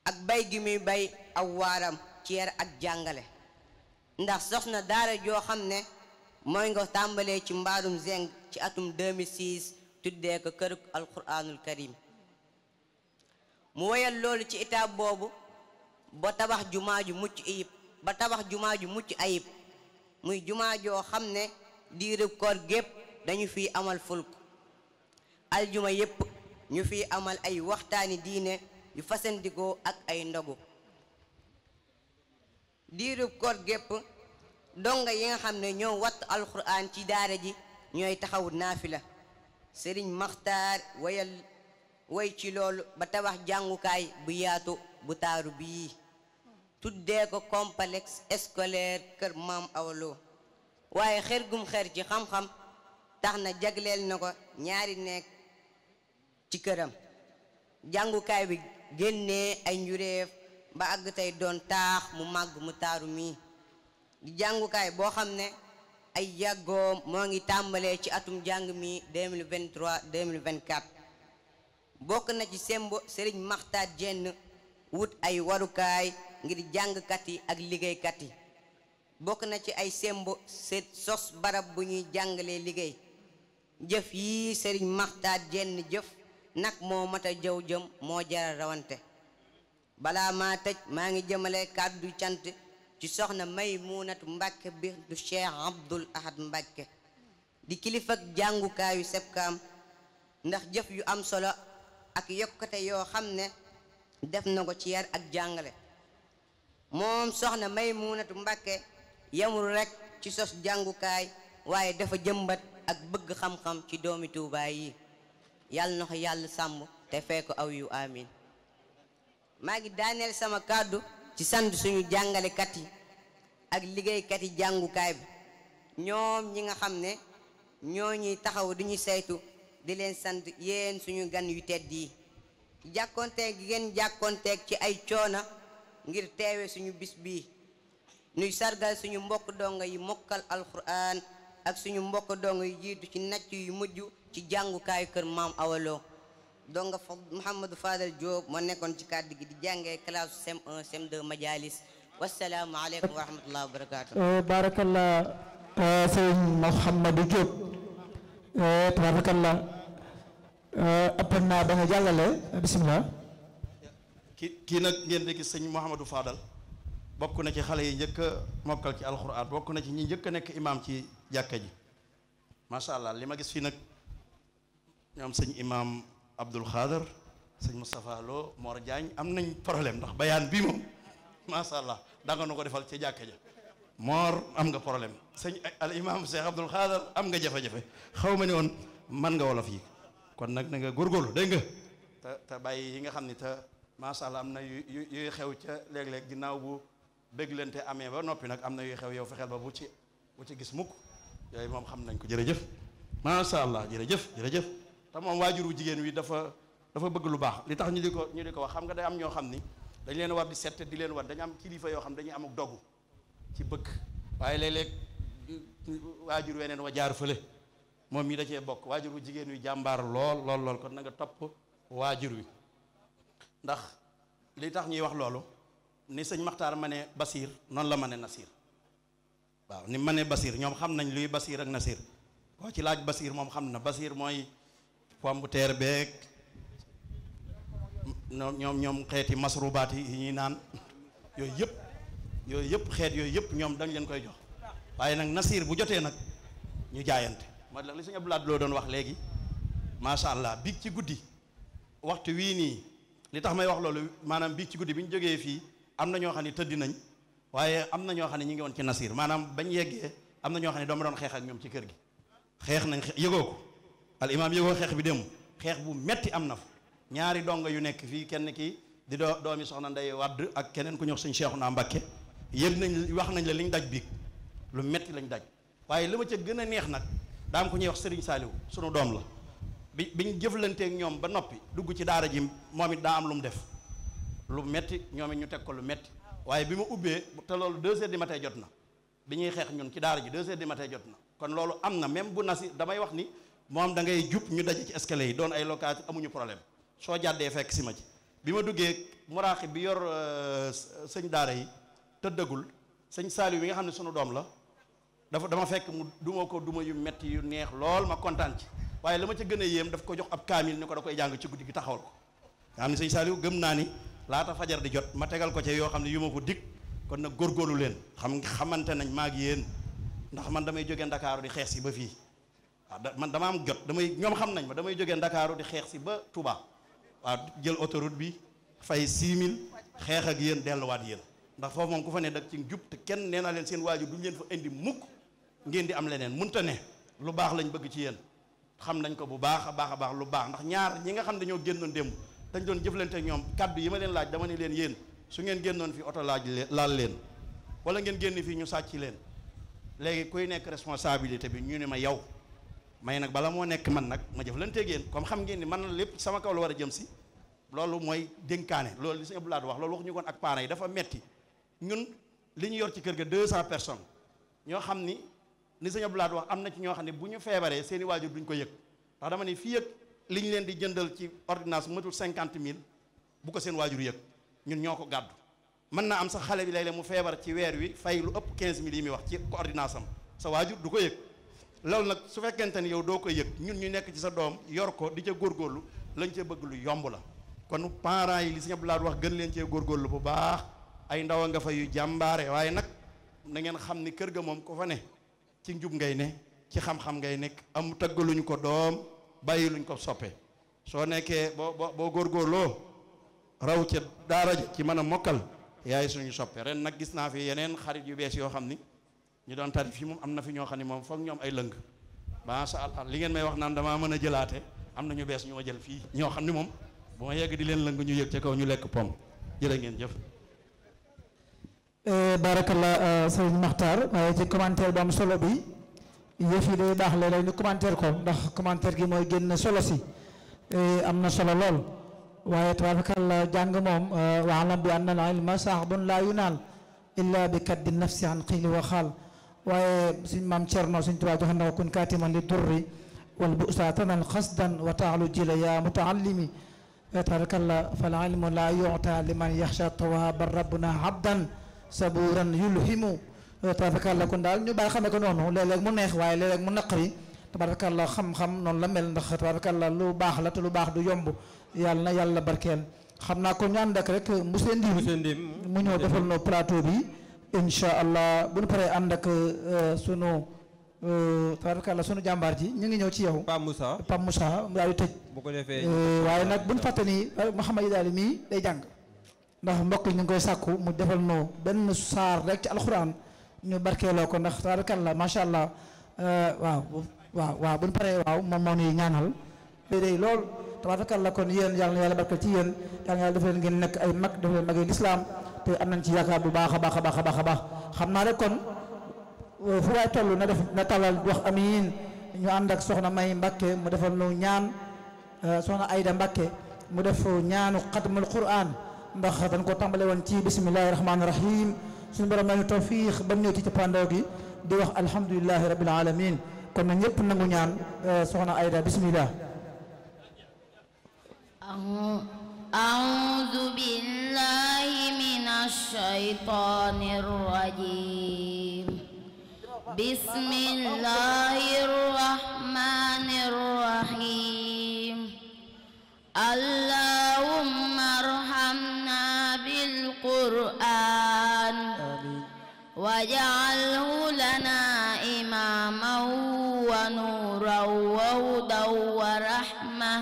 ak bay gi muy bay aw waaram ci yar ak jàngale ndax soxna daara joo xam ne mooy nga tàmbalee ci mbaarum zeng ci atum 2006 tuddee ko kërug alquraanul karim mu woyal loolu ci itaab boobu ba tabax jumaa ju mucc ayib tabax jumaa ju mucc ayib muy jumaa joo xam ne diirub koor gépp dañu fi amal fulk aljuma yépp ñu fiy amal ay waxtaani diine yu fasandikoo ak ay ndogu diiru kor gépp dongo yi nga xam ne ñoo watt alxuraan ci daara ji ñooy taxawu la sëriñ maxtaar wayal way ci loolu ba tabax jàngukaay bu yaatu bu taaru bii tuddee ko complexe scolaire kër maam awloo waaye xer gum xer ci xam-xam tax na jagleel na ko ñaari nekk ci këram jàngukaay bi génnee ay njuréef ba àgg tey doon taax mu màgg mu taaru mii di jàngukaay boo xam ne ay jàggoom moo ngi tàmbalee ci atum jàng mi 2023 2024 bokk na ci sembo Sëriñ Maxtaar Jenn wut ay warukaay ngir jàngkat yi ak liggéeykat yi bokk na ci ay sembo seet sos barab bu ñuy jàngalee liggéey jëf yi Sëriñ Maxtaar Jenn jëf nag moo mat a jëm moo jaral rawante balaa ma tëj maa ngi jëmale kàddu cant ci soxna Maymunatu Mbàkke bintu Cheikh Abdul Ahad Mbàkke di kilifak jàngukaayu sepkaam ndax jëf yu am solo ak yokkute yoo xam ne def na ko ci yar ak jàngale moom soxna muunatu Mbàkke yamul rekk ci sos jàngukaay waaye dafa jëmbat ak bëgg xam-xam ci doomi Tuubaa yi yàlla na ko yàlla sàmm te fee aw yu amin maa ngi daaneel sama kàddu ci sant suñu jàngalekat yi ak liggéeykat yi jàngukaay bi ñoom ñi nga xam ne ñoo ñuy taxaw di ñu saytu di leen sant yéen suñu gan yu tedd yi jàkkonteeg ngeen jàkkonteeg ci ay coona ngir teewe suñu bis bi ñuy sargal suñu mbokk donga yi mokkal alquran ak suñu mbokk donga yu jiitu ci nacc yu mujj ci jàngukaayu kër maam awaloo donga fa Mouhamadou Fadal moo nekkoon ci kàddu gi di jàngee classe CM1 CM2 majalis aleykum wa wa barakaatu eh, barakallah eh, sëñ Mouhamadou Diop eh, tabarakallah appan ba nga jàllale bisimilah kii nag ngeen di gis sëñ Mouhamadou Fadal bokk na ci xale yi njëkk a mokkal ci alxuraan bokk na ci ñi njëkk a nekk imaam ci jàkka ji macha allah li ma gis fii nag ñoom sëñ imaam Abdoul Khader sëñ Moustapha Lo Mor Diagne am nañ problème ndax bayaan bii moom macha allah danga nu ko defal ci jàkka ja Mor am nga problème sëñ al imam Cheikh Abdoul Khader am nga jafe-jafe xaw ma ne woon man nga wolof yi kon nag na nga góorgóorlu dégg nga te bàyyi yi nga xam ni te macha allah am na yu yuy xew ca léeg-léeg ginnaaw bu béglante amee ba noppi nag am na yuy xew yow fexeel ba bu ci bu ci gis mukk yooyu moom xam nañ ko jërëjëf macha allah jërëjëf jërëjëf te moom waajuru jigéen wi dafa dafa bëgg lu baax li tax ñu di ko ñu di ko wax xam nga day am ñoo xam ni dañ leen war di set di leen war dañu am kilifa yoo xam dañuy am ak dogu ci waaye léeg-léeg waajur weneen wa jaar fële moom mi da bokk waajur wu jigéen wi jàmbaar lool lool lool kon na nga topp waajur wi ndax li tax ñuy wax loolu ni sëñ Maxtaar ma ne Basiir noonu la ma ne waaw ni ma ne ñoom xam nañ luy Basiir ak Nasiir koo ci laaj Basiir moom xam na Basiir mooy pomme de terre beeg ñoom ñoom xeeti masrubaat yi ñuy naan yooyu yëpp yooyu yëpp xeet yooyu yëpp ñoom dañ leen koy jox waaye nag nasiir bu jotee nag ñu jaayante ma la li suñu abdulaat loo doon wax léegi macha allah biig ci guddi waxtu wii nii li tax may wax loolu maanaam biig ci guddi bi ñu jógee fii am na ñoo xam ne tëddi nañ waaye am na ñoo xam ne ñu ngi woon ci nasiir maanaam bañ yeggee am na ñoo xam ne dama doon xeex ak ñoom ci kër gi xeex nañ yëgoo ko al imaam yëgoo xeex bi dem xeex bu metti am na fa ñaari dongo yu nekk fii kenn ki di doo doomi soxna nday wadd ak keneen ku ñëw sëñ Cheikhu naa Mbàkke yëg nañ wax nañ la liñ daj biig lu metti lañ daj waaye li ma ca gën a neex nag daam ko ñuy wax sëriñ Saaliw sunu doom la bi biñ jëflanteeg ñoom ba noppi dugg ci daara ji moom it daa am lu mu def lu metti ñoom it ñu teg ko lu metti waaye bi mu ubbee te loolu deux di du jot na bi ñuy xeex ñun ci daara ji deux heures du jot na kon loolu am na même bu nasi damay wax ni moom da ngay jub ñu daje ci escalier yi doon ay locataire amuñu problème soo jàddee fekk si ma ci bi ma duggee muraaxi bi yor euh, sëñ daara yi tëddagul sëñ Saliou bi nga xam ne sunu doom la dafa dama fekk mu duma ko duma yu metti yu neex lool ma kontaan ci waaye la ma ca gën a yéem daf ko jox ab kaamil ni ko da koy jàng ci guddi gi taxawal ko nga xam ne sëñ Saliou gëm naa ni laata fajar di jot ma tegal ko ci yoo xam ne yu ma ko dig kon nag góorgóorlu leen xam xamante nañ maag yéen ndax man damay jóge Ndakaaru di xees yi ba fii waaw man dama am jot damay ñoom xam nañ ma damay jógee ndakaaru di xeex si ba Touba waaw jël autoroute bi fay 6000 xeex ak yéen delluwaat yéen ndax foofu moom ku fa ne dak ci jub te kenn nee leen seen waajur duñ leen fa indi mukk ngeen di am leneen munta ne lu baax lañ bëgg ci yéen xam nañ ko bu baax a baax a baax lu baax ndax ñaar ñi nga xam ne ñoo génnoon démb dañ doon jëflante ñoom kaddu yi ma leen laaj dama ne leen yéen su ngeen génnoon fi oto laaj laal leen wala ngeen génn fii ñu sàcc leen léegi kuy nekk responsabilité bi ñu ne ma yow may nag bala moo nekk man nag ma jëflantee géen comme xam ngeen ni man lépp sama kaw la war a jëm si loolu mooy dénkaane loolu li sëñ Abdou Lahad wax loolu wax ñu kon ak parents yi dafa metti ñun li ñu yor ci kër gi ga 200 personnes ñoo xam ni li sëñ Abdou wax am na ci ñoo xam ne bu ñu feebaree seen i waajur duñ ko yëg ndax dama ne fii ak li ñu leen di jëndal ci ordonnance matul cinquante mille bu ko seen waajur yëg ñun ñoo ko gàddu mën naa am sax xale bi léeg-léeg mu feebar ci wi fay lu ëpp 15000 yi wax ci ordonnance sa waajur du ko yëg loolu nag su fekkente ni yow doo ko yëg ñun ñu nekk ci sa doom yor ko di ca góorlu lañ ca bëgg lu yomb la kon parents yi li si ñëpp laat wax gën leen cee góorgóorlu bu baax ay ndaw a nga fa yu jàmbaare waaye nag na ngeen xam ni kër ga moom ko fa ne ci njub ngay ne ci xam-xam ngay nekk am tëggaluñ ko doom bàyyi luñ ko soppe soo nekkee boo boo boo góorgóorloo raw ca daara ci mën a mokkal yaay suñu soppee ren nag gis naa fi yeneen xarit yu bees yoo xam ni ñu doon tari fii moom am na fi ñoo xam ne moom foog ñoom ay lëng macha allah li ngeen may wax naan damaa mën a jëlaate am na ñu bees ñoo jël fii ñoo xam ne moom bu ma yegg di leen lëng ñu yëg ca kaw ñu lekk pom jërë ngeen jëf. la sëriñ Maxtaar waaye ci commentaire bu am solo bi yëf yi day baax léeg-léeg commentaire ko ndax commentaire gi mooy génn solo si eh, am na solo lool waaye tabarakallah jàng moom eh, waalam bi anna al ilma saaxbun laa yunaal illa bi kaddi nafsi an xiili waaye suñ maam Cerno suñ Tuubaa joxoon na ko kun kaatiman li durri wal bu'sa tanal xasdan wa taalu jila yaa mutaallimi fatarkalla fal ilmu laa yu'ta liman yaxsha tawaaban rabbuna abdan saburan yulhimu kon daal ñu bàyyi xamee ko noonu léeg-léeg mu neex waaye léeg-léeg mu naqari tabarakalla xam-xam noonu la mel ndax tabarakalla lu baax la te lu baax du yomb yàlla na yàlla barkeel xam naa ko ñu ànd ak rek monsieur Ndim mu ñëw defal no plateau bi incha allah bu ñu paree ànd ak euh, sunu euh, tabaarkalla sunu jàmbaar ji ñu ngi ñëw ci yow. Pape Moussa Pape Moussa mu daal di tëj. Euh, waaye nag bu ñu fàtte ni Mouhamed Idaly mii day jàng. ndax mbokk ñu ngi koy sàkku mu defal noo benn saar rek ci alxuraan ñu barkeeloo ko ndax tabaarkalla macha allah waaw waaw waaw bu ñu paree waaw moom moo ñuy ñaanal. day lool tabaarkalla kon yéen yàlla na yàlla barkeel ci yéen yàlla na yàlla def leen ngeen nekk ay mag def leen mag lislaam te am nañ ci yaakaar bu baax a baax a baax a baax a baax xam naa rek kon euh, fu waay toll na def na talal wax amiin ñu ànd ak soxna May Mbakke mu defal nu ñaan euh, soxna Ayda Mbakke mu def ñaanu xatmul Qur'an ndax dañ ko tàmbale woon ci bismillahi rahmaani rahim suñu borom nañu tawfiix ba ñëw ci cappaandoo gi di wax alhamdulilahi rabbil alamin kon na ñëpp nangu ñaan euh, soxna Ayda bismillah الشيطان الرجيم بسم الله الرحمن الرحيم اللهم ارحمنا بالقرآن واجعله لنا إماما ونورا وهدى ورحمة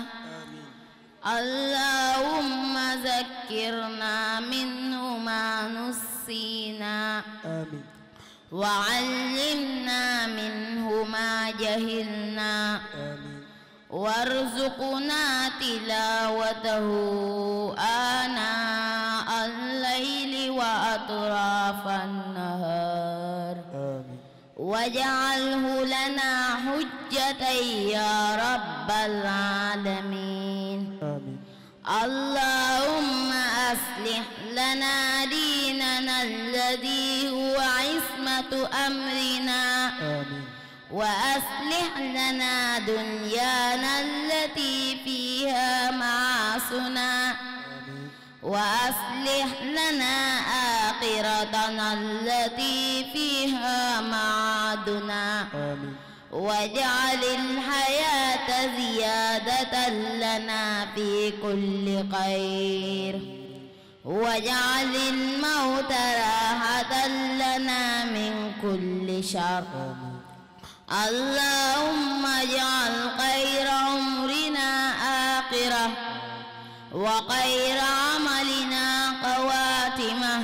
اللهم ذكرنا من نسينا آمين وعلمنا منه ما جهلنا آمين وارزقنا تلاوته آناء الليل وأطراف النهار آمين واجعله لنا حجة يا رب العالمين آمين اللهم لنا ديننا الذي هو عصمة أمرنا آمين وأصلح لنا دنيانا التي فيها معاصنا وأصلح لنا آخرتنا التي فيها معادنا آمين واجعل الحياة زيادة لنا في كل خير واجعل الموت راحة لنا من كل شر اللهم اجعل خير عمرنا آخرة وخير عملنا خواتمة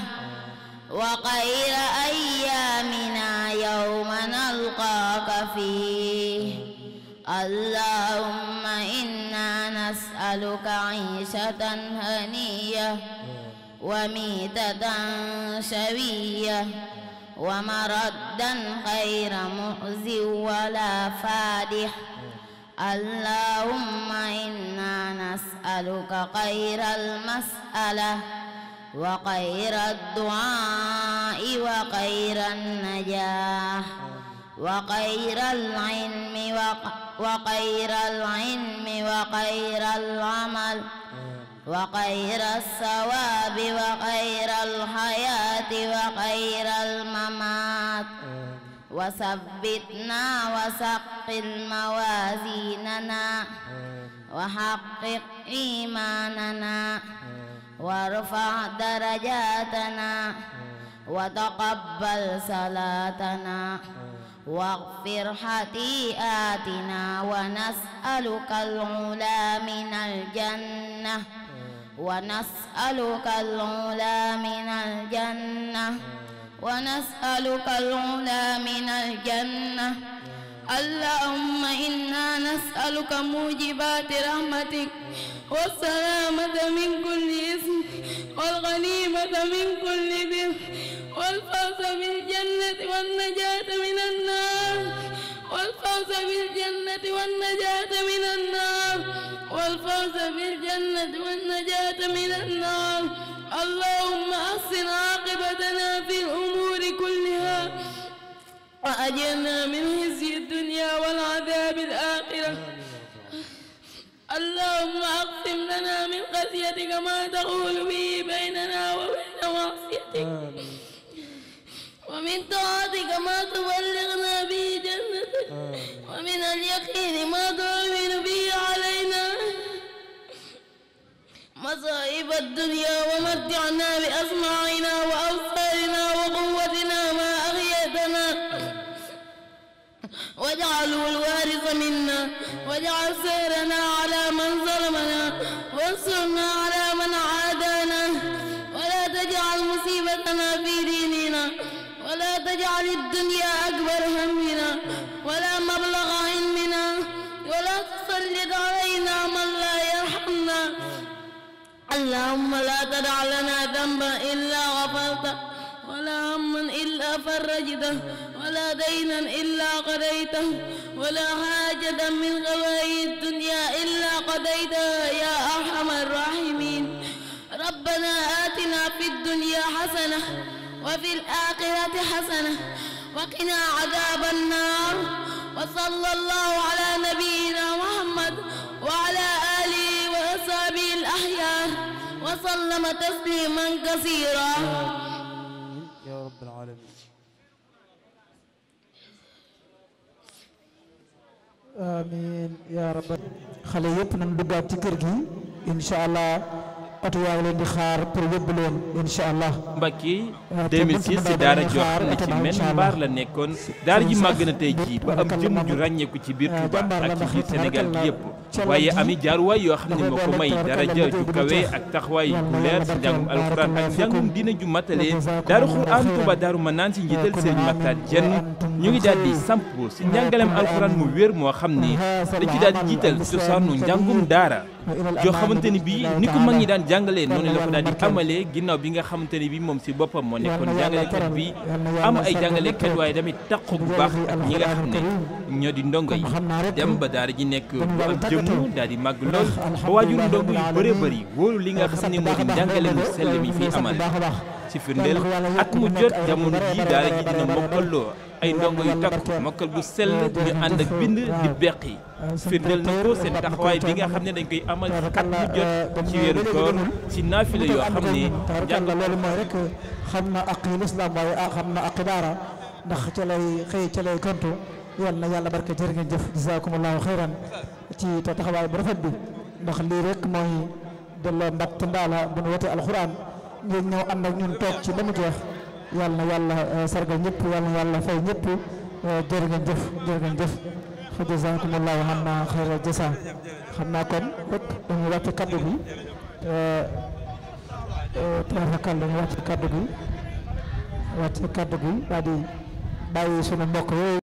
وخير أيامنا يوم نلقاك فيه اللهم إنا نسألك عيشة هنية وميتة شوية ومردا غير مؤذ ولا فادح اللهم إنا نسألك خير المسألة وخير الدعاء وخير النجاح وخير العلم وخير العلم وخير العمل وخير الثواب وخير الحياة وخير الممات وثبتنا وثقل موازيننا وحقق إيماننا وارفع درجاتنا وتقبل صلاتنا واغفر خطيئاتنا ونسألك العلا من الجنة ونسألك العلا من الجنة ونسألك العلا من الجنة اللهم إنا نسألك موجبات رحمتك والسلامة من كل إثم والغنيمة من كل بر والفوز بالجنة والنجاة من النار والفوز بالجنة والنجاة من النار والفوز بالجنة والنجاة من النار اللهم أحسن عاقبتنا في الأمور كلها وأجرنا من خزي الدنيا والعذاب الآخرة اللهم أقسم لنا من خزيتك ما تقول به بيننا وبين معصيتك ومن طاعتك ما تبلغنا به جنتك ومن اليقين ما تؤمن به علينا مصائب الدنيا ومتعنا بأسماعنا وأبصارنا وقوتنا ما أحييتنا واجعله الوارث منا واجعل سيرنا وجعل الدنيا أكبر همنا ولا مبلغ علمنا ولا تسلط علينا من لا يرحمنا اللهم لا تدع لنا ذنبا إلا غفرته ولا هما إلا فرجته ولا دينا إلا قضيته ولا حاجة من غواية الدنيا إلا قضيتها يا أرحم الراحمين ربنا آتنا في الدنيا حسنة وفي الآخرة حسنة وقنا عذاب النار وصلى الله على نبينا محمد وعلى آله وأصحابه الأحيار وسلم تسليما كثيرا يا رب العالمين آمين يا رب xale yépp nañ duggaat ci kër gi incha allah oto yaa ngi leen di xaar pour yóbbu leen incha allah. Mbacke eh, 2006 daara joo xam ne ci menn mbaar la nekkoon daara ji màgg na tey jii ba am jëm ju ràññeeku ci biir eh, Touba ak ci biir Sénégal gi yëpp waaye ami jaaruwaay yoo xam ne moo ko may daraja ju kawe ak taxawaay bu leer si njàngum alxuraan ak njàngum diina ju matale daaru xuraan Touba daaru manaan si njiital Serigne Makhtar Diène ñu ngi daal di samp si njàngaleem alxuraan mu wér moo xam ne da ci daal di jiital cosaanu njàngum daara joo xamante ni bii ni ko mag ñi daan jàngalee noonu la ko daal di amalee ginnaaw bi nga xamante ni bii moom si boppam moo nekkoon jàngalekat bi am ay jàngalekat waaye tamit taqu bu baax ak ñi nga xam ne ñoo di ndongo yi dem ba daara ji nekk bu am jëmm daal di màgg lool ba waajuru ndongo yu bëree bëri wóolu li nga xam ne moo di njàngale mu sell mi fii amal ci firndeel at mu jot jamono ji daara ji dina mokkaloo ay ndongo yu takku mokkal bu sell ñu ànd ak bind di beqi firndeel na ko seen taxawaay bi nga xam ne dañ koy amal at mu jot ci weeru koor ci naafila yoo xam ne jàng loolu mooy rek xam na aqi lislaam waaye ah, xam na aqi daara ndax ca lay xëy ca lay kontu yal na yàlla barke jërë ngeen jëf jazakumullahu xayran ci taxawaay bu rafet bi ndax lii rek mooy delloo mbatt ndaala bu nu wote alxuraan ngeen ñëw ànd ak ñun toog ci ba mu jeex yàlla na yàlla euh, sargal ñëpp yàlla na yàlla fay ñëpp euh, jërë jëf jërë ngeen jëf fa jazakumullahu xam naa xayra jasa xam naa kon lépp dañuy wàcc kaddu bi euh, tabarakal dañuy wàcc kaddu bi wàcc kaddu bi daal di bàyyi sunu mbokk yooyu